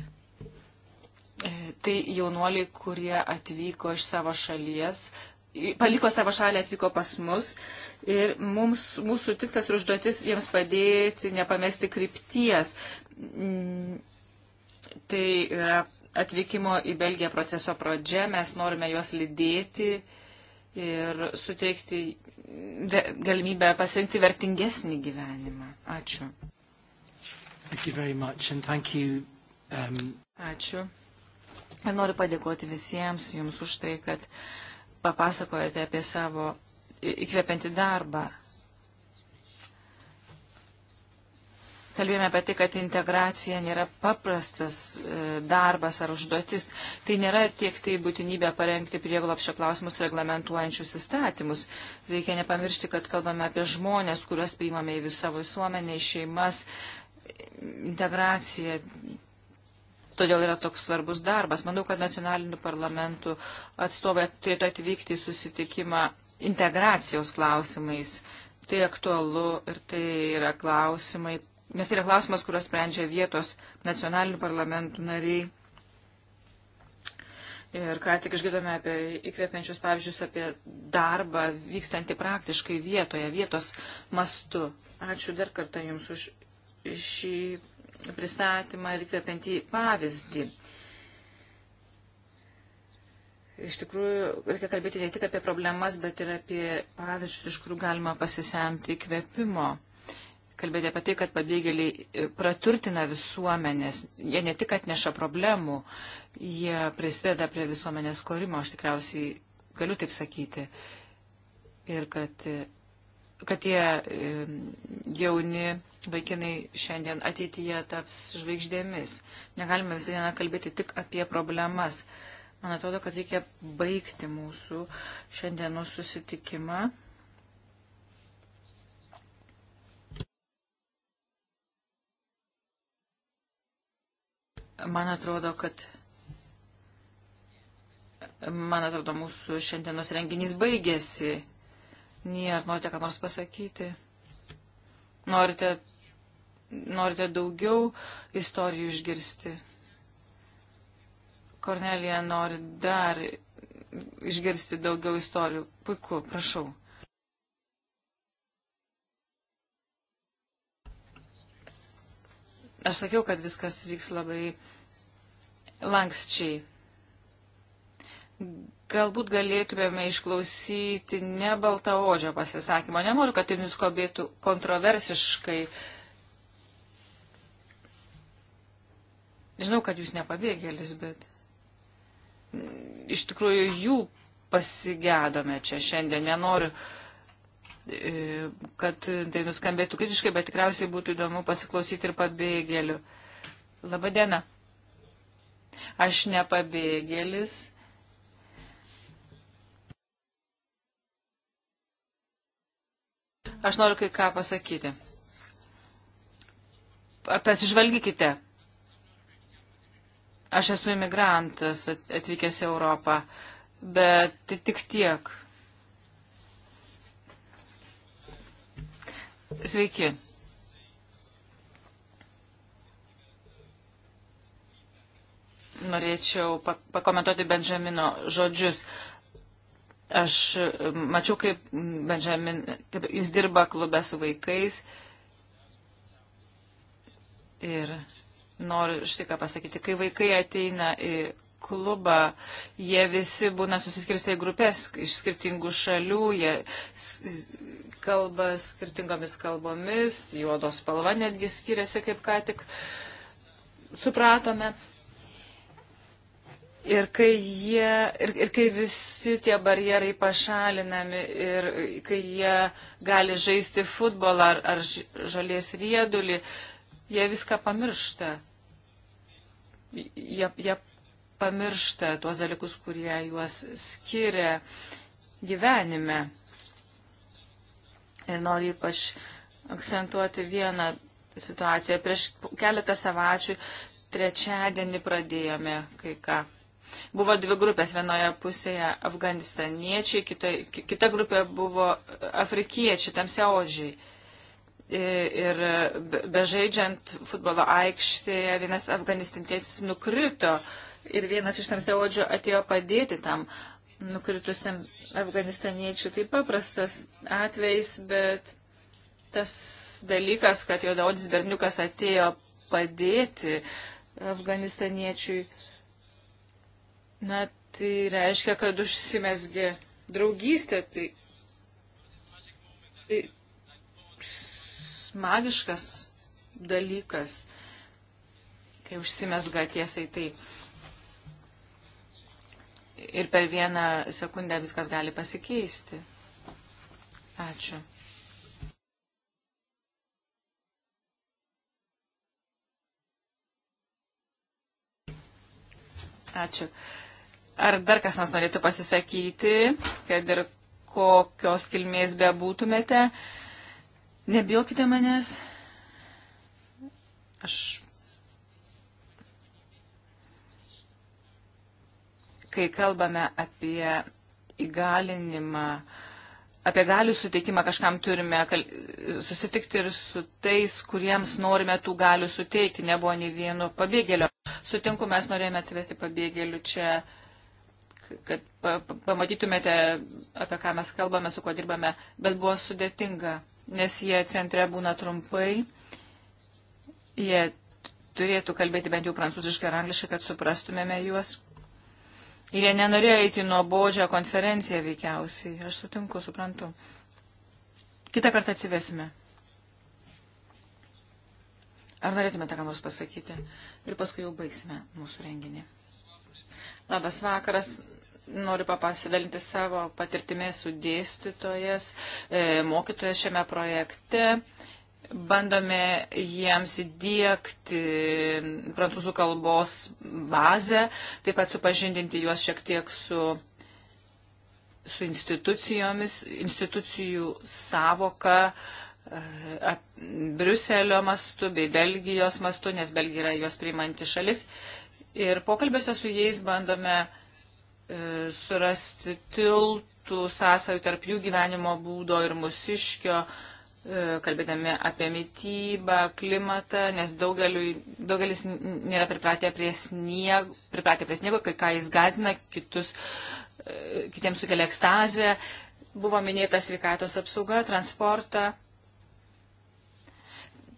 E, tai jaunuoliai, kurie atvyko iš savo šalies, paliko savo šalį, atvyko pas mus ir mums, mūsų tikslas ir užduotis jiems padėti, nepamesti krypties. Mm, tai yra atvykimo į Belgiją proceso pradžia, mes norime juos lydėti ir suteikti galimybę pasirinkti vertingesnį gyvenimą. Ačiū. You, um... Ačiū. Ir noriu padėkoti visiems jums už tai, kad uh, papasakojate apie savo įkvepiantį darbą. Kalbėjome apie tai, kad integracija nėra paprastas e, darbas ar užduotis. Tai nėra tiek tai būtinybė parengti prieglopšio klausimus reglamentuojančius įstatymus. Reikia nepamiršti, kad kalbame apie žmonės, kuriuos priimame į visą visuomenę, į šeimas. Integracija todėl yra toks svarbus darbas. Manau, kad nacionalinių parlamentų atstovai turėtų atvykti į susitikimą integracijos klausimais. Tai aktualu ir tai yra klausimai, nes tai yra klausimas, kuriuos sprendžia vietos nacionalinių parlamentų nariai. Ir ką tik išgirdome apie įkvepiančius pavyzdžius apie darbą vykstantį praktiškai vietoje, vietos mastu. Ačiū dar kartą Jums už šį pristatymą ir kvepiantį pavyzdį. Iš tikrųjų, reikia kalbėti ne tik apie problemas, bet ir apie pavyzdžius, iš kurių galima pasisemti įkvėpimo. Kalbėti apie tai, kad pabėgėliai e, praturtina visuomenės, jie ne tik atneša problemų, jie prisideda prie visuomenės korimo, aš tikriausiai galiu taip sakyti. Ir kad, e, kad tie e, jauni vaikinai šiandien ateityje taps žvaigždėmis. Negalime visą dieną kalbėti tik apie problemas. Man atrodo, kad reikia baigti mūsų šiandienų susitikimą. Man atrodo, kad man atrodo, mūsų šiandienos renginys baigėsi. Nie, ar norite ką nors pasakyti? Norite, norite daugiau istorijų išgirsti? Kornelija nori dar išgirsti daugiau istorijų. Puiku, prašau. Aš sakiau, kad viskas vyks labai lankščiai Galbūt galėtumėme išklausyti ne baltaodžio pasisakymą. Nenoriu, kad tai nuskobėtų kontroversiškai. Žinau, kad jūs nepabėgėlis, bet iš tikrųjų jų pasigėdome čia šiandien. Nenoriu, e, kad tai nuskambėtų kritiškai, bet tikriausiai būtų įdomu pasiklausyti ir pabėgėlių. Labadiena. Aš nepabėgėlis Aš noriu kai ką pasakyti. Pasižvalgykite. Aš esu imigrantas atvykęs į Europą, bet tik tiek. Sveiki. Norėčiau pakomentuoti Benžamino žodžius. Aš e, mačiau, kaip, Benjamin, kaip jis dirba klube su vaikais ir noriu štai ką pasakyti. Kai vaikai ateina į klubą, jie visi būna susiskirstę į grupės iš skirtingų šalių, jie kalba skirtingomis kalbomis, juodos spalva netgi skiriasi, kaip ką tik supratome. Ir kai, jie, ir, ir kai visi tie barjerai pašalinami ir kai jie gali žaisti futbolą ar, ar žalies riedulį, jie viską pamiršta. Jie, jie pamiršta tuos dalykus, kurie juos skiria gyvenime. Ir noriu ypač akcentuoti vieną situaciją. Prieš keletą savaičių trečiadienį pradėjome kai ką Buvo dvi grupės, vienoje pusėje afganistaniečiai, kita, kita grupė buvo afrikiečiai, tamsiaodžiai. Ir bežaidžiant futbolo aikštėje vienas afganistantietis nukrito ir vienas iš tamsiaodžio atėjo padėti tam nukritusiam afganistaniečiui. Tai paprastas atvejs, bet tas dalykas, kad juodaodis berniukas atėjo padėti afganistaniečiui, Na, tai reiškia, kad užsimesgė draugystė. Tai, tai magiškas dalykas, kai užsimesga tiesai tai. Ir per vieną sekundę viskas gali pasikeisti. Ačiū. Ačiū. Ar dar kas nors norėtų pasisakyti, kad ir kokios kilmės bebūtumėte, nebijokite manęs. Aš. Kai kalbame apie įgalinimą, apie galių suteikimą kažkam turime kal... susitikti ir su tais, kuriems norime tų galių suteikti. Nebuvo nei vieno pabėgėlio. Sutinku, mes norėjome atsivesti pabėgėlių čia kad pamatytumėte, apie ką mes kalbame, su kuo dirbame, bet buvo sudėtinga, nes jie centre būna trumpai, jie turėtų kalbėti bent jau prancūziškai ir angliškai, kad suprastumėme juos. Ir jie nenorėjo eiti nuo bodžio konferenciją veikiausiai, aš sutinku, suprantu. Kitą kartą atsivesime. Ar norėtumėte ką nors pasakyti? Ir paskui jau baigsime mūsų renginį. Labas vakaras, noriu papasidalinti savo patirtimį su dėstytojas, e, mokytojas šiame projekte. Bandome jiems įdėkti prancūzų kalbos bazę, taip pat supažindinti juos šiek tiek su, su institucijomis, institucijų savoka, e, Briuselio mastu bei Belgijos mastu, nes Belgija yra juos priimanti šalis. Ir pokalbėse su jais bandome uh, E, surasti tiltų sąsajų tarp jų gyvenimo būdo ir musiškio, e, kalbėdami apie mytybą, klimatą, nes daugelis nėra pripratę prie, snieg, pripratę prie sniego, kai ką jis gazina, kitus, e, kitiems sukelia ekstazę. Buvo minėta sveikatos apsauga, transportą.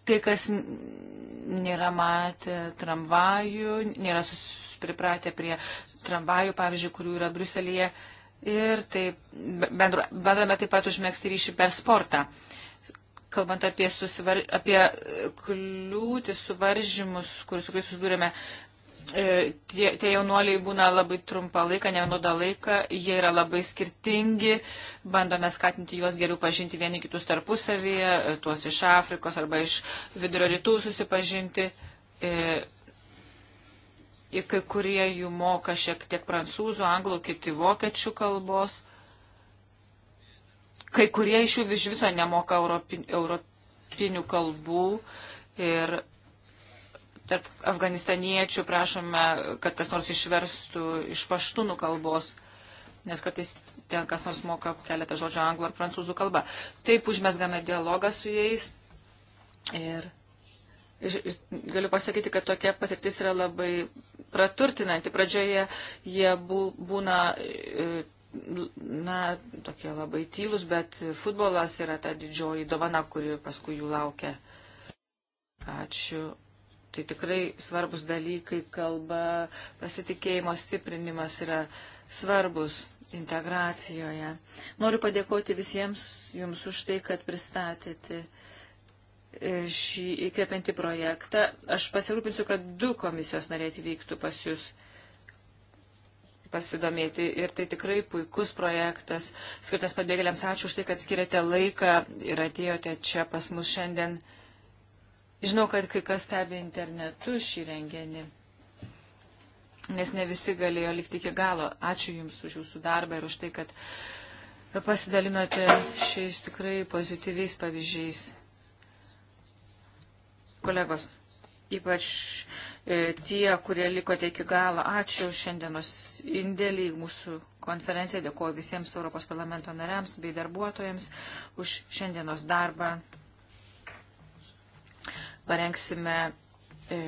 Tai, kas nėra matę tramvajų, nėra pripratę prie tramvajų, pavyzdžiui, kurių yra Bruselėje. Ir taip, bendru, bandome taip pat užmėgsti ryšį per sportą. Kalbant apie, susivar, apie e, kliūtį suvaržymus, kur su kuriais susidūrėme, e, tie, tie jaunuoliai būna labai trumpą laiką, ne vienodą laiką, jie yra labai skirtingi, bandome skatinti juos geriau pažinti vieni kitus tarpusavyje, e, tuos iš Afrikos arba iš vidurio rytų susipažinti. E, kai kurie jų moka šiek tiek prancūzų, anglų, kiti vokiečių kalbos. Kai kurie iš jų iš viso nemoka europinių kalbų ir tarp afganistaniečių prašome, kad kas nors išverstų iš paštūnų kalbos, nes kartais ten kas nors moka keletą žodžių anglų ar prancūzų kalbą. Taip užmesgame dialogą su jais ir, ir, ir galiu pasakyti, kad tokia patirtis yra labai praturtinanti. Pradžioje jie būna e, na, tokie labai tylus, bet futbolas yra ta didžioji dovana, kuri paskui jų laukia. Ačiū. Tai tikrai svarbus dalykai, kalba, pasitikėjimo stiprinimas yra svarbus integracijoje. Noriu padėkoti visiems jums už tai, kad pristatėte E, šį įkvepiantį projektą. Aš pasirūpinsiu, kad du komisijos nariai atvyktų pas jūs pasidomėti ir tai tikrai puikus projektas, skirtas pabėgėliams. Ačiū už tai, kad skiriate laiką ir atėjote čia pas mus šiandien. Žinau, kad kai kas stebi internetu šį renginį, nes ne visi galėjo likti iki galo. Ačiū Jums už Jūsų darbą ir už tai, kad pasidalinote šiais tikrai pozityviais pavyzdžiais kolegos, ypač e, tie, kurie likote iki galo, ačiū šiandienos indėlį į mūsų konferenciją, dėkuoju visiems Europos parlamento nariams bei darbuotojams už šiandienos darbą. Parengsime e,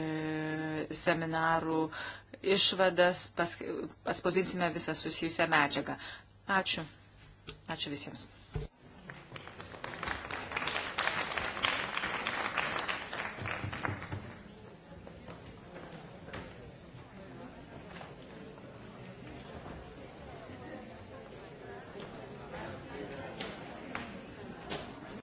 seminarų išvadas, pask... atspausdinsime visą susijusią medžiagą. Ačiū. Ačiū visiems.